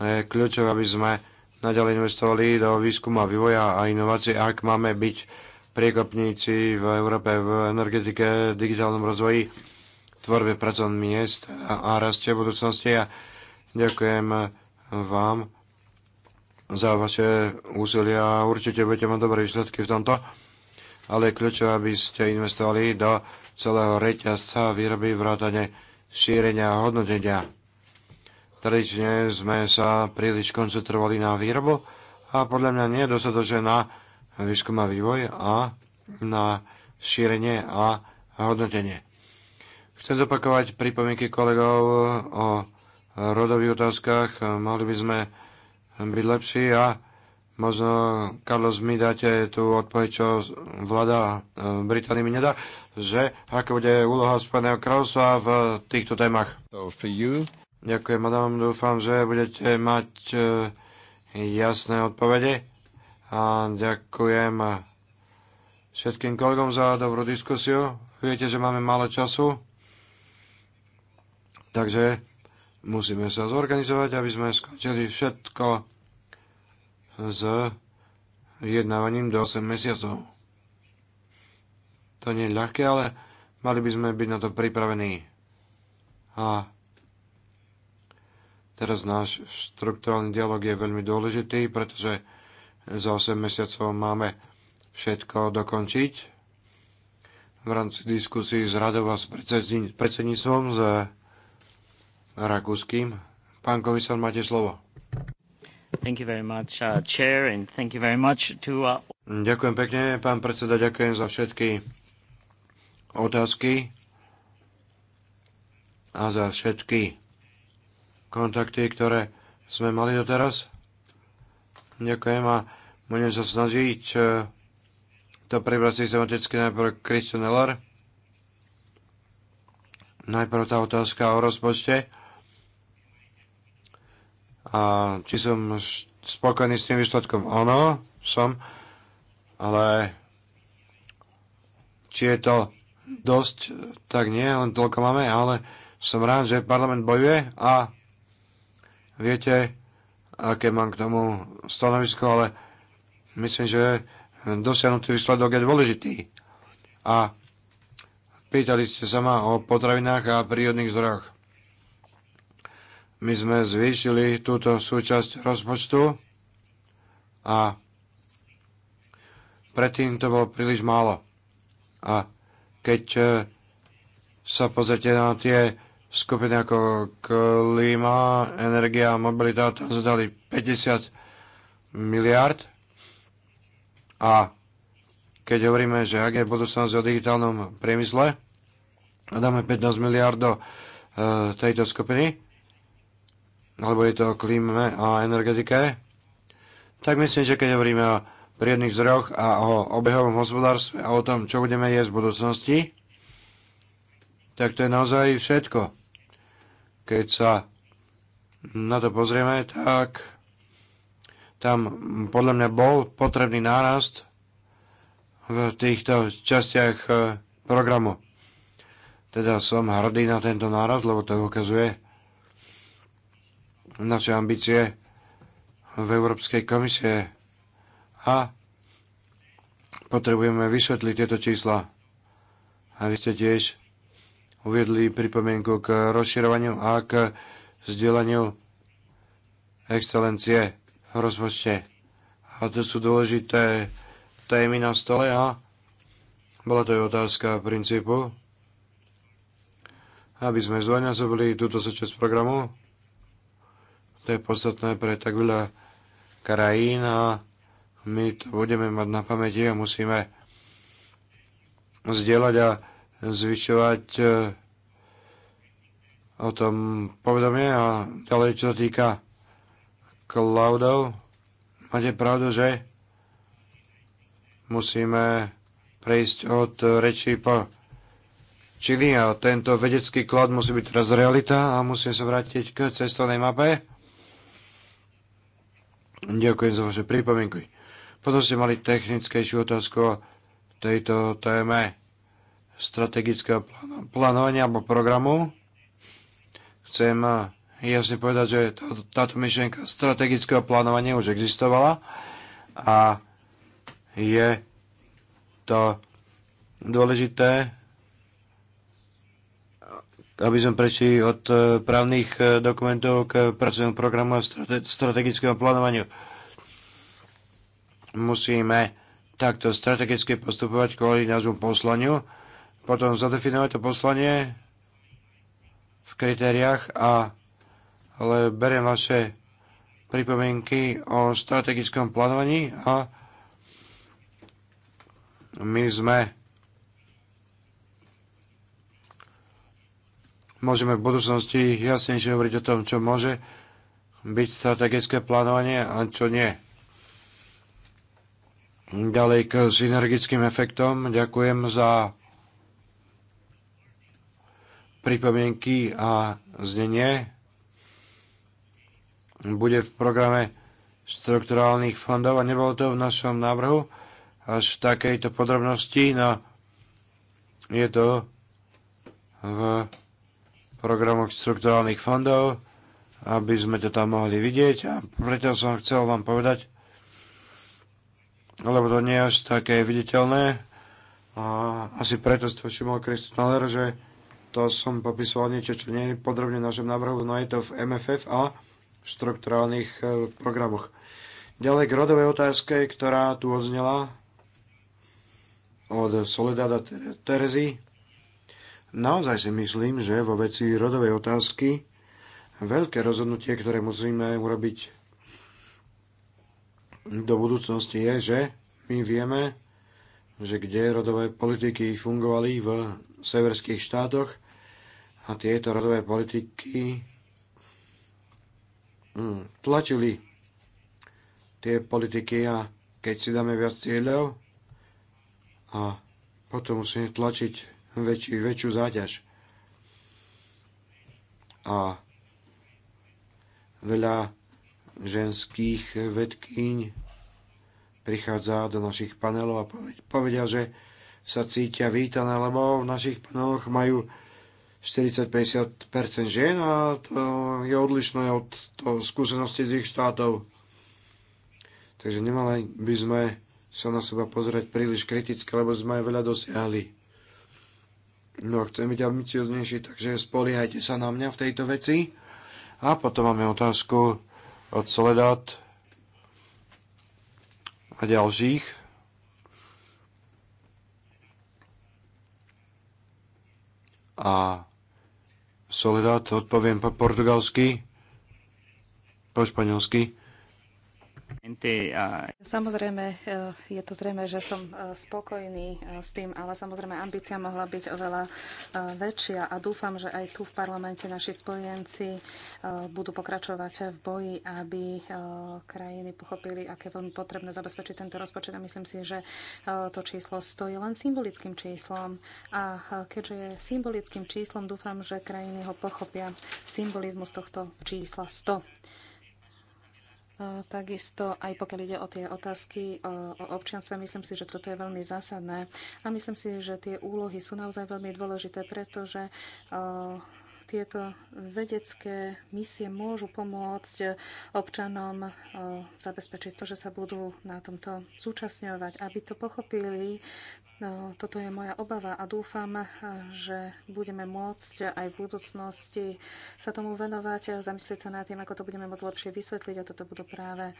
Je kľúčové, aby sme naďalej investovali do výskuma, vývoja a inovácií, ak máme byť priekopníci v Európe v energetike, digitálnom rozvoji, tvorbe pracovných miest a, a raste budúcnosti. A ďakujem vám za vaše úsilia. Určite budete mať dobré výsledky v tomto ale je kľúčové, aby ste investovali do celého reťazca výroby vrátane šírenia a hodnotenia. Tradične sme sa príliš koncentrovali na výrobu a podľa mňa nie dostatočne na výskum a vývoj a na šírenie a hodnotenie. Chcem zopakovať pripomienky kolegov o rodových otázkach. Mohli by sme byť lepší a Možno, Carlos, mi dáte tú odpoveď, čo vláda e, Británii mi nedá, že aká bude úloha Spojeného kráľovstva v týchto témach. Ďakujem, madam. Dúfam, že budete mať e, jasné odpovede. A ďakujem všetkým kolegom za dobrú diskusiu. Viete, že máme málo času, takže musíme sa zorganizovať, aby sme skončili všetko s vyjednávaním do 8 mesiacov. To nie je ľahké, ale mali by sme byť na to pripravení. A teraz náš štruktúrálny dialog je veľmi dôležitý, pretože za 8 mesiacov máme všetko dokončiť v rámci diskusí s radou a s predsedníctvom, s rakúským. Pán komisár, máte slovo. Uh, uh, ďakujem pekne, pán predseda, ďakujem za všetky otázky a za všetky kontakty, ktoré sme mali doteraz. Ďakujem a budem sa snažiť uh, to prebrať systematicky najprv Christian Eller. Najprv tá otázka o rozpočte. A či som spokojný s tým výsledkom? Áno, som, ale či je to dosť, tak nie, len toľko máme, ale som rád, že parlament bojuje a viete, aké mám k tomu stanovisko, ale myslím, že dosiahnutý výsledok je dôležitý. A pýtali ste sa ma o potravinách a prírodných zdrojoch my sme zvýšili túto súčasť rozpočtu a predtým to bolo príliš málo. A keď e, sa pozrite na tie skupiny ako klíma, energia a mobilita, tam sa dali 50 miliard. A keď hovoríme, že ak je budúcnosť o digitálnom priemysle, dáme 15 miliard do e, tejto skupiny, alebo je to o klíme a energetike, tak myslím, že keď hovoríme o prírodných zdrojoch a o obehovom hospodárstve a o tom, čo budeme jesť v budúcnosti, tak to je naozaj všetko. Keď sa na to pozrieme, tak tam podľa mňa bol potrebný nárast v týchto častiach eh, programu. Teda som hrdý na tento nárast, lebo to ukazuje, naše ambície v Európskej komisie a potrebujeme vysvetliť tieto čísla. A vy ste tiež uviedli pripomienku k rozširovaniu a k vzdelaniu excelencie v rozpočte. A to sú dôležité témy na stole a bola to aj otázka princípu, aby sme zdvojnásobili túto súčasť programu to je podstatné pre tak veľa krajín a my to budeme mať na pamäti a musíme zdieľať a zvyšovať e, o tom povedomie a ďalej, čo sa týka cloudov, máte pravdu, že musíme prejsť od rečí po čili a tento vedecký cloud musí byť teraz realita a musím sa vrátiť k cestovnej mape Ďakujem za vaše pripomienky. Potom ste mali technickejšiu otázku o tejto téme strategického plánovania alebo programu. Chcem eh, jasne povedať, že táto myšlienka strategického plánovania už existovala a je to dôležité aby sme prešli od e, právnych e, dokumentov k pracovnému programu a strategickému plánovaniu. Musíme takto strategicky postupovať kvôli nášmu poslaniu, potom zadefinovať to poslanie v kritériách a ale beriem vaše pripomienky o strategickom plánovaní a my sme môžeme v budúcnosti jasnejšie hovoriť o tom, čo môže byť strategické plánovanie a čo nie. Ďalej k synergickým efektom. Ďakujem za pripomienky a znenie. Bude v programe štrukturálnych fondov a nebolo to v našom návrhu až v takejto podrobnosti, no je to v programoch štrukturálnych fondov, aby sme to tam mohli vidieť a preto som chcel vám povedať, lebo to nie je až také viditeľné a asi preto ste všimol Kristnaler, že to som popisoval niečo, čo nie je podrobne v našom návrhu, no je to v MFF a v štruktúrálnych e, programoch. Ďalej k rodovej otázke, ktorá tu odznela od Soledada Terezy. Naozaj si myslím, že vo veci rodovej otázky veľké rozhodnutie, ktoré musíme urobiť do budúcnosti je, že my vieme, že kde rodové politiky fungovali v severských štátoch a tieto rodové politiky hm, tlačili tie politiky a keď si dáme viac cieľov a potom musíme tlačiť väčší, väčšiu záťaž. A veľa ženských vedkýň prichádza do našich panelov a povedia, že sa cítia vítané, lebo v našich paneloch majú 40-50% žien a to je odlišné od to skúsenosti z ich štátov. Takže nemali by sme sa na seba pozerať príliš kriticky, lebo sme aj veľa dosiahli. No, chcem byť ambicioznejší, takže spoliehajte sa na mňa v tejto veci. A potom máme otázku od Soledad a ďalších. A Soledad odpoviem po portugalsky, po španielsky. Samozrejme, eh, je to zrejme, že som eh, spokojný eh, s tým, ale samozrejme ambícia mohla byť oveľa väčšia a dúfam, že aj tu v parlamente naši spojenci budú pokračovať v boji, aby krajiny pochopili, aké je veľmi potrebné zabezpečiť tento rozpočet a myslím si, že to číslo stojí len symbolickým číslom a keďže je symbolickým číslom, dúfam, že krajiny ho pochopia symbolizmus tohto čísla 100 Takisto aj pokiaľ ide o tie otázky e, o občianstve, myslím si, že toto je veľmi zásadné. A myslím si, že tie úlohy sú naozaj veľmi dôležité, pretože e, tieto vedecké misie môžu pomôcť eh, občanom eh, zabezpečiť to, že sa budú na tomto zúčastňovať, aby to pochopili. No, toto je moja obava a dúfam, eh, že budeme môcť aj v budúcnosti sa tomu venovať, a zamyslieť sa nad tým, ako to budeme môcť lepšie vysvetliť a toto budú práve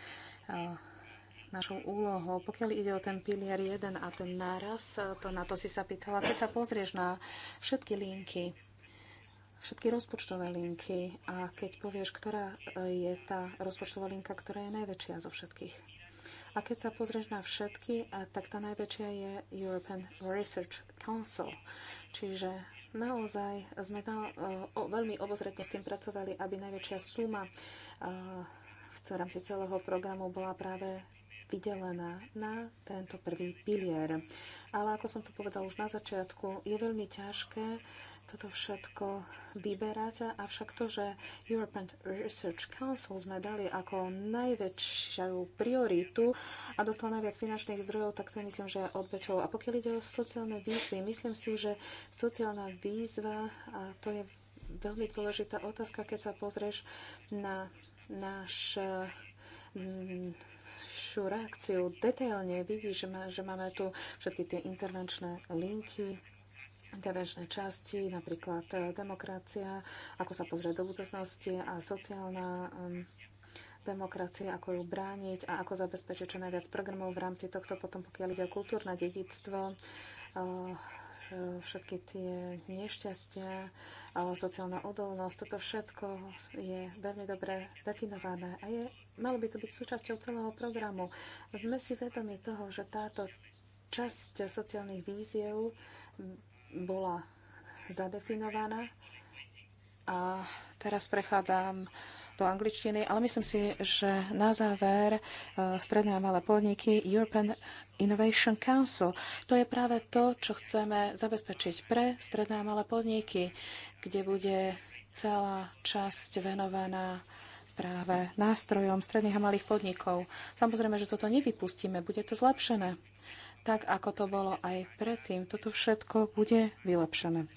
našou úlohou. Pokiaľ ide o ten pilier 1 a ten náraz, to na to si sa pýtala, keď sa pozrieš na všetky linky, všetky rozpočtové linky a keď povieš, ktorá e, je tá rozpočtová linka, ktorá je najväčšia zo všetkých. A keď sa pozrieš na všetky, e, tak tá najväčšia je European Research Council. Čiže naozaj sme na, e, o, veľmi obozretne s tým pracovali, aby najväčšia suma v rámci celého programu bola práve vydelená na tento prvý pilier. Ale ako som to povedal už na začiatku, je veľmi ťažké toto všetko vyberať, avšak to, že European Research Council sme dali ako najväčšiu prioritu a dostal najviac finančných zdrojov, tak to je myslím, že odbeťou. A pokiaľ ide o sociálne výzvy, myslím si, že sociálna výzva, a to je veľmi dôležitá otázka, keď sa pozrieš na náš vašu reakciu detailne vidí, že, má, že máme tu všetky tie intervenčné linky, intervenčné časti, napríklad e, demokracia, ako sa pozrieť do budúcnosti a sociálna um, demokracie, ako ju brániť a ako zabezpečiť čo najviac programov v rámci tohto, potom pokiaľ ide o kultúrne dedictvo, uh, e, e, všetky tie nešťastia, sociálna odolnosť, toto všetko je veľmi dobre definované a je malo by to byť súčasťou celého programu. Sme si vedomi toho, že táto časť sociálnych víziev bola zadefinovaná a teraz prechádzam do angličtiny, ale myslím si, že na záver e, stredné a malé podniky European Innovation Council, to je práve to, čo chceme zabezpečiť pre stredné a malé podniky, kde bude celá časť venovaná práve nástrojom stredných a malých podnikov. Samozrejme, že toto nevypustíme, bude to zlepšené. Tak, ako to bolo aj predtým, toto všetko bude vylepšené.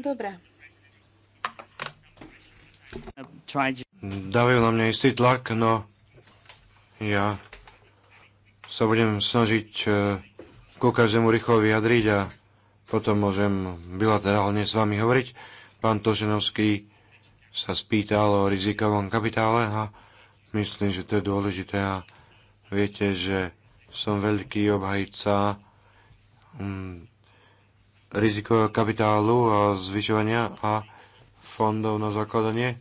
Dobre. Dávajú na mňa istý tlak, no ja sa budem snažiť e, ku každému rýchlo vyjadriť a potom môžem bilaterálne s vami hovoriť. Pán Toženovský sa spýtal o rizikovom kapitále a myslím, že to je dôležité a viete, že som veľký obhajca mm, rizikového kapitálu a zvyšovania a fondov na zakladanie.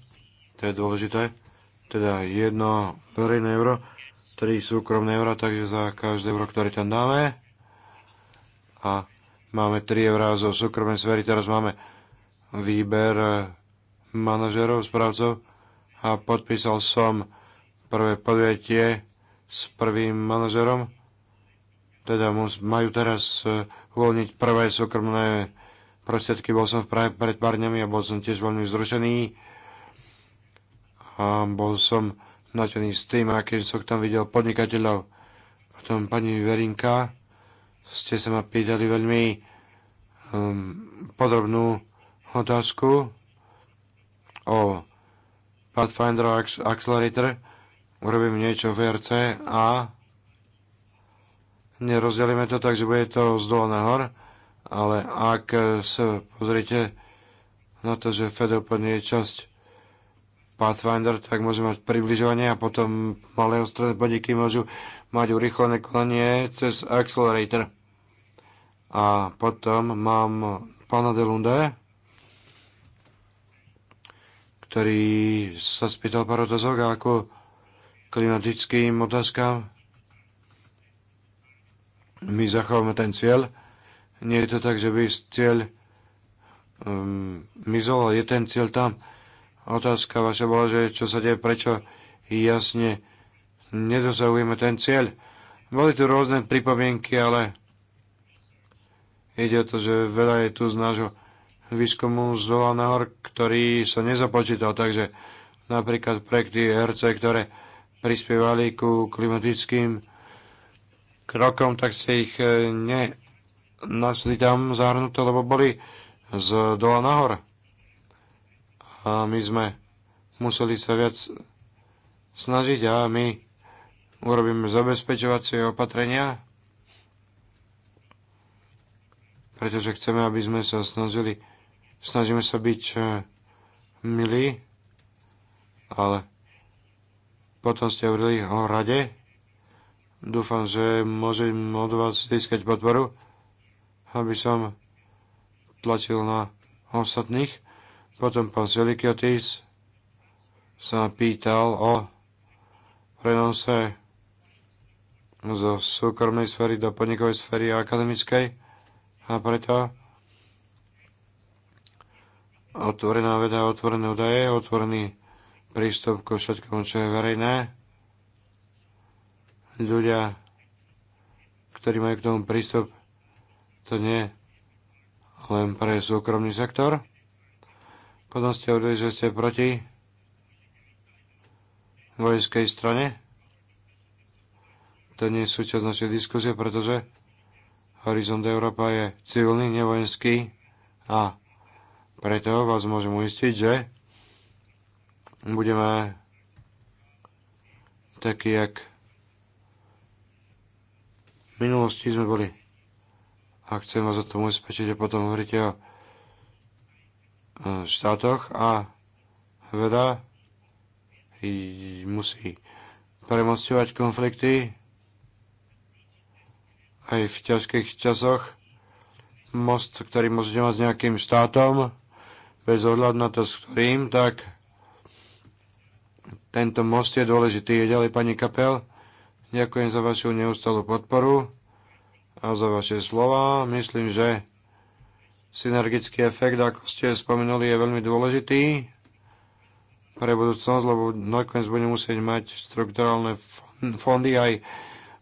To je dôležité. Teda jedno verejné euro, tri súkromné euro, takže za každé euro, ktoré tam dáme. A máme 3 eurá zo súkromnej sféry, teraz máme výber manažerov, správcov a podpísal som prvé podujatie s prvým manažerom. Teda majú teraz e, uvoľniť prvé súkromné prostriedky. Bol som v Prahe pred pár dňami a bol som tiež veľmi vzrušený. A bol som nadšený s tým, akým som tam videl podnikateľov. Potom pani Verinka, ste sa ma pýtali veľmi um, podrobnú otázku o Pathfinder Accelerator, urobím niečo v RC a nerozdelíme to tak, že bude to z dola nahor, ale ak sa pozrite na to, že FedOpen je časť Pathfinder, tak môže mať približovanie a potom malé ostredné podniky môžu mať urychlené konanie cez Accelerator. A potom mám pána Lunde, ktorý sa spýtal pár otázok a ako klimatickým otázkam my zachováme ten cieľ. Nie je to tak, že by cieľ um, mizol, je ten cieľ tam. Otázka vaša bola, že čo sa deje, prečo jasne nedosahujeme ten cieľ. Boli tu rôzne pripomienky, ale ide o to, že veľa je tu z nášho výskumu z dola nahor, ktorý sa nezapočítal. Takže napríklad projekty RC, ktoré prispievali ku klimatickým krokom, tak ste ich e, nenašli tam zahrnuté, lebo boli z dola nahor. A my sme museli sa viac snažiť a my urobíme zabezpečovacie opatrenia, pretože chceme, aby sme sa snažili Snažíme sa byť eh, milí, ale potom ste hovorili o rade. Dúfam, že môžem od vás získať podporu, aby som tlačil na ostatných. Potom pán Silikiotis sa pýtal o prenose zo súkromnej sféry do podnikovej sféry a akademickej a preto otvorená veda, otvorené údaje, otvorený prístup ku všetkému, čo je verejné. Ľudia, ktorí majú k tomu prístup, to nie len pre súkromný sektor. Potom ste hovorili, že ste proti vojenskej strane. To nie je súčasť našej diskusie, pretože Horizont Európa je civilný, nevojenský a preto vás môžem uistiť, že budeme taký jak v minulosti sme boli. A chcem vás o tom uspečiť že potom hovoríte o e, štátoch a veda musí premostovať konflikty aj v ťažkých časoch. Most, ktorý môžete mať s nejakým štátom, bez ohľadu na to, s ktorým, tak tento most je dôležitý. Je ďalej pani Kapel. Ďakujem za vašu neustalú podporu a za vaše slova. Myslím, že synergický efekt, ako ste spomenuli, je veľmi dôležitý pre budúcnosť, lebo nakoniec budeme musieť mať štrukturálne fondy aj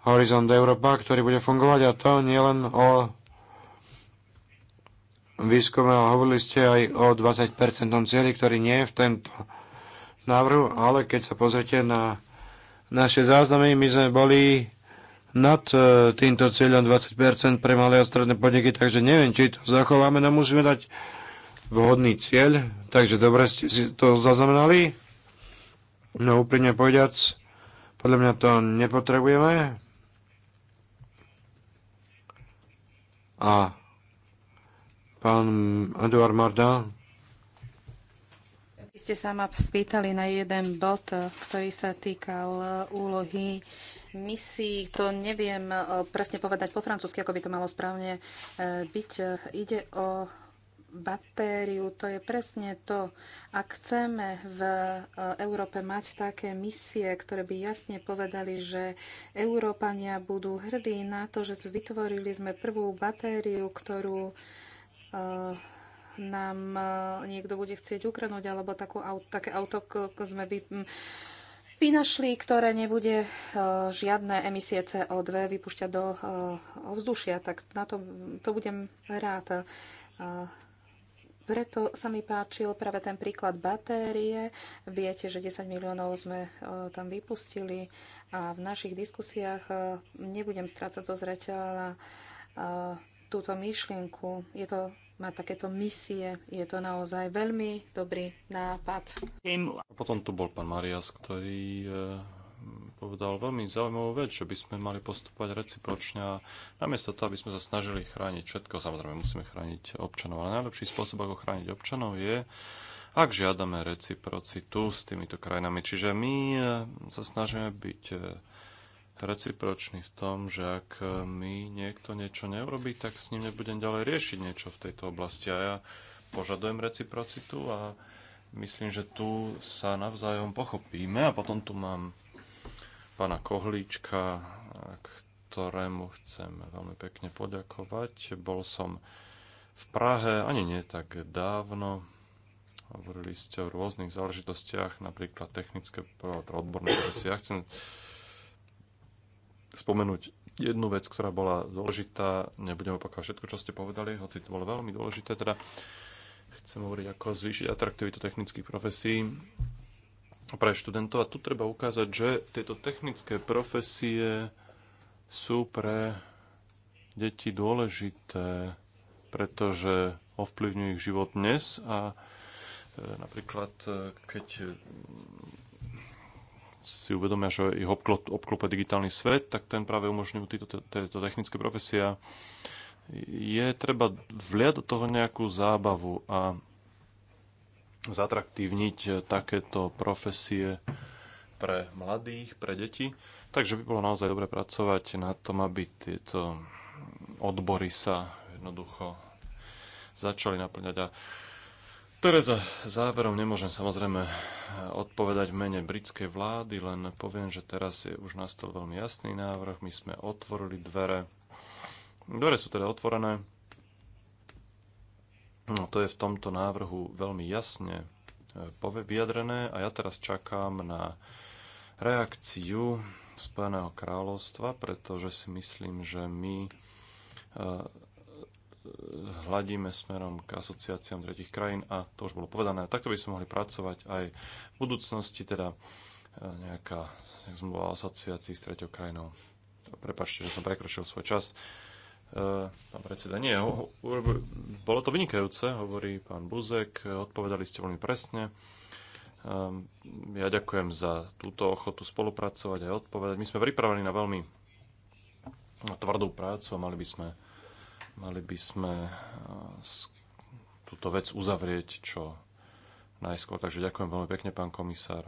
Horizont Európa, ktorý bude fungovať a to nielen o výskume a hovorili ste aj o 20-percentnom cieli, ktorý nie je v tento návrhu, ale keď sa pozrite na naše záznamy, my sme boli nad e, týmto cieľom 20% pre malé a stredné podniky, takže neviem, či to zachováme, no musíme dať vhodný cieľ, takže dobre ste si to zaznamenali. No úplne povediac, podľa mňa to nepotrebujeme. A Pán Eduard Marda. Vy ste sa ma spýtali na jeden bod, eh, ktorý sa týkal eh, úlohy misií. To neviem eh, presne povedať po francúzsky, ako by to malo správne byť. Ide o batériu, to je presne to. Ak chceme v Európe mať také misie, ktoré by jasne povedali, že Európania budú hrdí na to, že vytvorili sme prvú batériu, ktorú Eh, nám eh, niekto bude chcieť ukradnúť, alebo takú, také auto sme by hm, vynašli, ktoré nebude eh, žiadne emisie CO2 vypúšťať do ovzdušia, tak na to, to budem rád. Preto sa mi páčil práve ten príklad batérie. Viete, že 10 miliónov sme tam vypustili a v našich diskusiách nebudem strácať zo zreteľa túto myšlienku. Je to má takéto misie. Je to naozaj veľmi dobrý nápad. A potom tu bol pán Marias, ktorý eh, povedal veľmi zaujímavú vec, že by sme mali postupovať recipročne a namiesto toho, aby sme sa snažili chrániť všetko, samozrejme musíme chrániť občanov, ale najlepší spôsob, ako chrániť občanov je, ak žiadame reciprocitu s týmito krajinami. Čiže my eh, sa snažíme byť eh, recipročný v tom, že ak e, mi niekto niečo neurobí, tak s ním nebudem ďalej riešiť niečo v tejto oblasti. A ja požadujem reciprocitu a myslím, že tu sa navzájom pochopíme. A potom tu mám pána Kohlíčka, ktorému chcem veľmi pekne poďakovať. Bol som v Prahe ani nie tak dávno. Hovorili ste o rôznych záležitostiach, napríklad technické, odborné profesie. Ja chcem spomenúť jednu vec, ktorá bola dôležitá. Nebudem opakovať všetko, čo ste povedali, hoci to bolo veľmi dôležité. Teda chcem hovoriť, ako zvýšiť atraktivitu technických profesí pre študentov. A tu treba ukázať, že tieto technické profesie sú pre deti dôležité, pretože ovplyvňujú ich život dnes a e, napríklad e, keď si uvedomia, že ich obklopuje digitálny svet, tak ten práve umožňujú tieto technické profesie. Je treba vliať do toho nejakú zábavu a zatraktívniť takéto profesie pre mladých, pre deti. Takže by bolo naozaj dobre pracovať na tom, aby tieto odbory sa jednoducho začali naplňať. A Tereza, záverom nemôžem samozrejme eh, odpovedať v mene britskej vlády, len poviem, že teraz je už na veľmi jasný návrh. My sme otvorili dvere. Dvere sú teda otvorené. No, to je v tomto návrhu veľmi jasne eh, vyjadrené a ja teraz čakám na reakciu Spojeného kráľovstva, pretože si myslím, že my eh, hladíme smerom k asociáciám tretich krajín a to už bolo povedané. Takto by sme mohli pracovať aj v budúcnosti, teda e, nejaká nejak zmluva asociácií s tretou krajinou. Prepačte, že som prekročil svoj čas. E, pán predseda, nie, bolo to vynikajúce, hovorí pán Buzek, odpovedali ste veľmi presne. E, ja ďakujem za túto ochotu spolupracovať a odpovedať. My sme pripravení na veľmi tvrdú prácu a mali by sme Mali by sme eh, túto vec uzavrieť čo najskôr. Takže ďakujem veľmi pekne, pán komisár.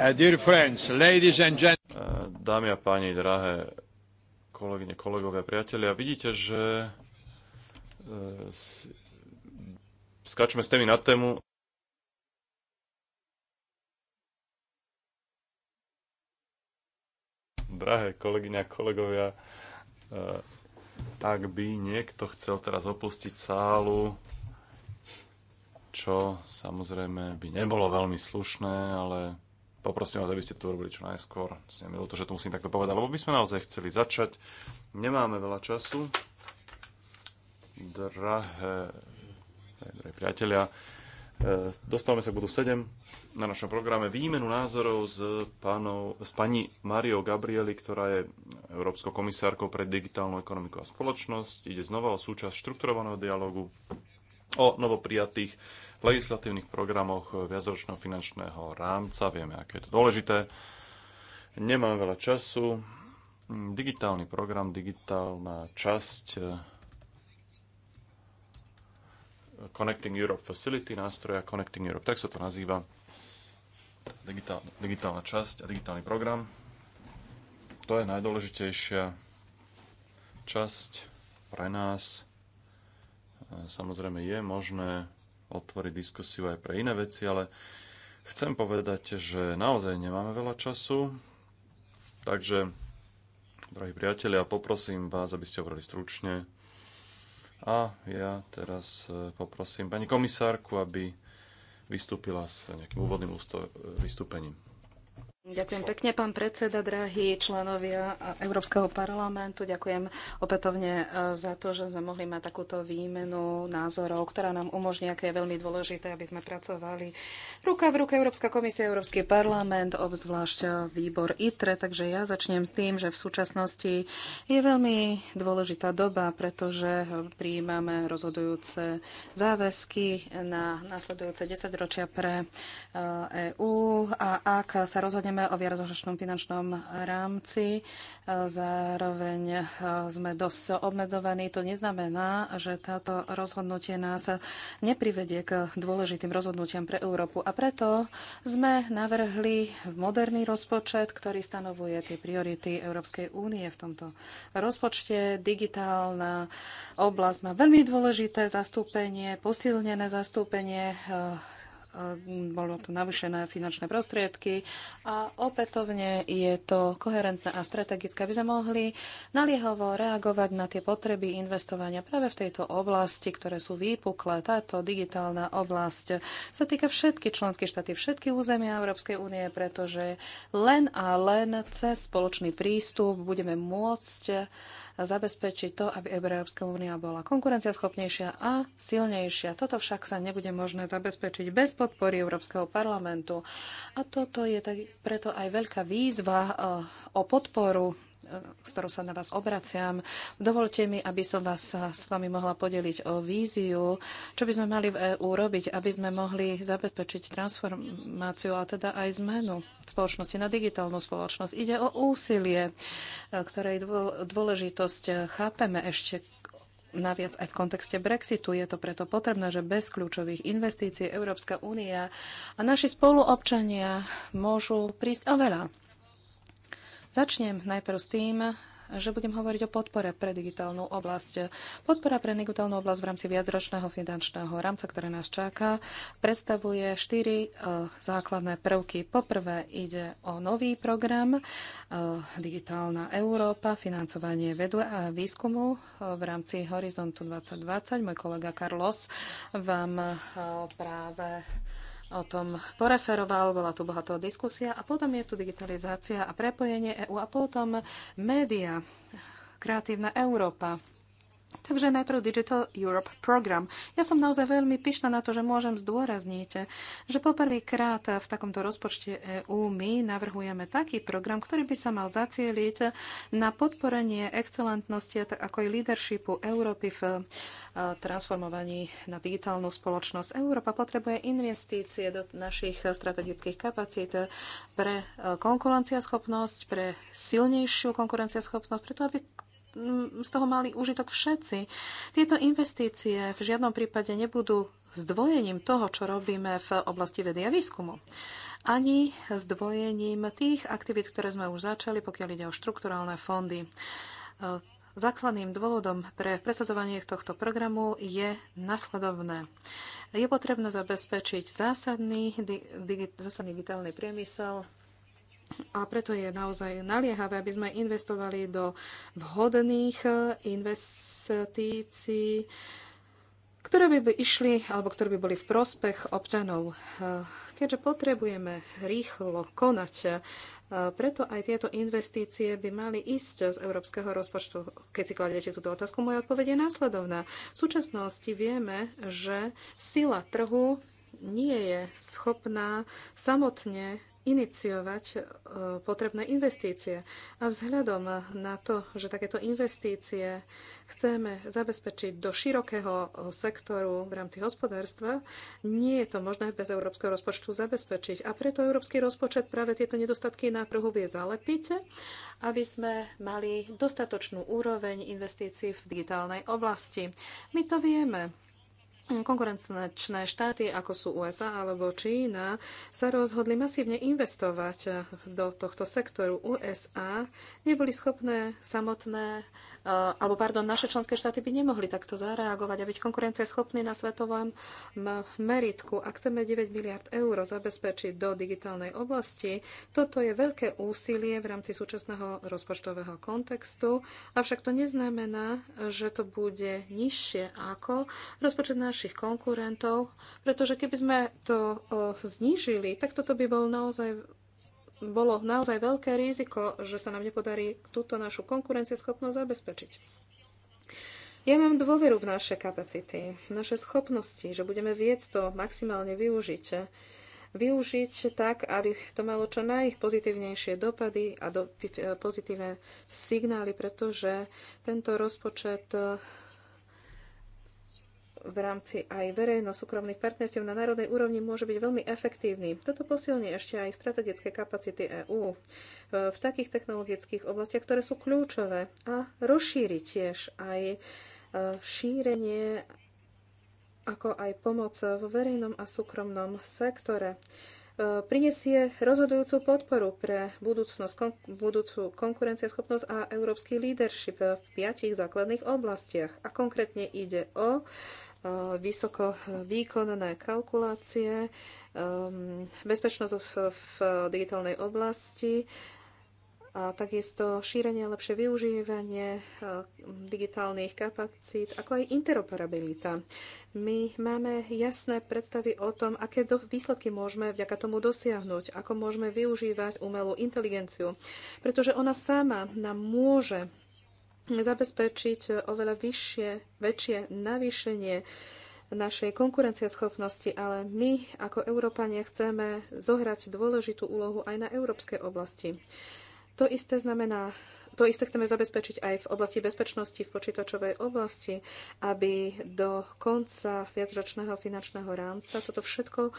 Uh, uh, dámy a páni, drahé kolegyne, kolegovia, priatelia, vidíte, že uh, skačme s témy na tému. Drahé kolegyňa, kolegovia, ak by niekto chcel teraz opustiť sálu, čo samozrejme by nebolo veľmi slušné, ale Poprosím vás, aby ste to robili čo najskôr. S nemilo to, že to musím takto povedať, lebo by sme naozaj chceli začať. Nemáme veľa času. Drahé, drahé priatelia, e, dostávame sa k bodu 7 na našom programe výmenu názorov s, pánov, s pani Mario Gabrieli, ktorá je Európskou komisárkou pre digitálnu ekonomiku a spoločnosť. Ide znova o súčasť štrukturovaného dialogu o novoprijatých legislatívnych programoch eh, viacročného finančného rámca. Vieme, aké je to dôležité. Nemám veľa času. Mm, digitálny program, digitálna časť eh, Connecting Europe Facility, nástroja Connecting Europe, tak sa to nazýva. Digitál, digitálna časť a digitálny program. To je najdôležitejšia časť pre nás. Eh, samozrejme je možné otvoriť diskusiu aj pre iné veci, ale chcem povedať, že naozaj nemáme veľa času, takže, drahí priatelia, poprosím vás, aby ste hovorili stručne. A ja teraz e, poprosím pani komisárku, aby vystúpila s nejakým úvodným e, vystúpením. Ďakujem pekne, pán predseda, drahí členovia Európskeho parlamentu. Ďakujem opätovne e, za to, že sme mohli mať takúto výmenu názorov, ktorá nám umožní, aké je veľmi dôležité, aby sme pracovali ruka v ruke Európska komisia, Európsky parlament, obzvlášť výbor ITRE. Takže ja začnem s tým, že v súčasnosti je veľmi dôležitá doba, pretože prijímame rozhodujúce záväzky na nasledujúce desaťročia pre EÚ e a ak sa rozhodne dohodneme o viacročnom finančnom rámci. Zároveň eh, sme dosť obmedzovaní. To neznamená, že táto rozhodnutie nás neprivedie k dôležitým rozhodnutiam pre Európu. A preto sme navrhli moderný rozpočet, ktorý stanovuje tie priority Európskej únie v tomto rozpočte. Digitálna oblasť má veľmi dôležité zastúpenie, posilnené zastúpenie eh, E, bolo to navyšené finančné prostriedky a opätovne je to koherentné a strategické, aby sme mohli naliehovo reagovať na tie potreby investovania práve v tejto oblasti, ktoré sú výpuklé. Táto digitálna oblasť sa týka všetky členské štáty, všetky územia Európskej únie, pretože len a len cez spoločný prístup budeme môcť zabezpečiť to, aby Európska únia bola konkurenciaschopnejšia a silnejšia. Toto však sa nebude možné zabezpečiť bez podpory Európskeho parlamentu. A toto je tak, preto aj veľká výzva eh, o podporu Eh, s ktorou sa na vás obraciam. Dovolte mi, aby som vás eh, s vami mohla podeliť o víziu, čo by sme mali v EÚ robiť, aby sme mohli zabezpečiť transformáciu a teda aj zmenu spoločnosti na digitálnu spoločnosť. Ide o úsilie, eh, ktorej dôležitosť chápeme ešte Naviac aj v kontexte Brexitu je to preto potrebné, že bez kľúčových investícií Európska únia a naši spoluobčania môžu prísť oveľa. Začnem najprv s tým, že budem hovoriť o podpore pre digitálnu oblasť. Podpora pre digitálnu oblasť v rámci viacročného finančného rámca, ktoré nás čaká, predstavuje štyri uh, základné prvky. Poprvé ide o nový program uh, Digitálna Európa, financovanie vedu a výskumu uh, v rámci Horizontu 2020. Môj kolega Carlos vám práve o tom poreferoval, bola tu bohatá diskusia a potom je tu digitalizácia a prepojenie EU a potom média, kreatívna Európa Takže najprv Digital Europe Program. Ja som naozaj veľmi pyšná na to, že môžem zdôrazniť, že poprvýkrát v takomto rozpočte EÚ my navrhujeme taký program, ktorý by sa mal zacieliť na podporenie excelentnosti ako aj leadershipu Európy v e, transformovaní na digitálnu spoločnosť. Európa potrebuje investície do našich strategických kapacít pre e, konkurenciaschopnosť, pre silnejšiu konkurenciaschopnosť, preto aby z toho mali užitok všetci. Tieto investície v žiadnom prípade nebudú zdvojením toho, čo robíme v oblasti vedy a výskumu ani zdvojením tých aktivít, ktoré sme už začali, pokiaľ ide o štrukturálne fondy. E, základným dôvodom pre presadzovanie tohto programu je nasledovné. Je potrebné zabezpečiť zásadný, di, zásadný digitálny priemysel a preto je naozaj naliehavé, aby sme investovali do vhodných eh, investícií, ktoré by išli alebo ktoré by boli v prospech občanov. Eh, keďže potrebujeme rýchlo konať, eh, preto aj tieto investície by mali ísť z európskeho rozpočtu. Keď si kladete túto otázku, moja odpoveď je následovná. V súčasnosti vieme, že sila trhu nie je schopná samotne iniciovať e, potrebné investície. A vzhľadom na to, že takéto investície chceme zabezpečiť do širokého e, sektoru v rámci hospodárstva, nie je to možné bez európskeho rozpočtu zabezpečiť. A preto európsky rozpočet práve tieto nedostatky na trhu vie zalepiť, aby sme mali dostatočnú úroveň investícií v digitálnej oblasti. My to vieme konkurenčné štáty, ako sú USA alebo Čína, sa rozhodli masívne investovať do tohto sektoru. USA neboli schopné samotné Eh, alebo pardon, naše členské štáty by nemohli takto zareagovať a byť konkurencieschopní na svetovom meritku. Ak chceme 9 miliard eur zabezpečiť do digitálnej oblasti, toto je veľké úsilie v rámci súčasného rozpočtového kontextu, avšak to neznamená, že to bude nižšie ako rozpočet našich konkurentov, pretože keby sme to eh, znížili, tak toto by bol naozaj bolo naozaj veľké riziko, že sa nám nepodarí túto našu konkurencieschopnosť zabezpečiť. Ja mám dôveru v naše kapacity, v naše schopnosti, že budeme viec to maximálne využiť. Využiť tak, aby to malo čo najpozitívnejšie dopady a do, e, pozitívne signály, pretože tento rozpočet v rámci aj verejno-súkromných partnerstiev na národnej úrovni môže byť veľmi efektívny. Toto posilní ešte aj strategické kapacity EÚ e, v takých technologických oblastiach, ktoré sú kľúčové a rozšíri tiež aj e, šírenie ako aj pomoc v verejnom a súkromnom sektore e, prinesie rozhodujúcu podporu pre budúcnosť, kon, budúcu konkurencieschopnosť a európsky leadership v piatich základných oblastiach. A konkrétne ide o Eh, vysoko výkonné kalkulácie, eh, bezpečnosť v digitálnej oblasti a takisto šírenie a lepšie využívanie eh, digitálnych kapacít, ako aj interoperabilita. My máme jasné predstavy o tom, aké výsledky môžeme vďaka tomu dosiahnuť, ako môžeme využívať umelú inteligenciu, pretože ona sama nám môže zabezpečiť oveľa vyššie, väčšie navýšenie našej konkurencieschopnosti, ale my ako Európania chceme zohrať dôležitú úlohu aj na európskej oblasti. To isté znamená to isté chceme zabezpečiť aj v oblasti bezpečnosti, v počítačovej oblasti, aby do konca viacročného finančného rámca toto všetko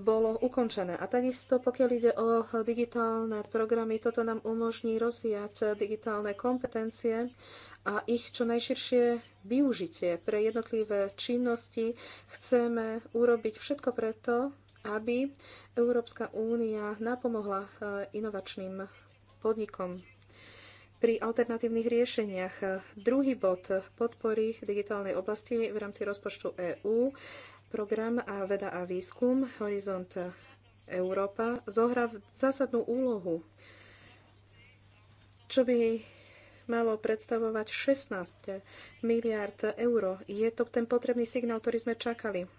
bolo ukončené. A takisto, pokiaľ ide o digitálne programy, toto nám umožní rozvíjať digitálne kompetencie a ich čo najširšie využitie pre jednotlivé činnosti. Chceme urobiť všetko preto, aby Európska únia napomohla eh, inovačným podnikom pri alternatívnych riešeniach. Druhý bod podpory v digitálnej oblasti v rámci rozpočtu EÚ, program a veda a výskum Horizont Európa zohrá zásadnú úlohu, čo by malo predstavovať 16 miliard eur. Je to ten potrebný signál, ktorý sme čakali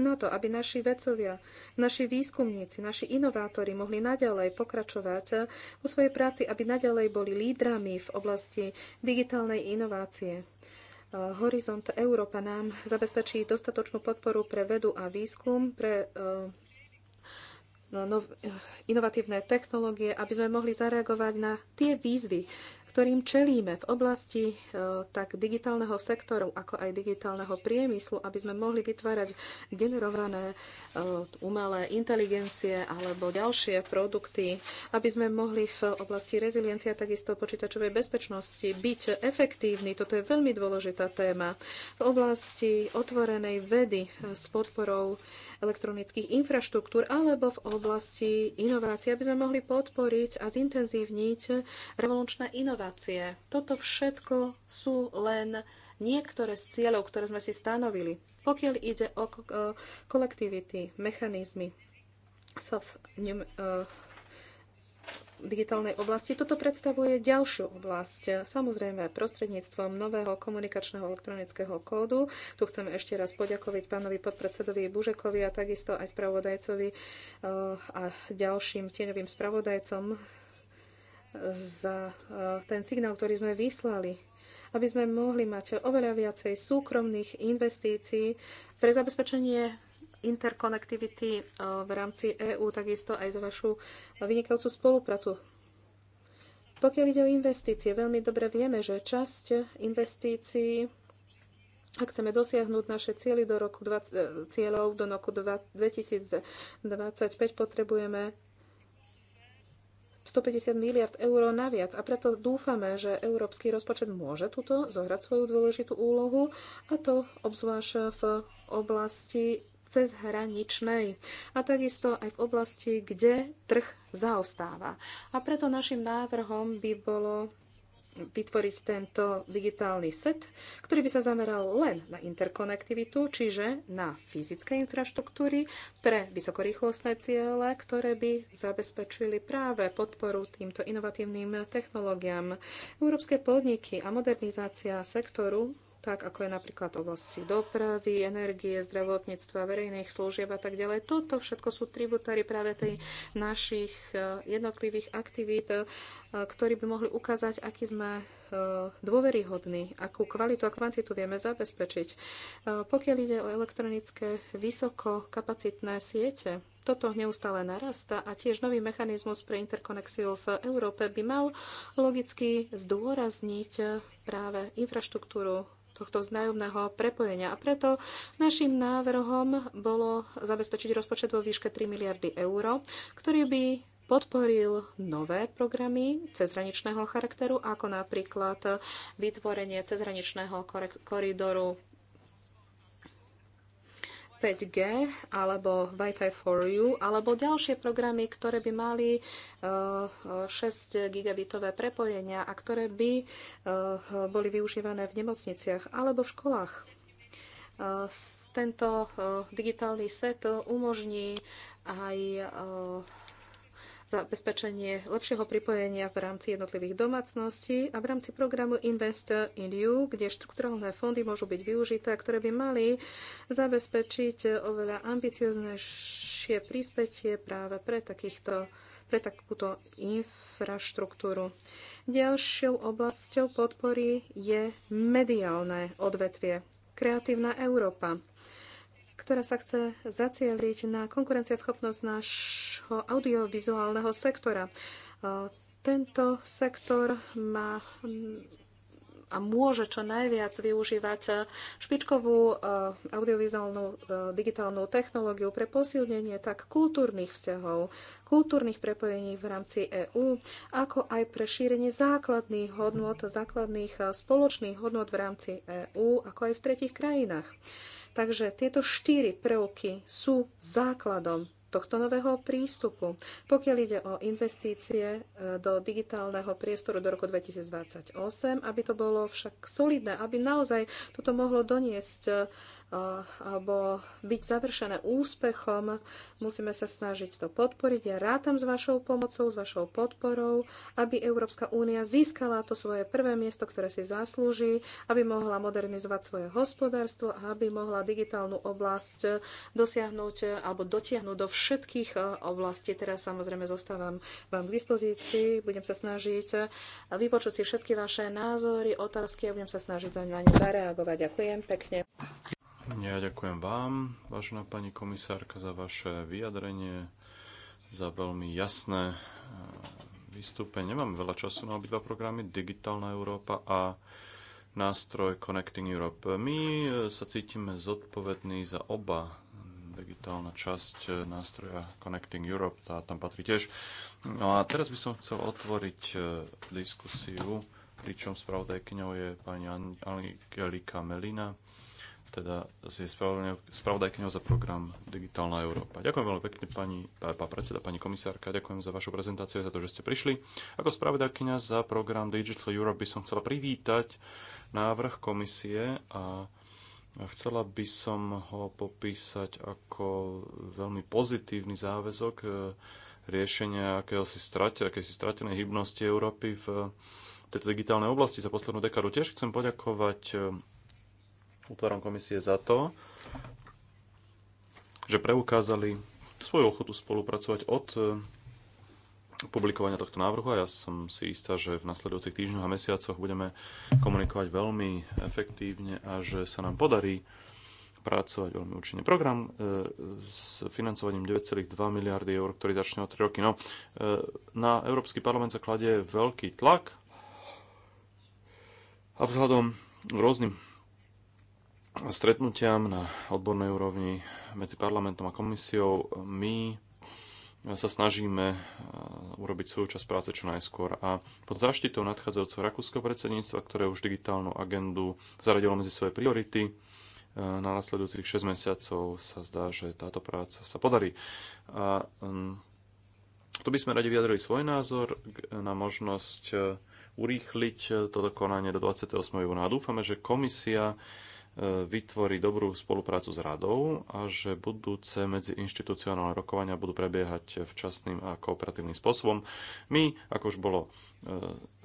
na to, aby naši vedcovia, naši výskumníci, naši inovátori mohli naďalej pokračovať vo svojej práci, aby naďalej boli lídrami v oblasti digitálnej inovácie. Eh, Horizont Európa nám zabezpečí dostatočnú podporu pre vedu a výskum, pre eh, no, eh, inovatívne technológie, aby sme mohli zareagovať na tie výzvy, ktorým čelíme v oblasti e, tak digitálneho sektoru, ako aj digitálneho priemyslu, aby sme mohli vytvárať generované e, umelé inteligencie alebo ďalšie produkty, aby sme mohli v oblasti reziliencia takisto počítačovej bezpečnosti byť efektívni. Toto je veľmi dôležitá téma. V oblasti otvorenej vedy e, s podporou elektronických infraštruktúr alebo v oblasti inovácií, aby sme mohli podporiť a zintenzívniť revolučné inovácie. Toto všetko sú len niektoré z cieľov, ktoré sme si stanovili. Pokiaľ ide o e, kolektivity, mechanizmy, digitálnej oblasti. Toto predstavuje ďalšiu oblasť, samozrejme prostredníctvom nového komunikačného elektronického kódu. Tu chcem ešte raz poďakovať pánovi podpredsedovi Bužekovi a takisto aj spravodajcovi eh, a ďalším tieňovým spravodajcom za eh, ten signál, ktorý sme vyslali aby sme mohli mať oveľa viacej súkromných investícií pre zabezpečenie interkonektivity eh, v rámci EÚ, takisto aj za vašu vynikajúcu spoluprácu. Pokiaľ ide o investície, veľmi dobre vieme, že časť investícií ak chceme dosiahnuť naše cieľy do roku 20, eh, cieľov do roku 2025, potrebujeme 150 miliard eur naviac a preto dúfame, že európsky rozpočet môže tuto zohrať svoju dôležitú úlohu a to obzvlášť v oblasti cezhraničnej a takisto aj v oblasti, kde trh zaostáva. A preto našim návrhom by bolo vytvoriť tento digitálny set, ktorý by sa zameral len na interkonektivitu, čiže na fyzické infraštruktúry pre vysokorýchlostné ciele, ktoré by zabezpečili práve podporu týmto inovatívnym technológiám. Európske podniky a modernizácia sektoru tak ako je napríklad oblasti dopravy, energie, zdravotníctva, verejných služieb a tak ďalej. Toto všetko sú tributári práve tej našich e, jednotlivých aktivít, e, ktorí by mohli ukázať, aký sme e, dôveryhodní, akú kvalitu a kvantitu vieme zabezpečiť. Pokiaľ ide o elektronické vysokokapacitné siete, toto neustále narasta a tiež nový mechanizmus pre interkonexiu v Európe by mal logicky zdôrazniť práve infraštruktúru tohto vzájomného prepojenia. A preto našim návrhom bolo zabezpečiť rozpočet vo výške 3 miliardy eur, ktorý by podporil nové programy cezhraničného charakteru, ako napríklad vytvorenie cezhraničného koridoru 5G alebo Wi-Fi for you alebo ďalšie programy, ktoré by mali 6 eh, gigabitové prepojenia a ktoré by eh, boli využívané v nemocniciach alebo v školách. Eh, tento digitálny set umožní aj zabezpečenie lepšieho pripojenia v rámci jednotlivých domácností a v rámci programu Invest in You, kde štrukturálne fondy môžu byť využité, ktoré by mali zabezpečiť oveľa ambicioznejšie príspetie práve pre takýchto pre takúto infraštruktúru. Ďalšou oblasťou podpory je mediálne odvetvie Kreatívna Európa ktorá sa chce zacieliť na konkurencieschopnosť nášho audiovizuálneho sektora. Tento sektor má mm, a môže čo najviac využívať špičkovú e, audiovizuálnu e, digitálnu technológiu pre posilnenie tak kultúrnych vzťahov, kultúrnych prepojení v rámci EÚ, ako aj pre šírenie základných hodnot, základných e, spoločných hodnot v rámci EÚ, ako aj v tretich krajinách. Takže tieto štyri prvky sú základom tohto nového prístupu. Pokiaľ ide o investície e, do digitálneho priestoru do roku 2028, aby to bolo však solidné, aby naozaj toto mohlo doniesť e, alebo byť završené úspechom. Musíme sa snažiť to podporiť. Ja rátam s vašou pomocou, s vašou podporou, aby Európska únia získala to svoje prvé miesto, ktoré si zaslúži, aby mohla modernizovať svoje hospodárstvo a aby mohla digitálnu oblasť dosiahnuť alebo dotiahnuť do všetkých eh, oblastí. Teraz samozrejme zostávam vám k dispozícii, budem sa snažiť vypočuť si všetky vaše názory, otázky a budem sa snažiť na ne zareagovať. Ďakujem pekne. Ja ďakujem vám, vážená pani komisárka, za vaše vyjadrenie, za veľmi jasné e, vystúpenie. Nemám veľa času na obidva programy, Digitálna Európa a nástroj Connecting Europe. My e, sa cítime zodpovední za oba digitálna časť e, nástroja Connecting Europe, tá tam patrí tiež. No a teraz by som chcel otvoriť diskusiu, pričom spravodajkňou je pani Angelika Melina teda je spravodajkňou za program Digitálna Európa. Ďakujem veľmi pekne, pani pán predseda, pani komisárka, ďakujem za vašu prezentáciu, za to, že ste prišli. Ako spravodajkňa za program Digital Europe by som chcela privítať návrh komisie a chcela by som ho popísať ako veľmi pozitívny záväzok e, riešenia akéhosi strate, akési stratenej hybnosti Európy v tejto digitálnej oblasti za poslednú dekádu Tiež chcem poďakovať e, útvarom komisie za to, že preukázali svoju ochotu spolupracovať od e, publikovania tohto návrhu a ja som si istá, že v nasledujúcich týždňoch a mesiacoch budeme komunikovať veľmi efektívne a že sa nám podarí pracovať veľmi účinne. Program e, s financovaním 9,2 miliardy eur, ktorý začne o 3 roky. No, e, na Európsky parlament sa kladie veľký tlak a vzhľadom rôznym stretnutiam na odbornej úrovni medzi parlamentom a komisiou. My sa snažíme e, urobiť svoju časť práce čo najskôr. A pod záštitou nadchádzajúceho rakúskeho predsedníctva, ktoré už digitálnu agendu zaradilo medzi svoje priority, e, na nasledujúcich 6 mesiacov sa zdá, že táto práca sa podarí. A tu by sme radi vyjadrili svoj názor na možnosť e, urýchliť toto konanie do 28. júna. A dúfame, že komisia vytvorí dobrú spoluprácu s radou a že budúce medziinštitucionálne rokovania budú prebiehať včasným a kooperatívnym spôsobom. My, ako už bolo e,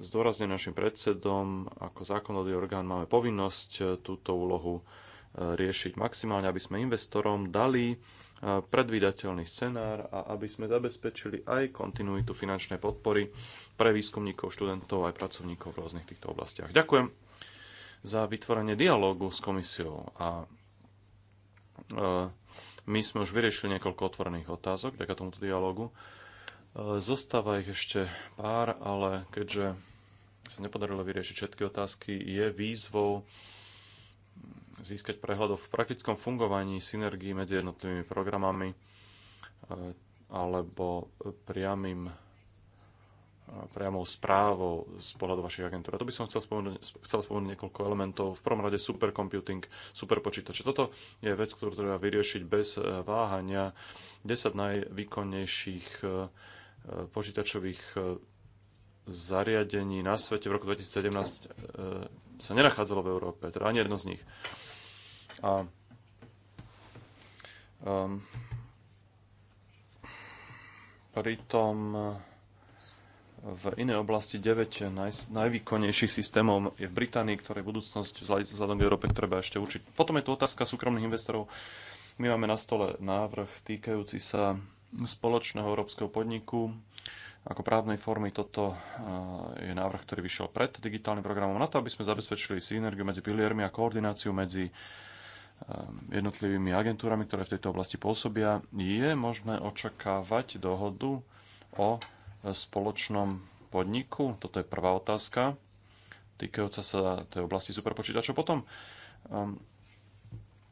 zdôraznené našim predsedom, ako zákonodý orgán máme povinnosť e, túto úlohu e, riešiť maximálne, aby sme investorom dali predvídateľný scenár a aby sme zabezpečili aj kontinuitu finančnej podpory pre výskumníkov, študentov aj pracovníkov v rôznych týchto oblastiach. Ďakujem za vytvorenie dialógu s komisiou. A e, my sme už vyriešili niekoľko otvorených otázok vďaka tomuto dialógu. E, zostáva ich ešte pár, ale keďže sa nepodarilo vyriešiť všetky otázky, je výzvou získať prehľad v praktickom fungovaní synergii medzi jednotlivými programami e, alebo priamým priamou správou z pohľadu vašich agentúr. A to by som chcel spomenúť, chcel spomenúť niekoľko elementov. V prvom rade supercomputing, superpočítače. Toto je vec, ktorú treba vyriešiť bez e, váhania. 10 najvýkonnejších e, e, počítačových zariadení na svete v roku 2017 sa nenachádzalo v Európe, teda ani jedno z nich. A um, pritom v inej oblasti 9 naj, najvýkonnejších systémov je v Británii, ktoré budúcnosť vzhľadom k Európe treba ešte určiť. Potom je tu otázka súkromných investorov. My máme na stole návrh týkajúci sa spoločného európskeho podniku. Ako právnej formy toto je návrh, ktorý vyšiel pred digitálnym programom na to, aby sme zabezpečili synergiu medzi piliermi a koordináciu medzi jednotlivými agentúrami, ktoré v tejto oblasti pôsobia. Je možné očakávať dohodu o spoločnom podniku? Toto je prvá otázka týkajúca sa tej oblasti superpočítačov. Potom um,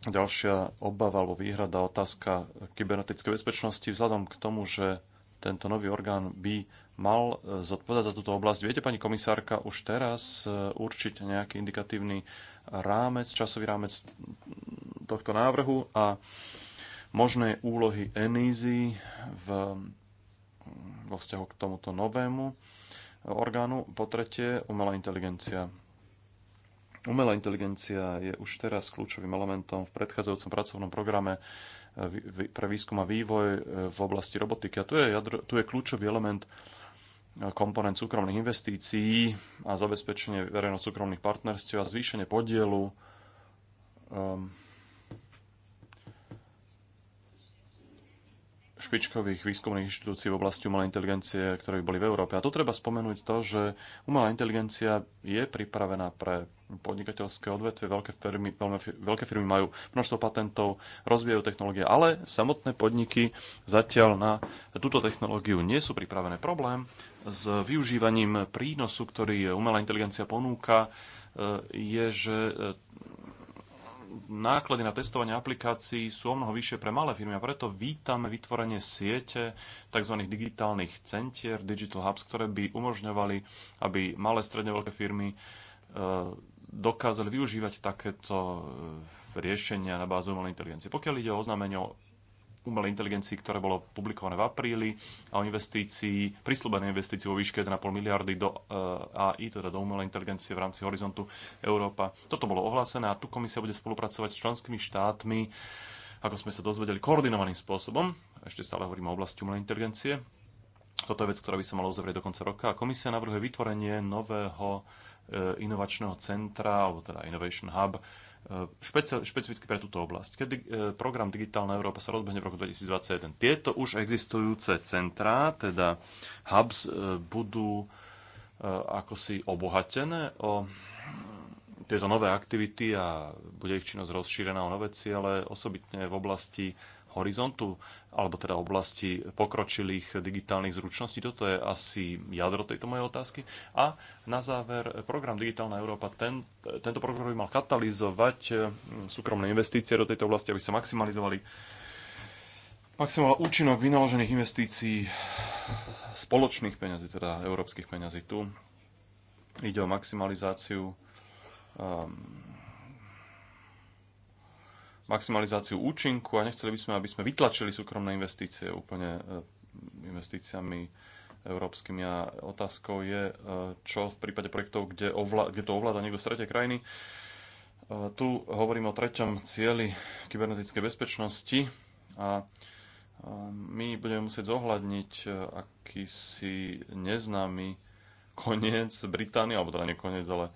ďalšia obava alebo výhrada, otázka kybernetickej bezpečnosti vzhľadom k tomu, že tento nový orgán by mal eh, zodpovedať za túto oblasť. Viete, pani komisárka, už teraz eh, určiť nejaký indikatívny rámec, časový rámec tohto návrhu a možné úlohy ENISY v vo vzťahu k tomuto novému orgánu. Po tretie, umelá inteligencia. Umelá inteligencia je už teraz kľúčovým elementom v predchádzajúcom pracovnom programe eh, pre výskum a vývoj eh, v oblasti robotiky. A tu je, jadro, tu je kľúčový element eh, komponent súkromných investícií a zabezpečenie verejno-súkromných partnerstiev a zvýšenie podielu um, špičkových výskumných inštitúcií v oblasti umelej inteligencie, ktoré by boli v Európe. A tu treba spomenúť to, že umelá inteligencia je pripravená pre podnikateľské odvetvie. Veľké firmy, veľké firmy majú množstvo patentov, rozvíjajú technológie, ale samotné podniky zatiaľ na túto technológiu nie sú pripravené. Problém s využívaním prínosu, ktorý umelá inteligencia ponúka, e, je, že e, náklady na testovanie aplikácií sú o mnoho vyššie pre malé firmy a preto vítame vytvorenie siete tzv. digitálnych centier, digital hubs, ktoré by umožňovali, aby malé, stredne veľké firmy e, dokázali využívať takéto e, riešenia na báze umelej inteligencie. Pokiaľ ide o oznámenie o umelej inteligencii, ktoré bolo publikované v apríli a o investícii, prislúbené investícii vo výške 1,5 miliardy do eh, AI, teda do umelej inteligencie v rámci Horizontu Európa. Toto bolo ohlásené a tu komisia bude spolupracovať s členskými štátmi, ako sme sa dozvedeli, koordinovaným spôsobom. Ešte stále hovoríme o oblasti umelej inteligencie. Toto je vec, ktorá by sa mala uzavrieť do konca roka. A komisia navrhuje vytvorenie nového eh, inovačného centra, alebo teda Innovation Hub, E, špecificky pre túto oblasť. Kedy e, program Digitálna Európa sa rozbehne v roku 2021, tieto už existujúce centrá, teda hubs, e, budú ako si obohatené o tieto nové aktivity a bude ich činnosť rozšírená o nové ciele, osobitne v oblasti horizontu, alebo teda oblasti pokročilých digitálnych zručností. Toto je asi jadro tejto mojej otázky. A na záver, program Digitálna Európa, ten, tento program by mal katalizovať eh, súkromné investície do tejto oblasti, aby sa maximalizovali maximálne účinok vynaložených investícií spoločných peňazí, teda európskych peňazí. Tu ide o maximalizáciu um, maximalizáciu účinku a nechceli by sme, aby sme vytlačili súkromné investície úplne e, investíciami európskymi a otázkou je, e, čo v prípade projektov, kde, ovla- kde to ovláda niekto z tretej krajiny. E, tu hovorím o treťom cieli kybernetickej bezpečnosti a my budeme musieť zohľadniť akýsi neznámy koniec Británie, alebo teda nie koniec, ale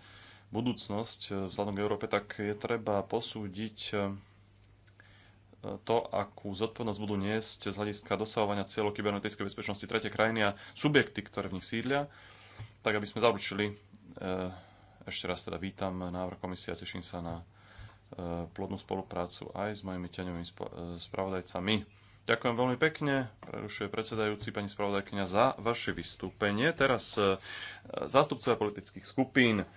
budúcnosť vzhľadom k Európe, tak je treba posúdiť to, akú zodpovednosť budú niesť z hľadiska dosahovania cieľov kybernetickej bezpečnosti tretie krajiny a subjekty, ktoré v nich sídlia, tak aby sme zaručili. Eh, ešte raz teda vítam návrh komisia, teším sa na eh, plodnú spoluprácu aj s mojimi teňovými eh, spravodajcami. Ďakujem veľmi pekne, prerušuje predsedajúci pani spravodajkňa za vaše vystúpenie. Teraz zástupcovia politických skupín,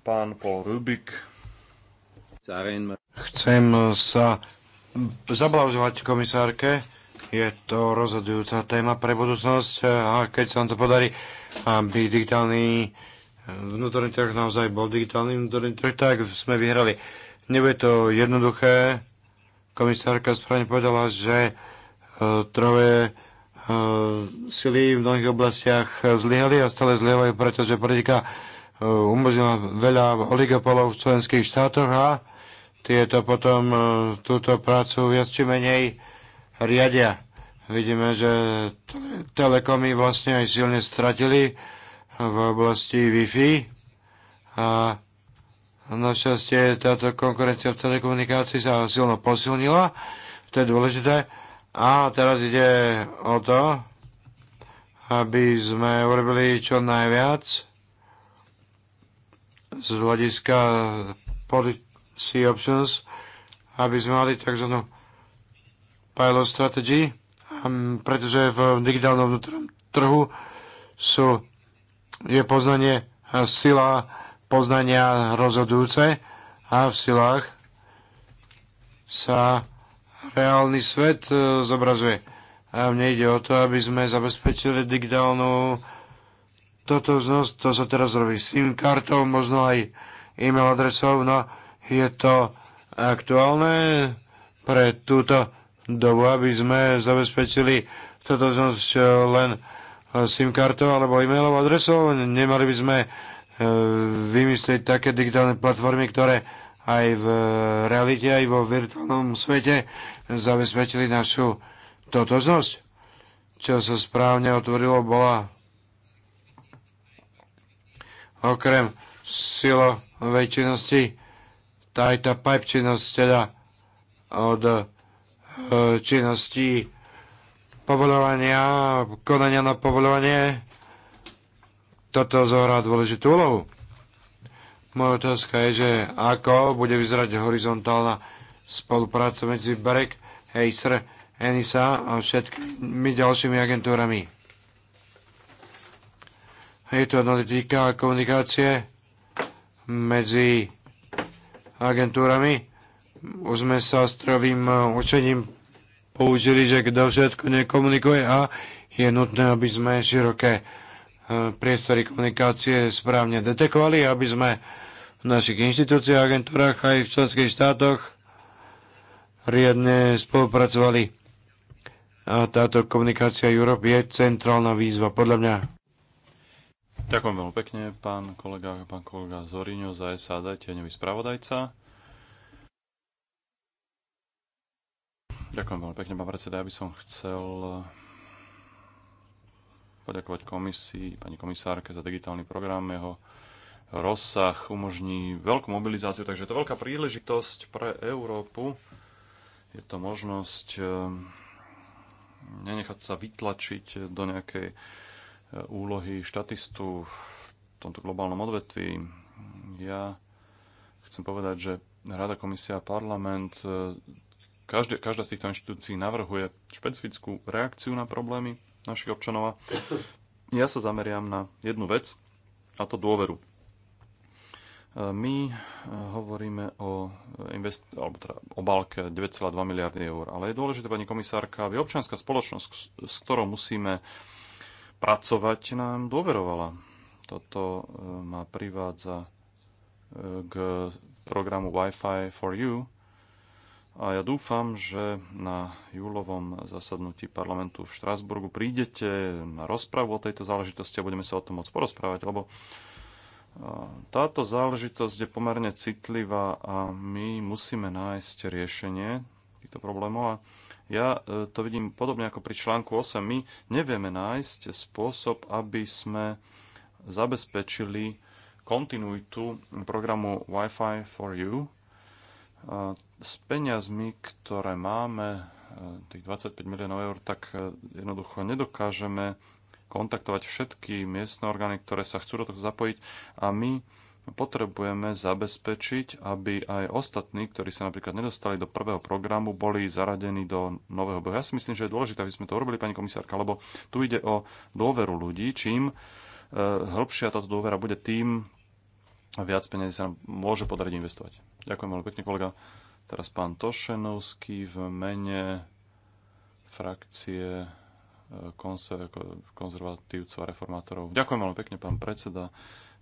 pán Paul Rubik. Chcem sa zablahoželať komisárke. Je to rozhodujúca téma pre budúcnosť a keď sa nám to podarí, aby digitálny eh, vnútorný trh naozaj bol digitálny vnútorný trh, tak sme vyhrali. Nebude to jednoduché. Komisárka správne povedala, že eh, trhové eh, sily v mnohých oblastiach zlyhali a stále zlyhali, pretože politika umožnila veľa oligopolov v členských štátoch a tieto potom e, túto prácu viac či menej riadia. Vidíme, že telekomy vlastne aj silne stratili v oblasti Wi-Fi a našťastie táto konkurencia v telekomunikácii sa silno posilnila, to je dôležité. A teraz ide o to, aby sme urobili čo najviac z hľadiska Sea Options, aby sme mali tzv. pilot strategy, pretože v digitálnom vnútornom trhu sú, je poznanie a sila poznania rozhodujúce a v silách sa reálny svet e, zobrazuje. A mne ide o to, aby sme zabezpečili digitálnu totožnosť, to sa teraz robí SIM kartou, možno aj e-mail adresou, no je to aktuálne pre túto dobu, aby sme zabezpečili totožnosť e, len e, SIM kartou alebo e mailov adresou. Nemali by sme e, vymyslieť také digitálne platformy, ktoré aj v realite, aj vo virtuálnom svete zabezpečili našu totožnosť. Čo sa správne otvorilo, bola okrem Silo väčšinosti tá aj tá pipe činnosť teda od e, činnosti povolovania, konania na povolovanie, toto zohrá dôležitú úlohu. Moja otázka je, že ako bude vyzerať horizontálna spolupráca medzi BEREK, Hacer ENISA a všetkými ďalšími agentúrami. Je to analytika a komunikácie medzi agentúrami. Už sme sa trovým eh, učením poučili, že kto všetko nekomunikuje a je nutné, aby sme široké eh, priestory komunikácie správne detekovali, aby sme v našich inštitúciách, agentúrach aj v členských štátoch riadne spolupracovali. A táto komunikácia Európy je centrálna výzva, podľa mňa. Ďakujem veľmi pekne, pán kolega, pán kolega Zoriňo za SAD, tieňový spravodajca. Ďakujem veľmi pekne, pán predseda. Ja by som chcel eh, poďakovať komisii, pani komisárke za digitálny program. Jeho rozsah umožní veľkú mobilizáciu, takže to veľká príležitosť pre Európu. Je to možnosť eh, nenechať sa vytlačiť do nejakej úlohy štatistu v tomto globálnom odvetví. Ja chcem povedať, že Rada, Komisia a Parlament, e, každé, každá z týchto inštitúcií navrhuje špecifickú reakciu na problémy našich občanov a ja sa zameriam na jednu vec, a to dôveru. E, my e, hovoríme o, invest- alebo teda obálke 9,2 miliardy eur, ale je dôležité, pani komisárka, aby občianská spoločnosť, s ktorou musíme pracovať, nám dôverovala. Toto e, ma privádza e, k programu Wi-Fi for You. A ja dúfam, že na júlovom zasadnutí parlamentu v Štrásburgu prídete na rozpravu o tejto záležitosti a budeme sa o tom môcť porozprávať, lebo e, táto záležitosť je pomerne citlivá a my musíme nájsť riešenie týchto problémov. A ja e, to vidím podobne ako pri článku 8. My nevieme nájsť spôsob, aby sme zabezpečili kontinuitu programu Wi-Fi for You e, s peniazmi, ktoré máme, e, tých 25 miliónov eur, tak jednoducho nedokážeme kontaktovať všetky miestne orgány, ktoré sa chcú do toho zapojiť a my potrebujeme zabezpečiť, aby aj ostatní, ktorí sa napríklad nedostali do prvého programu, boli zaradení do nového bohu. Ja si myslím, že je dôležité, aby sme to urobili, pani komisárka, lebo tu ide o dôveru ľudí. Čím e, hĺbšia táto dôvera bude, tým viac peniazí sa nám môže podariť investovať. Ďakujem veľmi pekne, kolega. Teraz pán Tošenovský v mene frakcie e, konzervatívcov a reformátorov. Ďakujem veľmi pekne, pán predseda.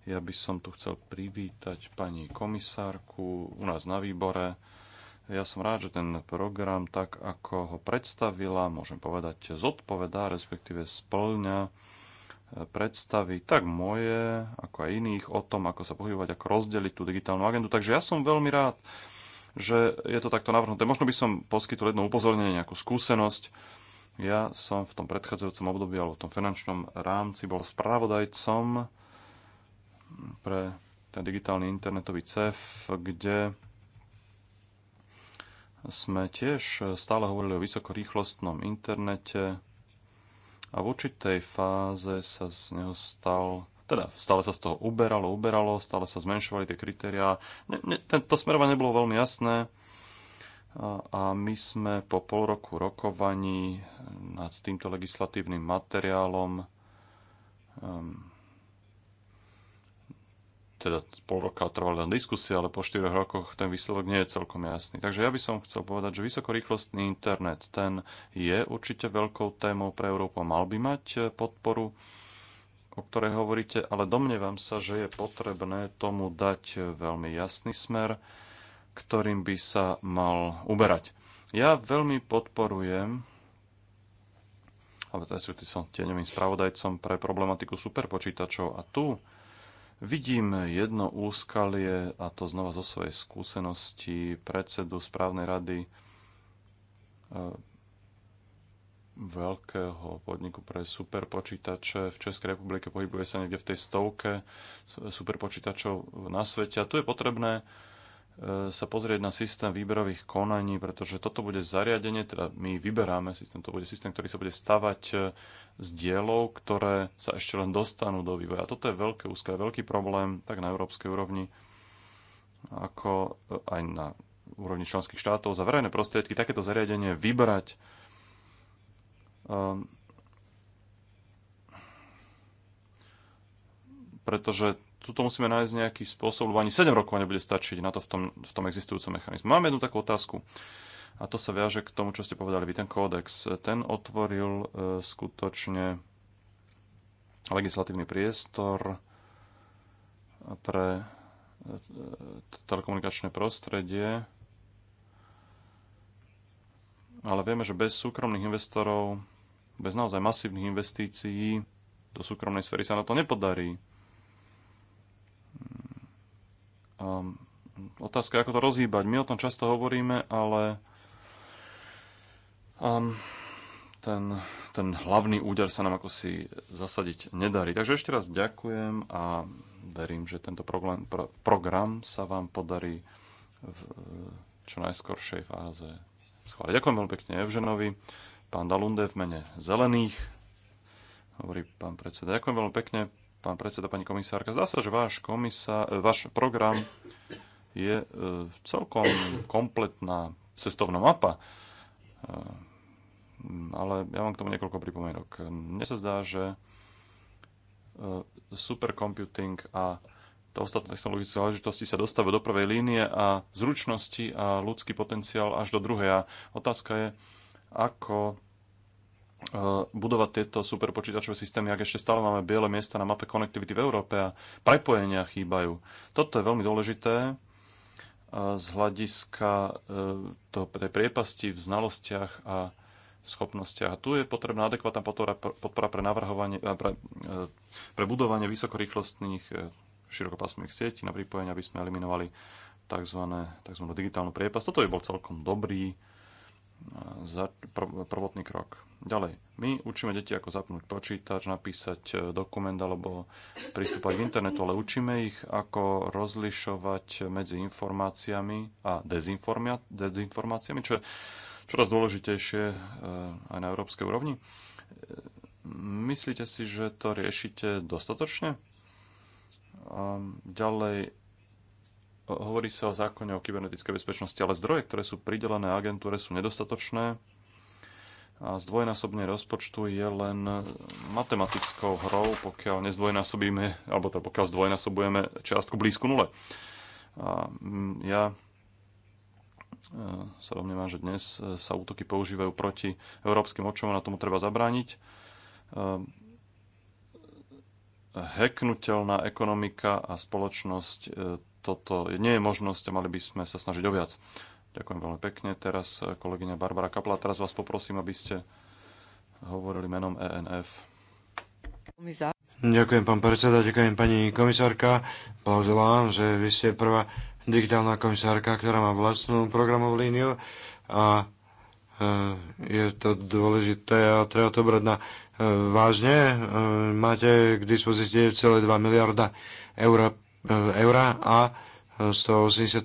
Ja by som tu chcel privítať pani komisárku u nás na výbore. Ja som rád, že ten program, tak ako ho predstavila, môžem povedať, zodpovedá, respektíve splňa eh, predstavy tak moje, ako aj iných, o tom, ako sa pohybovať, ako rozdeliť tú digitálnu agendu. Takže ja som veľmi rád, že je to takto navrhnuté. Možno by som poskytol jedno upozornenie, nejakú skúsenosť. Ja som v tom predchádzajúcom období alebo v tom finančnom rámci bol spravodajcom pre ten digitálny internetový CEF, kde sme tiež stále hovorili o vysokorýchlostnom internete a v určitej fáze sa z neho stal teda stále sa z toho uberalo, uberalo, stále sa zmenšovali tie kritériá. To tento smerovanie nebolo veľmi jasné a my sme po pol roku rokovaní nad týmto legislatívnym materiálom um, teda pol roka trvala len diskusia, ale po 4 rokoch ten výsledok nie je celkom jasný. Takže ja by som chcel povedať, že vysokorýchlostný internet, ten je určite veľkou témou pre Európu, mal by mať e, podporu, o ktorej hovoríte, ale domnievam sa, že je potrebné tomu dať e, veľmi jasný smer, ktorým by sa mal uberať. Ja veľmi podporujem ale teraz som tieňovým spravodajcom pre problematiku superpočítačov a tu Vidím jedno úskalie, a to znova zo svojej skúsenosti predsedu správnej rady e, veľkého podniku pre superpočítače v Českej republike pohybuje sa niekde v tej stovke superpočítačov na svete. A tu je potrebné E, sa pozrieť na systém výberových konaní, pretože toto bude zariadenie, teda my vyberáme systém, to bude systém, ktorý sa bude stavať e, z dielov, ktoré sa ešte len dostanú do vývoja. Toto je veľké úzke, veľký problém, tak na európskej úrovni, ako e, aj na úrovni členských štátov. Za verejné prostriedky takéto zariadenie vybrať um, pretože tuto musíme nájsť nejaký spôsob, lebo ani 7 rokov nebude stačiť na to v tom, v tom existujúcom mechanizmu. Mám jednu takú otázku a to sa viaže k tomu, čo ste povedali vy, ten kódex. Ten otvoril e, skutočne legislatívny priestor pre e, telekomunikačné prostredie, ale vieme, že bez súkromných investorov, bez naozaj masívnych investícií do súkromnej sféry sa na to nepodarí. Um, otázka, ako to rozhýbať. My o tom často hovoríme, ale um, ten, ten hlavný úder sa nám ako si zasadiť nedarí. Takže ešte raz ďakujem a verím, že tento program, pro, program sa vám podarí v čo najskoršej fáze schváliť. Ďakujem veľmi pekne Evženovi, pán Dalunde v mene Zelených, hovorí pán predseda. Ďakujem veľmi pekne pán predseda, pani komisárka. Zdá sa, že váš, komisa, e, váš program je e, celkom kompletná cestovná mapa. E, ale ja mám k tomu niekoľko pripomienok. Mne sa zdá, že supercomputing a tá ostatné technologické záležitosti sa dostávajú do prvej línie a zručnosti a ľudský potenciál až do druhej. A otázka je, ako Eh, budovať tieto superpočítačové systémy, ak ešte stále máme biele miesta na mape konektivity v Európe a prepojenia chýbajú. Toto je veľmi dôležité eh, z hľadiska eh, to, tej priepasti v znalostiach a v schopnostiach. A tu je potrebná adekvátna podpora, podpora pre, navrhovanie, pre, pre budovanie vysokorýchlostných širokopásmových sietí na pripojenie, aby sme eliminovali tzv. tzv. digitálnu priepasť. Toto by bol celkom dobrý za, pr- prvotný krok. Ďalej, my učíme deti, ako zapnúť počítač, napísať e, dokument alebo pristúpať k internetu, ale učíme ich, ako rozlišovať medzi informáciami a dezinformáciami, čo je čoraz dôležitejšie e, aj na európskej úrovni. E, myslíte si, že to riešite dostatočne? Ďalej, hovorí sa o zákone o kybernetickej bezpečnosti, ale zdroje, ktoré sú pridelené agentúre, sú nedostatočné a zdvojnásobne rozpočtu je len matematickou hrou, pokiaľ nezdvojnásobíme, alebo to, teda pokiaľ zdvojnásobujeme čiastku blízku nule. A mm, ja e, sa domnievam, že dnes e, sa útoky používajú proti európskym očom a tomu treba zabrániť. E, heknutelná ekonomika a spoločnosť toto nie je možnosť a mali by sme sa snažiť o viac. Ďakujem veľmi pekne. Teraz eh, kolegyňa Barbara Kapla, teraz vás poprosím, aby ste hovorili menom ENF. Ďakujem, pán predseda, ďakujem, pani komisárka. Blahoželám, že vy ste prvá digitálna komisárka, ktorá má vlastnú programovú líniu a eh, je to dôležité a treba to brať na eh, vážne. Máte k dispozícii celé 2 miliarda eur Eh, eura a eh, z toho 80% eh,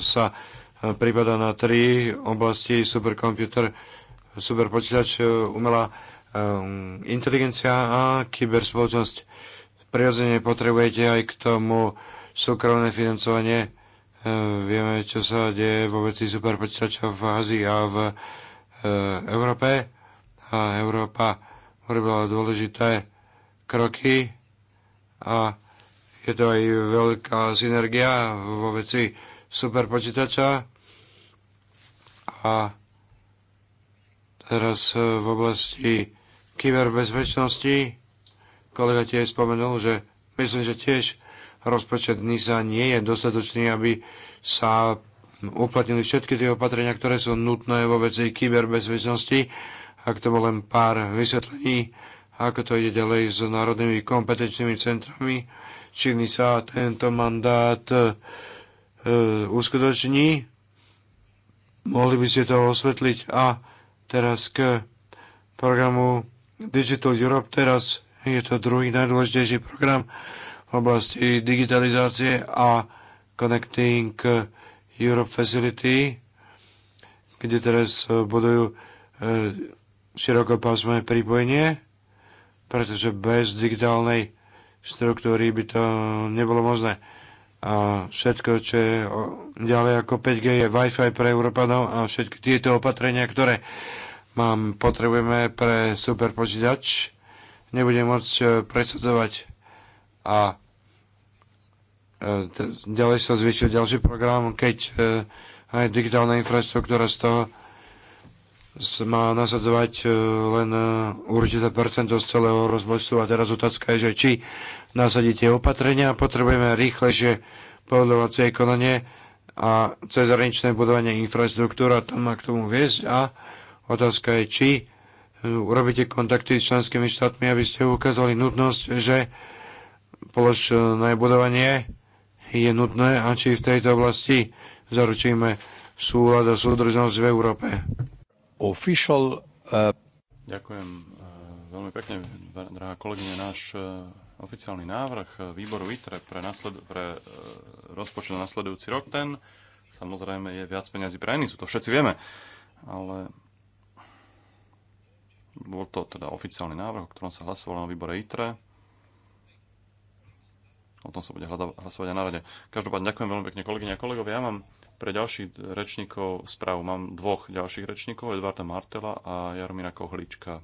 sa prípada na tri oblasti superkomputer, superpočítač, umelá inteligencia a kyberspoločnosť. Prirodzene potrebujete aj k tomu súkromné financovanie. Vieme, čo sa deje vo veci superpočítačov v Ázii a v Európe. A Európa urobila dôležité kroky a je to aj veľká synergia vo veci superpočítača. A teraz v oblasti kyberbezpečnosti kolega tiež spomenul, že myslím, že tiež rozpočet NISA nie je dostatočný, aby sa uplatnili všetky tie opatrenia, ktoré sú nutné vo veci kyberbezpečnosti. Ak to bol len pár vysvetlení, ako to ide ďalej s národnými kompetenčnými centrami činy sa tento mandát e, e, uskutoční. Mohli by ste to osvetliť. A teraz k programu Digital Europe. Teraz je to druhý najdôležitejší program v oblasti digitalizácie a Connecting Europe Facility, kde teraz budujú e, širokopásmové pripojenie, pretože bez digitálnej štruktúry by to nebolo možné. A všetko, čo je ďalej ako 5G, je Wi-Fi pre Európanov a všetky tieto opatrenia, ktoré mám, potrebujeme pre superpočítač, nebudem môcť e, presadzovať. A e, ďalej sa zvyšil ďalší program, keď e, aj digitálna infraštruktúra z toho má nasadzovať e, len e, určité percento z celého rozpočtu. A teraz otázka je, že či nasadíte opatrenia, potrebujeme rýchlejšie povodovacie konanie a cezhraničné budovanie infraštruktúra tam má k tomu viesť. A otázka je, či e, urobíte kontakty s členskými štátmi, aby ste ukázali nutnosť, že položné budovanie je nutné a či v tejto oblasti zaručíme súľad a súdržnosť v Európe official... Uh... Ďakujem eh, veľmi pekne, drahá kolegyne. Náš eh, oficiálny návrh výboru ITRE pre, nasled, pre rozpočet na nasledujúci rok, ten samozrejme je viac peniazy pre sú, to všetci vieme, ale bol to teda oficiálny návrh, o ktorom sa hlasovalo na výbore ITRE o tom sa bude hlasovať aj na rade. Každopádne ďakujem veľmi pekne kolegyne a kolegovia. Ja mám pre ďalších rečníkov správu. Mám dvoch ďalších rečníkov, Edvarda Martela a Jaromíra Kohlička.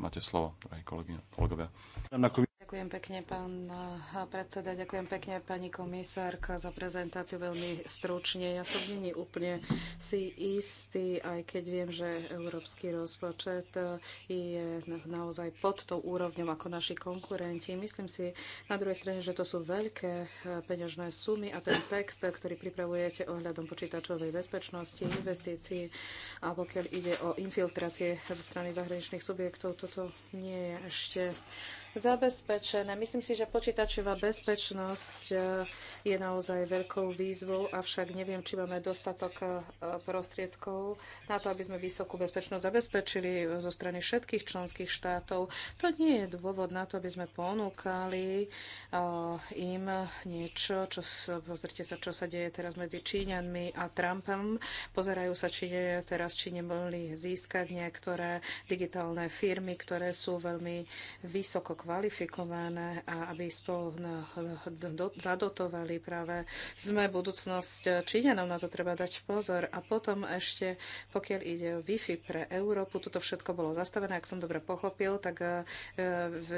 Máte slovo, drahí kolegovia. Na Ďakujem pekne, pán eh, predseda, ďakujem pekne, pani komisárka, za prezentáciu veľmi stručne. Ja som není úplne si istý, aj keď viem, že európsky rozpočet eh, je naozaj pod tou úrovňou ako naši konkurenti. Myslím si na druhej strane, že to sú veľké eh, peňažné sumy a ten text, ktorý pripravujete ohľadom počítačovej bezpečnosti, investícií a pokiaľ ide o infiltrácie zo strany zahraničných subjektov, toto nie je ešte zabezpečené. Myslím si, že počítačová bezpečnosť eh, je naozaj veľkou výzvou, avšak neviem, či máme dostatok eh, prostriedkov na to, aby sme vysokú bezpečnosť zabezpečili eh, zo strany všetkých členských štátov. To nie je dôvod na to, aby sme ponúkali im niečo, čo, pozrite sa, čo sa deje teraz medzi Číňanmi a Trumpom. Pozerajú sa, či nie, teraz či nemohli získať niektoré digitálne firmy, ktoré sú veľmi vysoko kvalifikované a aby spolu zadotovali práve sme budúcnosť Číňanom. Na to treba dať pozor. A potom ešte, pokiaľ ide o Wi-Fi pre Európu, toto všetko bolo zastavené, ak som dobre pochopil, tak e,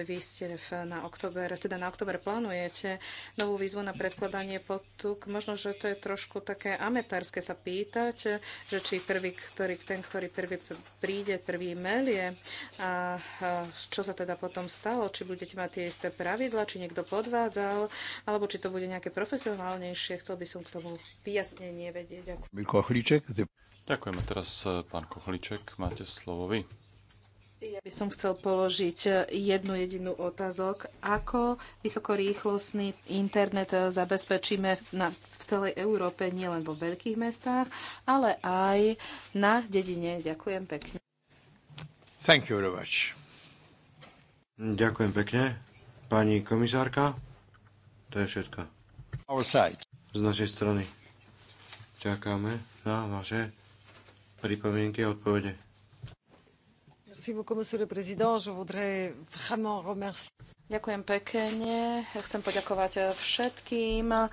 vy ste na oktober, teda na oktober plánujete novú výzvu na predkladanie potuk. Možno, že to je trošku také ametárske sa pýtať, že či prvý, ktorý, ten, ktorý prvý príde, prvý melie a čo sa teda potom stalo, či budete mať tie isté pravidla, či niekto podvádzal, alebo či to bude nejaké profesionálnejšie. Chcel by som k tomu vyjasnenie vedieť. Ďakujem. Ďakujeme teraz, eh, pán Kochliček, máte slovo vy. Ja by som chcel položiť eh, jednu jedinú otázok. Ako vysokorýchlostný internet eh, zabezpečíme na, v celej Európe, nielen vo veľkých mestách, ale aj na dedine? Ďakujem pekne. Thank you very much. Ďakujem pekne. Pani komisárka, to je všetko. Z našej strany čakáme na vaše pripomienky a odpovede. Ďakujem pekne. Chcem poďakovať všetkým eh,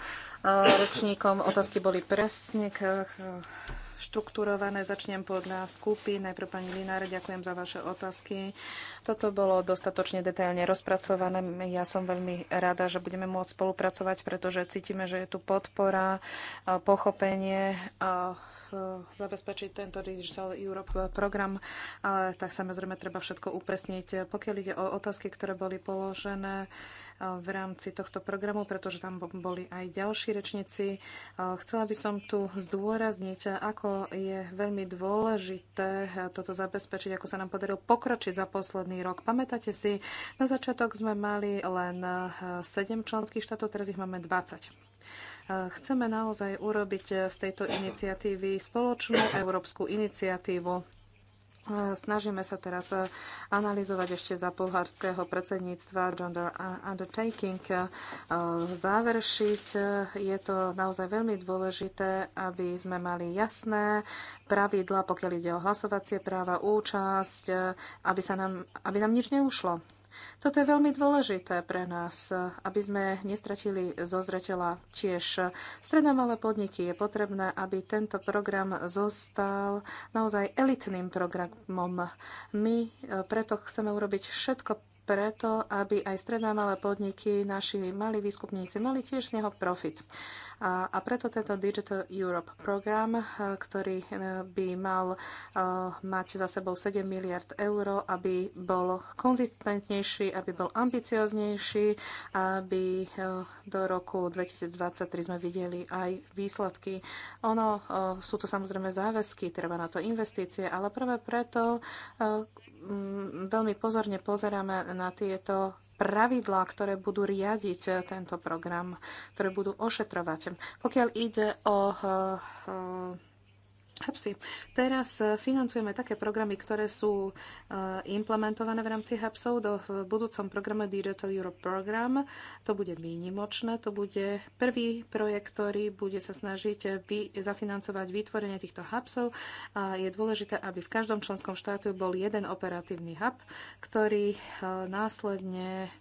rečníkom. Otázky boli presne k štrukturované. Začnem podľa skupín. Najprv pani Linár, ďakujem za vaše otázky. Toto bolo dostatočne detailne rozpracované. Ja som veľmi rada, že budeme môcť spolupracovať, pretože cítime, že je tu podpora, pochopenie a zabezpečiť tento Digital Europe program. Ale tak samozrejme treba všetko upresniť. Pokiaľ ide o otázky, ktoré boli položené, Eh, v rámci tohto programu, pretože tam boli aj ďalší rečníci. Eh, chcela by som tu zdôrazniť, ako je veľmi dôležité eh, toto zabezpečiť, ako sa nám podarilo pokročiť za posledný rok. Pamätáte si, na začiatok sme mali len 7 členských štátov, teraz ich máme 20 chceme naozaj urobiť z tejto iniciatívy spoločnú európsku iniciatívu Snažíme sa teraz e, analyzovať ešte za bulharského predsedníctva Gender Undertaking e, záveršiť. E, je to naozaj veľmi dôležité, aby sme mali jasné pravidla, pokiaľ ide o hlasovacie práva, účasť, aby, sa nám, aby nám nič neušlo toto je veľmi dôležité pre nás, aby sme nestratili zo zreteľa tiež stredné malé podniky. Je potrebné, aby tento program zostal naozaj elitným programom. My eh, preto chceme urobiť všetko preto, aby aj stredná malé podniky, naši mali výskupníci, mali tiež z neho profit. A, a preto tento Digital Europe program, eh, ktorý eh, by mal eh, mať za sebou 7 miliard eur, aby bol konzistentnejší, aby bol ambicioznejší, aby do roku 2023 sme videli aj výsledky. Ono, sú to samozrejme záväzky, treba na to investície, ale práve preto veľmi pozorne pozeráme na tieto pravidlá, ktoré budú riadiť eh, tento program, ktoré budú ošetrovať. Pokiaľ ide o eh, eh, HAPSI. Teraz eh, financujeme také programy, ktoré sú eh, implementované v rámci HAPSov do v budúcom programe Digital Europe Program. To bude výnimočné, to bude prvý projekt, ktorý bude sa snažiť eh, vy, zafinancovať vytvorenie týchto HAPSov. A je dôležité, aby v každom členskom štátu bol jeden operatívny hub, ktorý následne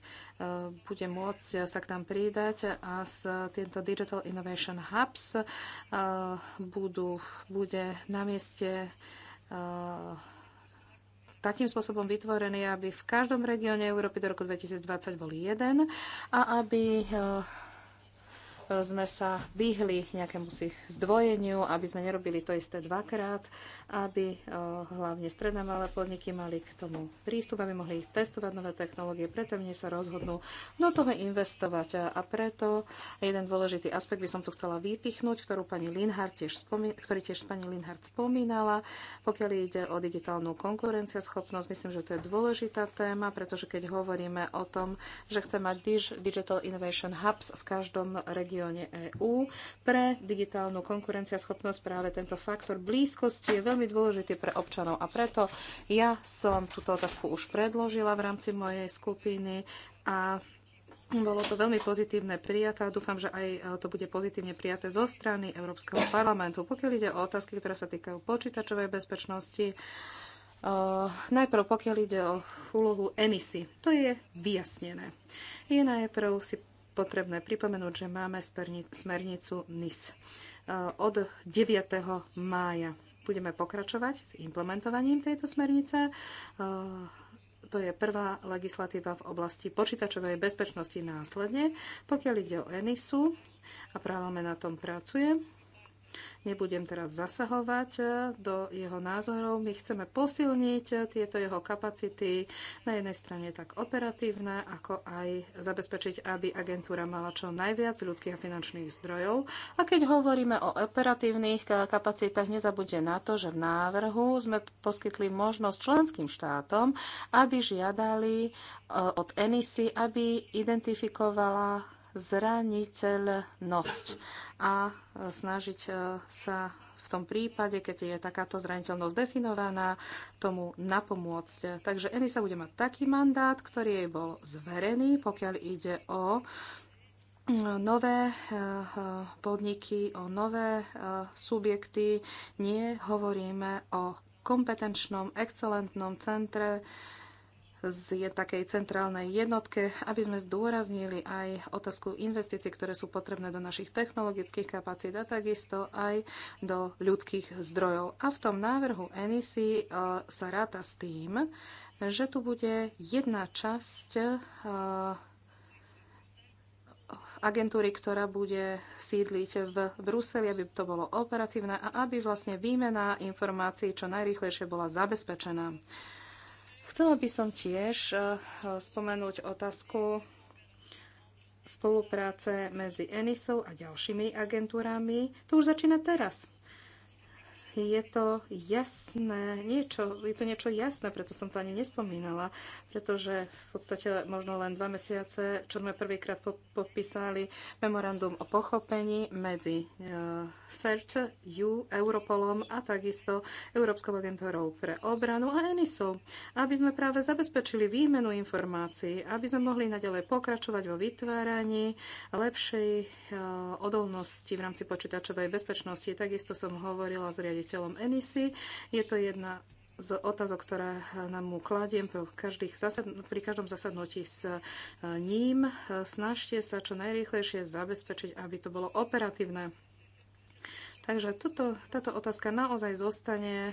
E, bude môcť sa k nám pridať a s týmto Digital Innovation Hubs e, budú, bude na mieste e, takým spôsobom vytvorený, aby v každom regióne Európy do roku 2020 bol jeden a aby sme sa vyhli nejakému si zdvojeniu, aby sme nerobili to isté dvakrát, aby eh, hlavne stredné malé podniky mali k tomu prístup, aby mohli testovať nové technológie, Preto mne sa rozhodnú do toho investovať. A preto jeden dôležitý aspekt by som tu chcela vypichnúť, ktorú pani tiež ktorý tiež pani Linhardt spomínala, pokiaľ ide o digitálnu konkurencieschopnosť. Myslím, že to je dôležitá téma, pretože keď hovoríme o tom, že chce mať Digital Innovation Hubs v každom regióne, regióne EÚ. Pre digitálnu konkurenciaschopnosť práve tento faktor blízkosti je veľmi dôležitý pre občanov a preto ja som túto otázku už predložila v rámci mojej skupiny a bolo to veľmi pozitívne prijaté a dúfam, že aj e, to bude pozitívne prijaté zo strany Európskeho parlamentu. Pokiaľ ide o otázky, ktoré sa týkajú počítačovej bezpečnosti, uh, najprv pokiaľ ide o úlohu ENISY, to je vyjasnené. Je najprv si potrebné pripomenúť, že máme smernicu NIS e, od 9. mája. Budeme pokračovať s implementovaním tejto smernice. E, to je prvá legislatíva v oblasti počítačovej bezpečnosti následne. Pokiaľ ide o ENISu, a práve na tom pracuje, Nebudem teraz zasahovať e, do jeho názorov. My chceme posilniť e, tieto jeho kapacity na jednej strane tak operatívne, ako aj zabezpečiť, aby agentúra mala čo najviac ľudských a finančných zdrojov. A keď hovoríme o operatívnych e, kapacitách, nezabudne na to, že v návrhu sme poskytli možnosť členským štátom, aby žiadali od NEC, aby identifikovala zraniteľnosť a snažiť e, sa v tom prípade, keď je takáto zraniteľnosť definovaná, tomu napomôcť. Takže Enisa bude mať taký mandát, ktorý jej bol zverený, pokiaľ ide o e, nové e, podniky, o nové subjekty. Nie hovoríme o kompetenčnom, excelentnom centre, z takej centrálnej jednotke, aby sme zdôraznili aj otázku investícií, ktoré sú potrebné do našich technologických kapacít a takisto aj do ľudských zdrojov. A v tom návrhu ENISI e, sa ráta s tým, že tu bude jedna časť e, agentúry, ktorá bude sídliť v Bruseli, aby to bolo operatívne a aby vlastne výmena informácií čo najrýchlejšie bola zabezpečená. Chcela by som tiež eh, spomenúť otázku spolupráce medzi ENISou a ďalšími agentúrami. To už začína teraz je to jasné, niečo, je to niečo jasné, preto som to ani nespomínala, pretože v podstate možno len dva mesiace, čo sme prvýkrát podpísali memorandum o pochopení medzi uh, CERT, EU, Europolom a takisto Európskou agentúrou pre obranu a ENISO, aby sme práve zabezpečili výmenu informácií, aby sme mohli naďalej pokračovať vo vytváraní lepšej uh, odolnosti v rámci počítačovej bezpečnosti. Takisto som hovorila s riaditeľom riaditeľom Enisy. Je to jedna z otázok, ktoré nám mu kladiem pri každom zasadnutí s e, ním. Snažte sa čo najrýchlejšie zabezpečiť, aby to bolo operatívne. Takže tuto, táto otázka naozaj zostane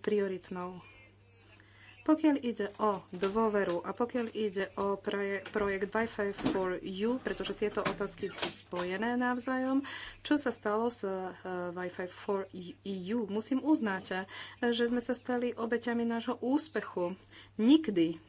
prioritnou pokiaľ ide o dôveru a pokiaľ ide o projekt Wi-Fi for You, pretože tieto otázky sú spojené navzájom, čo sa stalo s eh, Wi-Fi for EU, musím uznať, eh, že sme sa stali obeťami nášho úspechu. Nikdy,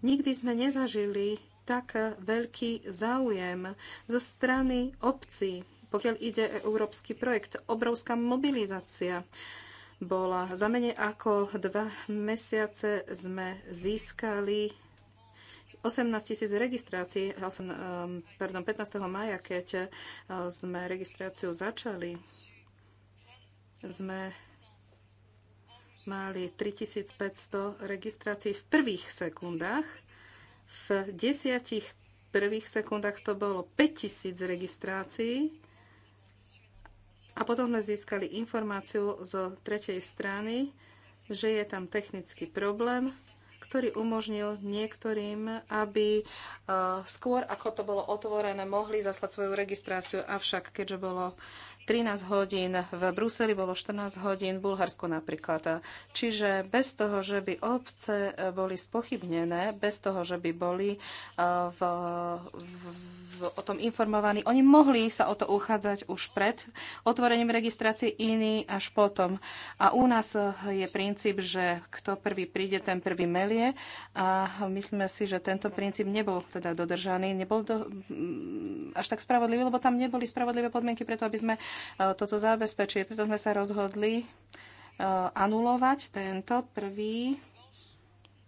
nikdy sme nezažili tak eh, veľký záujem zo strany obcí, pokiaľ ide európsky projekt, obrovská mobilizácia. Uh, bola. Za menej ako dva mesiace sme získali 18 tisíc registrácií, ehm, pardon, 15. maja, keď e, sme registráciu začali, sme mali 3500 registrácií v prvých sekundách. V desiatich prvých sekundách to bolo 5000 registrácií a potom sme získali informáciu zo tretej strany, že je tam technický problém, ktorý umožnil niektorým, aby e, skôr ako to bolo otvorené, mohli zaslať svoju registráciu. Avšak keďže bolo 13 hodín, v Bruseli bolo 14 hodín, v Bulharsku napríklad. Čiže bez toho, že by obce e, boli spochybnené, bez toho, že by boli e, v, v o tom informovaní. Oni mohli sa o to uchádzať už pred otvorením registrácie, iní až potom. A u nás je princíp, že kto prvý príde, ten prvý melie. A myslíme si, že tento princíp nebol teda dodržaný, nebol do, až tak spravodlivý, lebo tam neboli spravodlivé podmienky preto, aby sme e, toto zabezpečili. Preto sme sa rozhodli e, anulovať tento prvý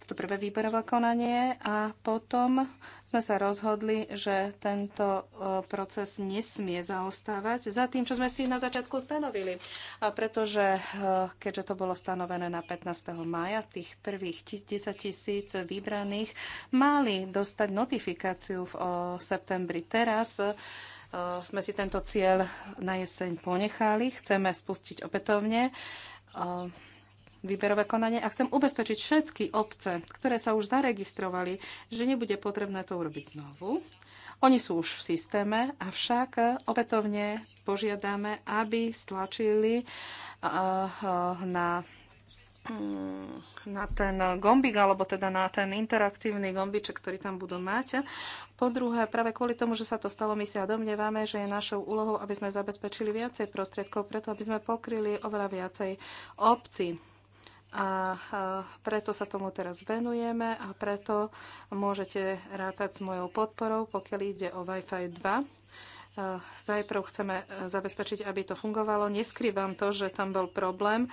to prvé výberové konanie a potom sme sa rozhodli, že tento e, proces nesmie zaostávať za tým, čo sme si na začiatku stanovili. A pretože e, keďže to bolo stanovené na 15. maja, tých prvých 10 tisíc vybraných mali dostať notifikáciu v septembri. Teraz e, sme si tento cieľ na jeseň ponechali, chceme spustiť opätovne výberové konanie a chcem ubezpečiť všetky obce, ktoré sa už zaregistrovali, že nebude potrebné to urobiť znovu. Oni sú už v systéme, avšak opätovne požiadame, aby stlačili na mm, na ten gombík, alebo teda na ten interaktívny gombiček, ktorý tam budú mať. Po druhé, práve kvôli tomu, že sa to stalo, my a domnievame, že je našou úlohou, aby sme zabezpečili viacej prostriedkov, preto aby sme pokryli oveľa viacej obcí a preto sa tomu teraz venujeme a preto môžete rátať s mojou podporou, pokiaľ ide o Wi-Fi 2. Zajprv chceme zabezpečiť, aby to fungovalo. Neskrývam to, že tam bol problém.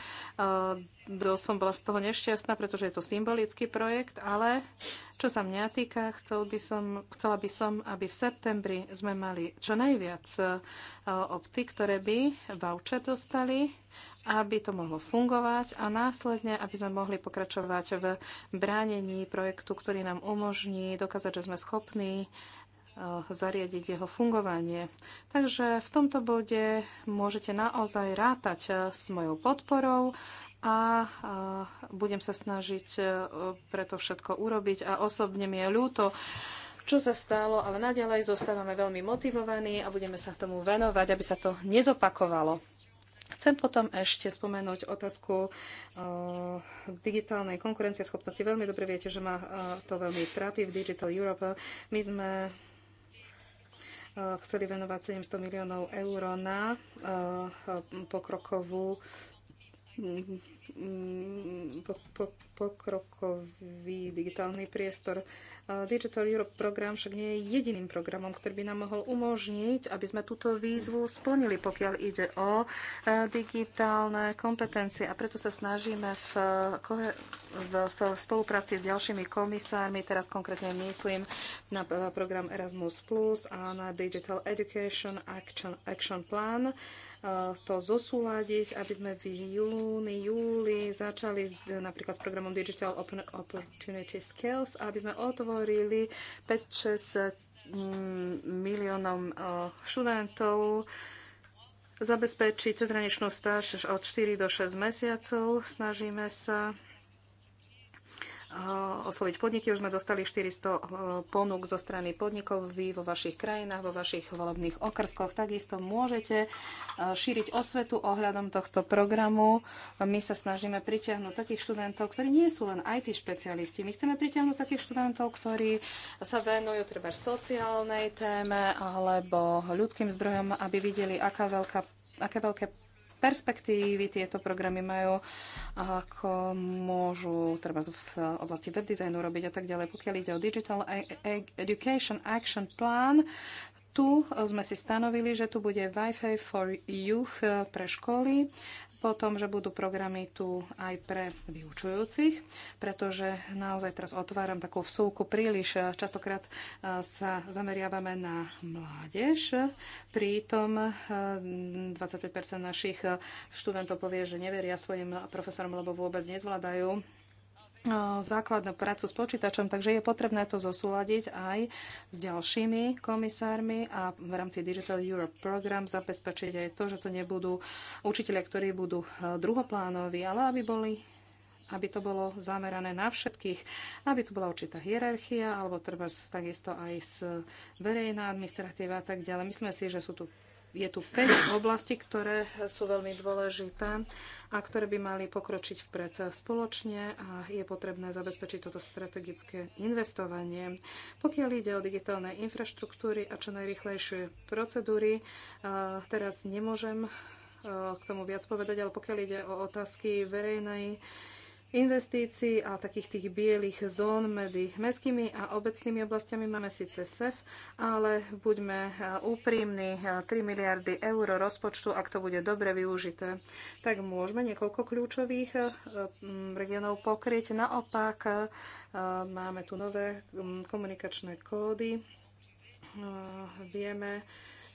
Som bola z toho nešťastná, pretože je to symbolický projekt, ale čo sa mňa týka, chcel by som, chcela by som, aby v septembri sme mali čo najviac obcí, ktoré by voucher dostali aby to mohlo fungovať a následne, aby sme mohli pokračovať v bránení projektu, ktorý nám umožní dokázať, že sme schopní eh, zariadiť jeho fungovanie. Takže v tomto bode môžete naozaj rátať eh, s mojou podporou a eh, budem sa snažiť preto všetko urobiť a osobne mi je ľúto, čo sa stalo, ale naďalej zostávame veľmi motivovaní a budeme sa tomu venovať, aby sa to nezopakovalo. Chcem potom ešte spomenúť otázku eh, digitálnej konkurencieschopnosti. Veľmi dobre viete, že ma eh, to veľmi trápi v Digital Europe. My sme eh, chceli venovať 700 miliónov eur na pokrokovú Mm, pokrokový digitálny priestor. Digital Europe program však nie je jediným programom, ktorý by nám mohol umožniť, aby sme túto výzvu splnili, pokiaľ ide o e, digitálne kompetencie. A preto sa snažíme v, v, v spolupráci s ďalšími komisármi, teraz konkrétne myslím na e, program Erasmus Plus a na Digital Education Action, Action Plan, to zosúľadiť, aby sme v júni, júli začali s, napríklad s programom Digital Open Opportunity Skills, aby sme otvorili 5-6 mm, miliónom študentov zabezpečiť cezhraničnú stáž od 4 do 6 mesiacov. Snažíme sa Eh, osloviť podniky. Už sme dostali 400 eh, ponúk zo strany podnikov. Vy vo vašich krajinách, vo vašich volebných okrskoch takisto môžete eh, šíriť osvetu ohľadom tohto programu. My sa snažíme pritiahnuť takých študentov, ktorí nie sú len IT špecialisti. My chceme pritiahnuť takých študentov, ktorí sa venujú treba sociálnej téme alebo ľudským zdrojom, aby videli, aká veľká aké veľké perspektívy tieto programy majú, ako môžu treba v oblasti web dizajnu robiť a tak ďalej. Pokiaľ ide o Digital e- e- Education Action Plan, tu sme si stanovili, že tu bude Wi-Fi for Youth pre školy potom, že budú programy tu aj pre vyučujúcich, pretože naozaj teraz otváram takú vsúku príliš. Častokrát e, sa zameriavame na mládež, pritom 25 e, našich študentov povie, že neveria svojim profesorom, lebo vôbec nezvládajú základnú prácu s počítačom, takže je potrebné to zosúľadiť aj s ďalšími komisármi a v rámci Digital Europe program zabezpečiť aj to, že to nebudú učiteľe, ktorí budú e, druhoplánovi, ale aby boli aby to bolo zamerané na všetkých, aby tu bola určitá hierarchia, alebo treba takisto aj verejná administratíva a tak ďalej. Myslíme si, že sú tu je tu 5 oblastí, ktoré sú veľmi dôležité a ktoré by mali pokročiť vpred spoločne a je potrebné zabezpečiť toto strategické investovanie. Pokiaľ ide o digitálne infraštruktúry a čo najrychlejšie procedúry, teraz nemôžem k tomu viac povedať, ale pokiaľ ide o otázky verejnej investícií a takých tých bielých zón medzi mestskými a obecnými oblastiami máme síce SEF, ale buďme eh, úprimní, 3 eh, miliardy eur rozpočtu, ak to bude dobre využité, tak môžeme niekoľko kľúčových eh, mm, regionov pokryť. Naopak máme tu nové mm, komunikačné kódy. Vieme,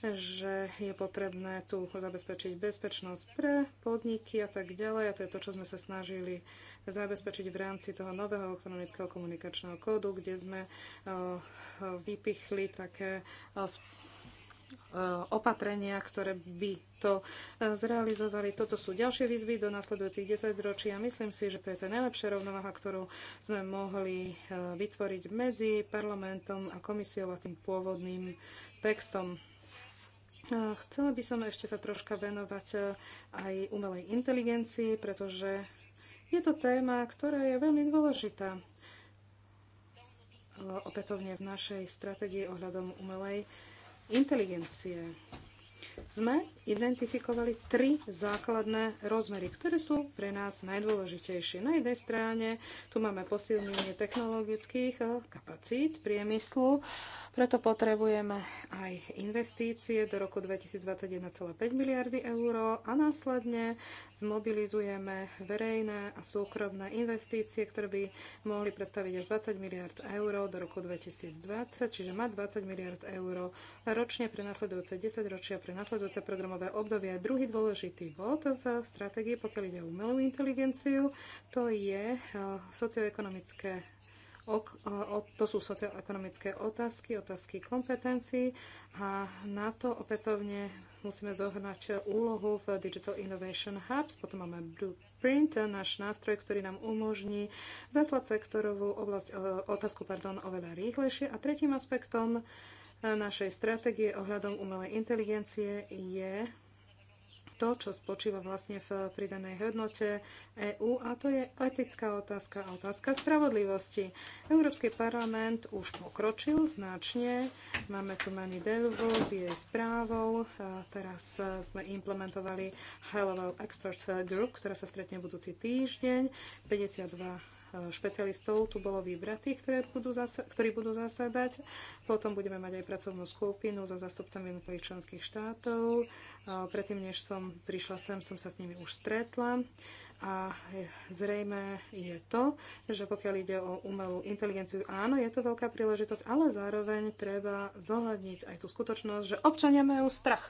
že je potrebné tu zabezpečiť bezpečnosť pre podniky a tak ďalej. A to je to, čo sme sa snažili zabezpečiť v rámci toho nového ekonomického komunikačného kódu, kde sme eh, vypichli také eh, eh, opatrenia, ktoré by to zrealizovali. Toto sú ďalšie výzvy do nasledujúcich 10 ročí a myslím si, že to je tá najlepšia rovnováha, ktorú sme mohli vytvoriť medzi parlamentom a komisiou a tým pôvodným textom. Chcela by som ešte sa troška venovať aj umelej inteligencii, pretože je to téma, ktorá je veľmi dôležitá opätovne v našej stratégii ohľadom umelej inteligencie sme identifikovali tri základné rozmery, ktoré sú pre nás najdôležitejšie. Na jednej strane tu máme posilnenie technologických kapacít priemyslu, preto potrebujeme aj investície do roku 2021,5 miliardy eur a následne zmobilizujeme verejné a súkromné investície, ktoré by mohli predstaviť až 20 miliard eur do roku 2020, čiže má 20 miliard eur ročne pre nasledujúce 10 ročia pre nasledujúce programové obdobie. Druhý dôležitý bod v stratégii, pokiaľ ide o umelú inteligenciu, to je eh, socioekonomické eh, to sú socioekonomické otázky, otázky kompetencií a na to opätovne musíme zohrnať úlohu v Digital Innovation Hubs. Potom máme Blueprint, náš nástroj, ktorý nám umožní zaslať sektorovú oblasť, eh, otázku pardon, oveľa rýchlejšie. A tretím aspektom našej stratégie ohľadom umelej inteligencie je to, čo spočíva vlastne v pridanej hodnote EÚ a to je etická otázka a otázka spravodlivosti. Európsky parlament už pokročil značne, máme tu Mani Delvo s jej správou, a teraz sme implementovali High Level Expert Group, ktorá sa stretne budúci týždeň, 52 špecialistov tu bolo vybratých, ktoré budú zasa- ktorí budú zasadať. Potom budeme mať aj pracovnú skupinu so zastupcami jednotlivých členských štátov. Predtým, než som prišla sem, som sa s nimi už stretla. A zrejme je to, že pokiaľ ide o umelú inteligenciu, áno, je to veľká príležitosť, ale zároveň treba zohľadniť aj tú skutočnosť, že občania majú strach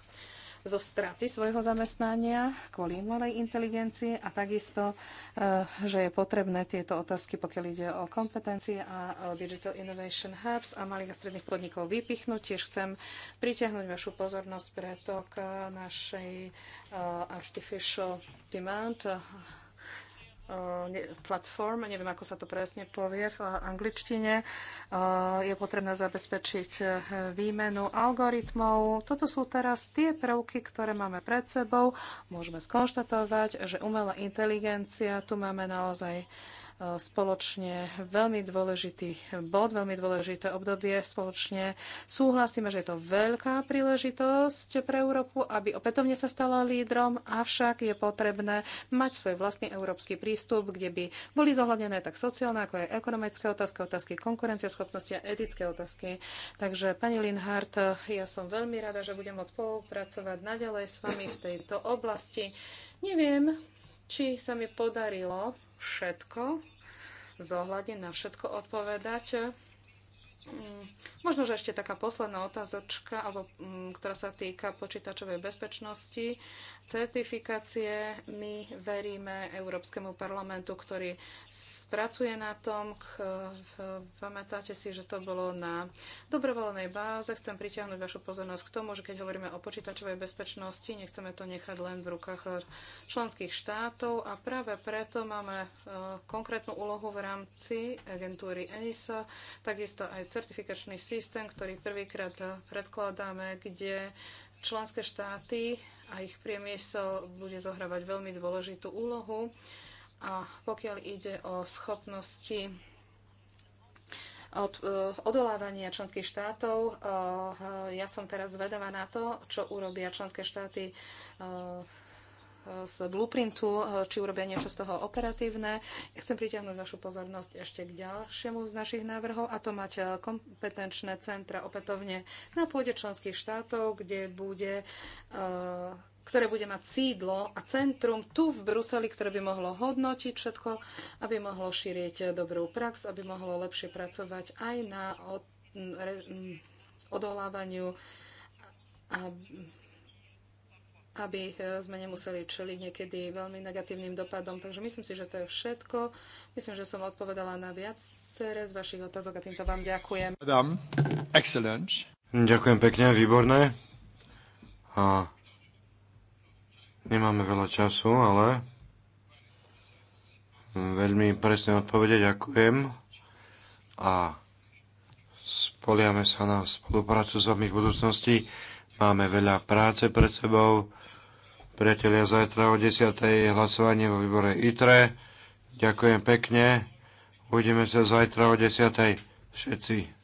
zo straty svojho zamestnania kvôli umelej inteligencii a takisto, eh, že je potrebné tieto otázky, pokiaľ ide o kompetencie a o eh, Digital Innovation Hubs a malých a stredných podnikov vypichnúť. Tiež chcem pritiahnuť vašu pozornosť preto k eh, našej Artificial Demand Eh, platform, neviem, ako sa to presne povie v eh, angličtine, eh, je potrebné zabezpečiť výmenu algoritmov. Toto sú teraz tie prvky, ktoré máme pred sebou. Môžeme skonštatovať, že umelá inteligencia, tu máme naozaj spoločne veľmi dôležitý bod, veľmi dôležité obdobie spoločne. Súhlasíme, že je to veľká príležitosť pre Európu, aby opätovne sa stala lídrom, avšak je potrebné mať svoj vlastný európsky prístup, kde by boli zohľadnené tak sociálne, ako aj ekonomické otázky, otázky konkurencieschopnosti a etické otázky. Takže, pani Linhart, ja som veľmi rada, že budem môcť spolupracovať naďalej s vami v tejto oblasti. Neviem, či sa mi podarilo všetko zohľadne na všetko odpovedať. Mm, možno, že ešte taká posledná otázočka, alebo, mm, ktorá sa týka počítačovej bezpečnosti, certifikácie. My veríme Európskemu parlamentu, ktorý pracuje na tom. Pamätáte si, že to bolo na dobrovoľnej báze. Chcem priťahnuť vašu pozornosť k tomu, že keď hovoríme o počítačovej bezpečnosti, nechceme to nechať len v rukách eh, členských štátov a práve preto máme eh, konkrétnu úlohu v rámci agentúry ENISA, takisto aj certifikačný systém, ktorý prvýkrát eh, predkladáme, kde členské štáty a ich priemysel bude zohrávať veľmi dôležitú úlohu. A pokiaľ ide o schopnosti od e, odolávania členských štátov. E, ja som teraz zvedavá na to, čo urobia členské štáty e, z blueprintu, či urobia niečo z toho operatívne. chcem pritiahnuť vašu pozornosť ešte k ďalšiemu z našich návrhov, a to mať kompetenčné centra opätovne na pôde členských štátov, kde bude ktoré bude mať sídlo a centrum tu v Bruseli, ktoré by mohlo hodnotiť všetko, aby mohlo šírieť dobrú prax, aby mohlo lepšie pracovať aj na odolávaniu a aby e, sme nemuseli čeliť niekedy veľmi negatívnym dopadom. Takže myslím si, že to je všetko. Myslím, že som odpovedala na viacere z vašich otázok a týmto vám ďakujem. excellent. Ďakujem pekne, výborné. A Nemáme veľa času, ale veľmi presne odpovede ďakujem a spoliame sa na spoluprácu s vami v budúcnosti. Máme veľa práce pred sebou. Priatelia, zajtra o 10. hlasovanie vo výbore ITRE. Ďakujem pekne. Uvidíme sa zajtra o 10. všetci.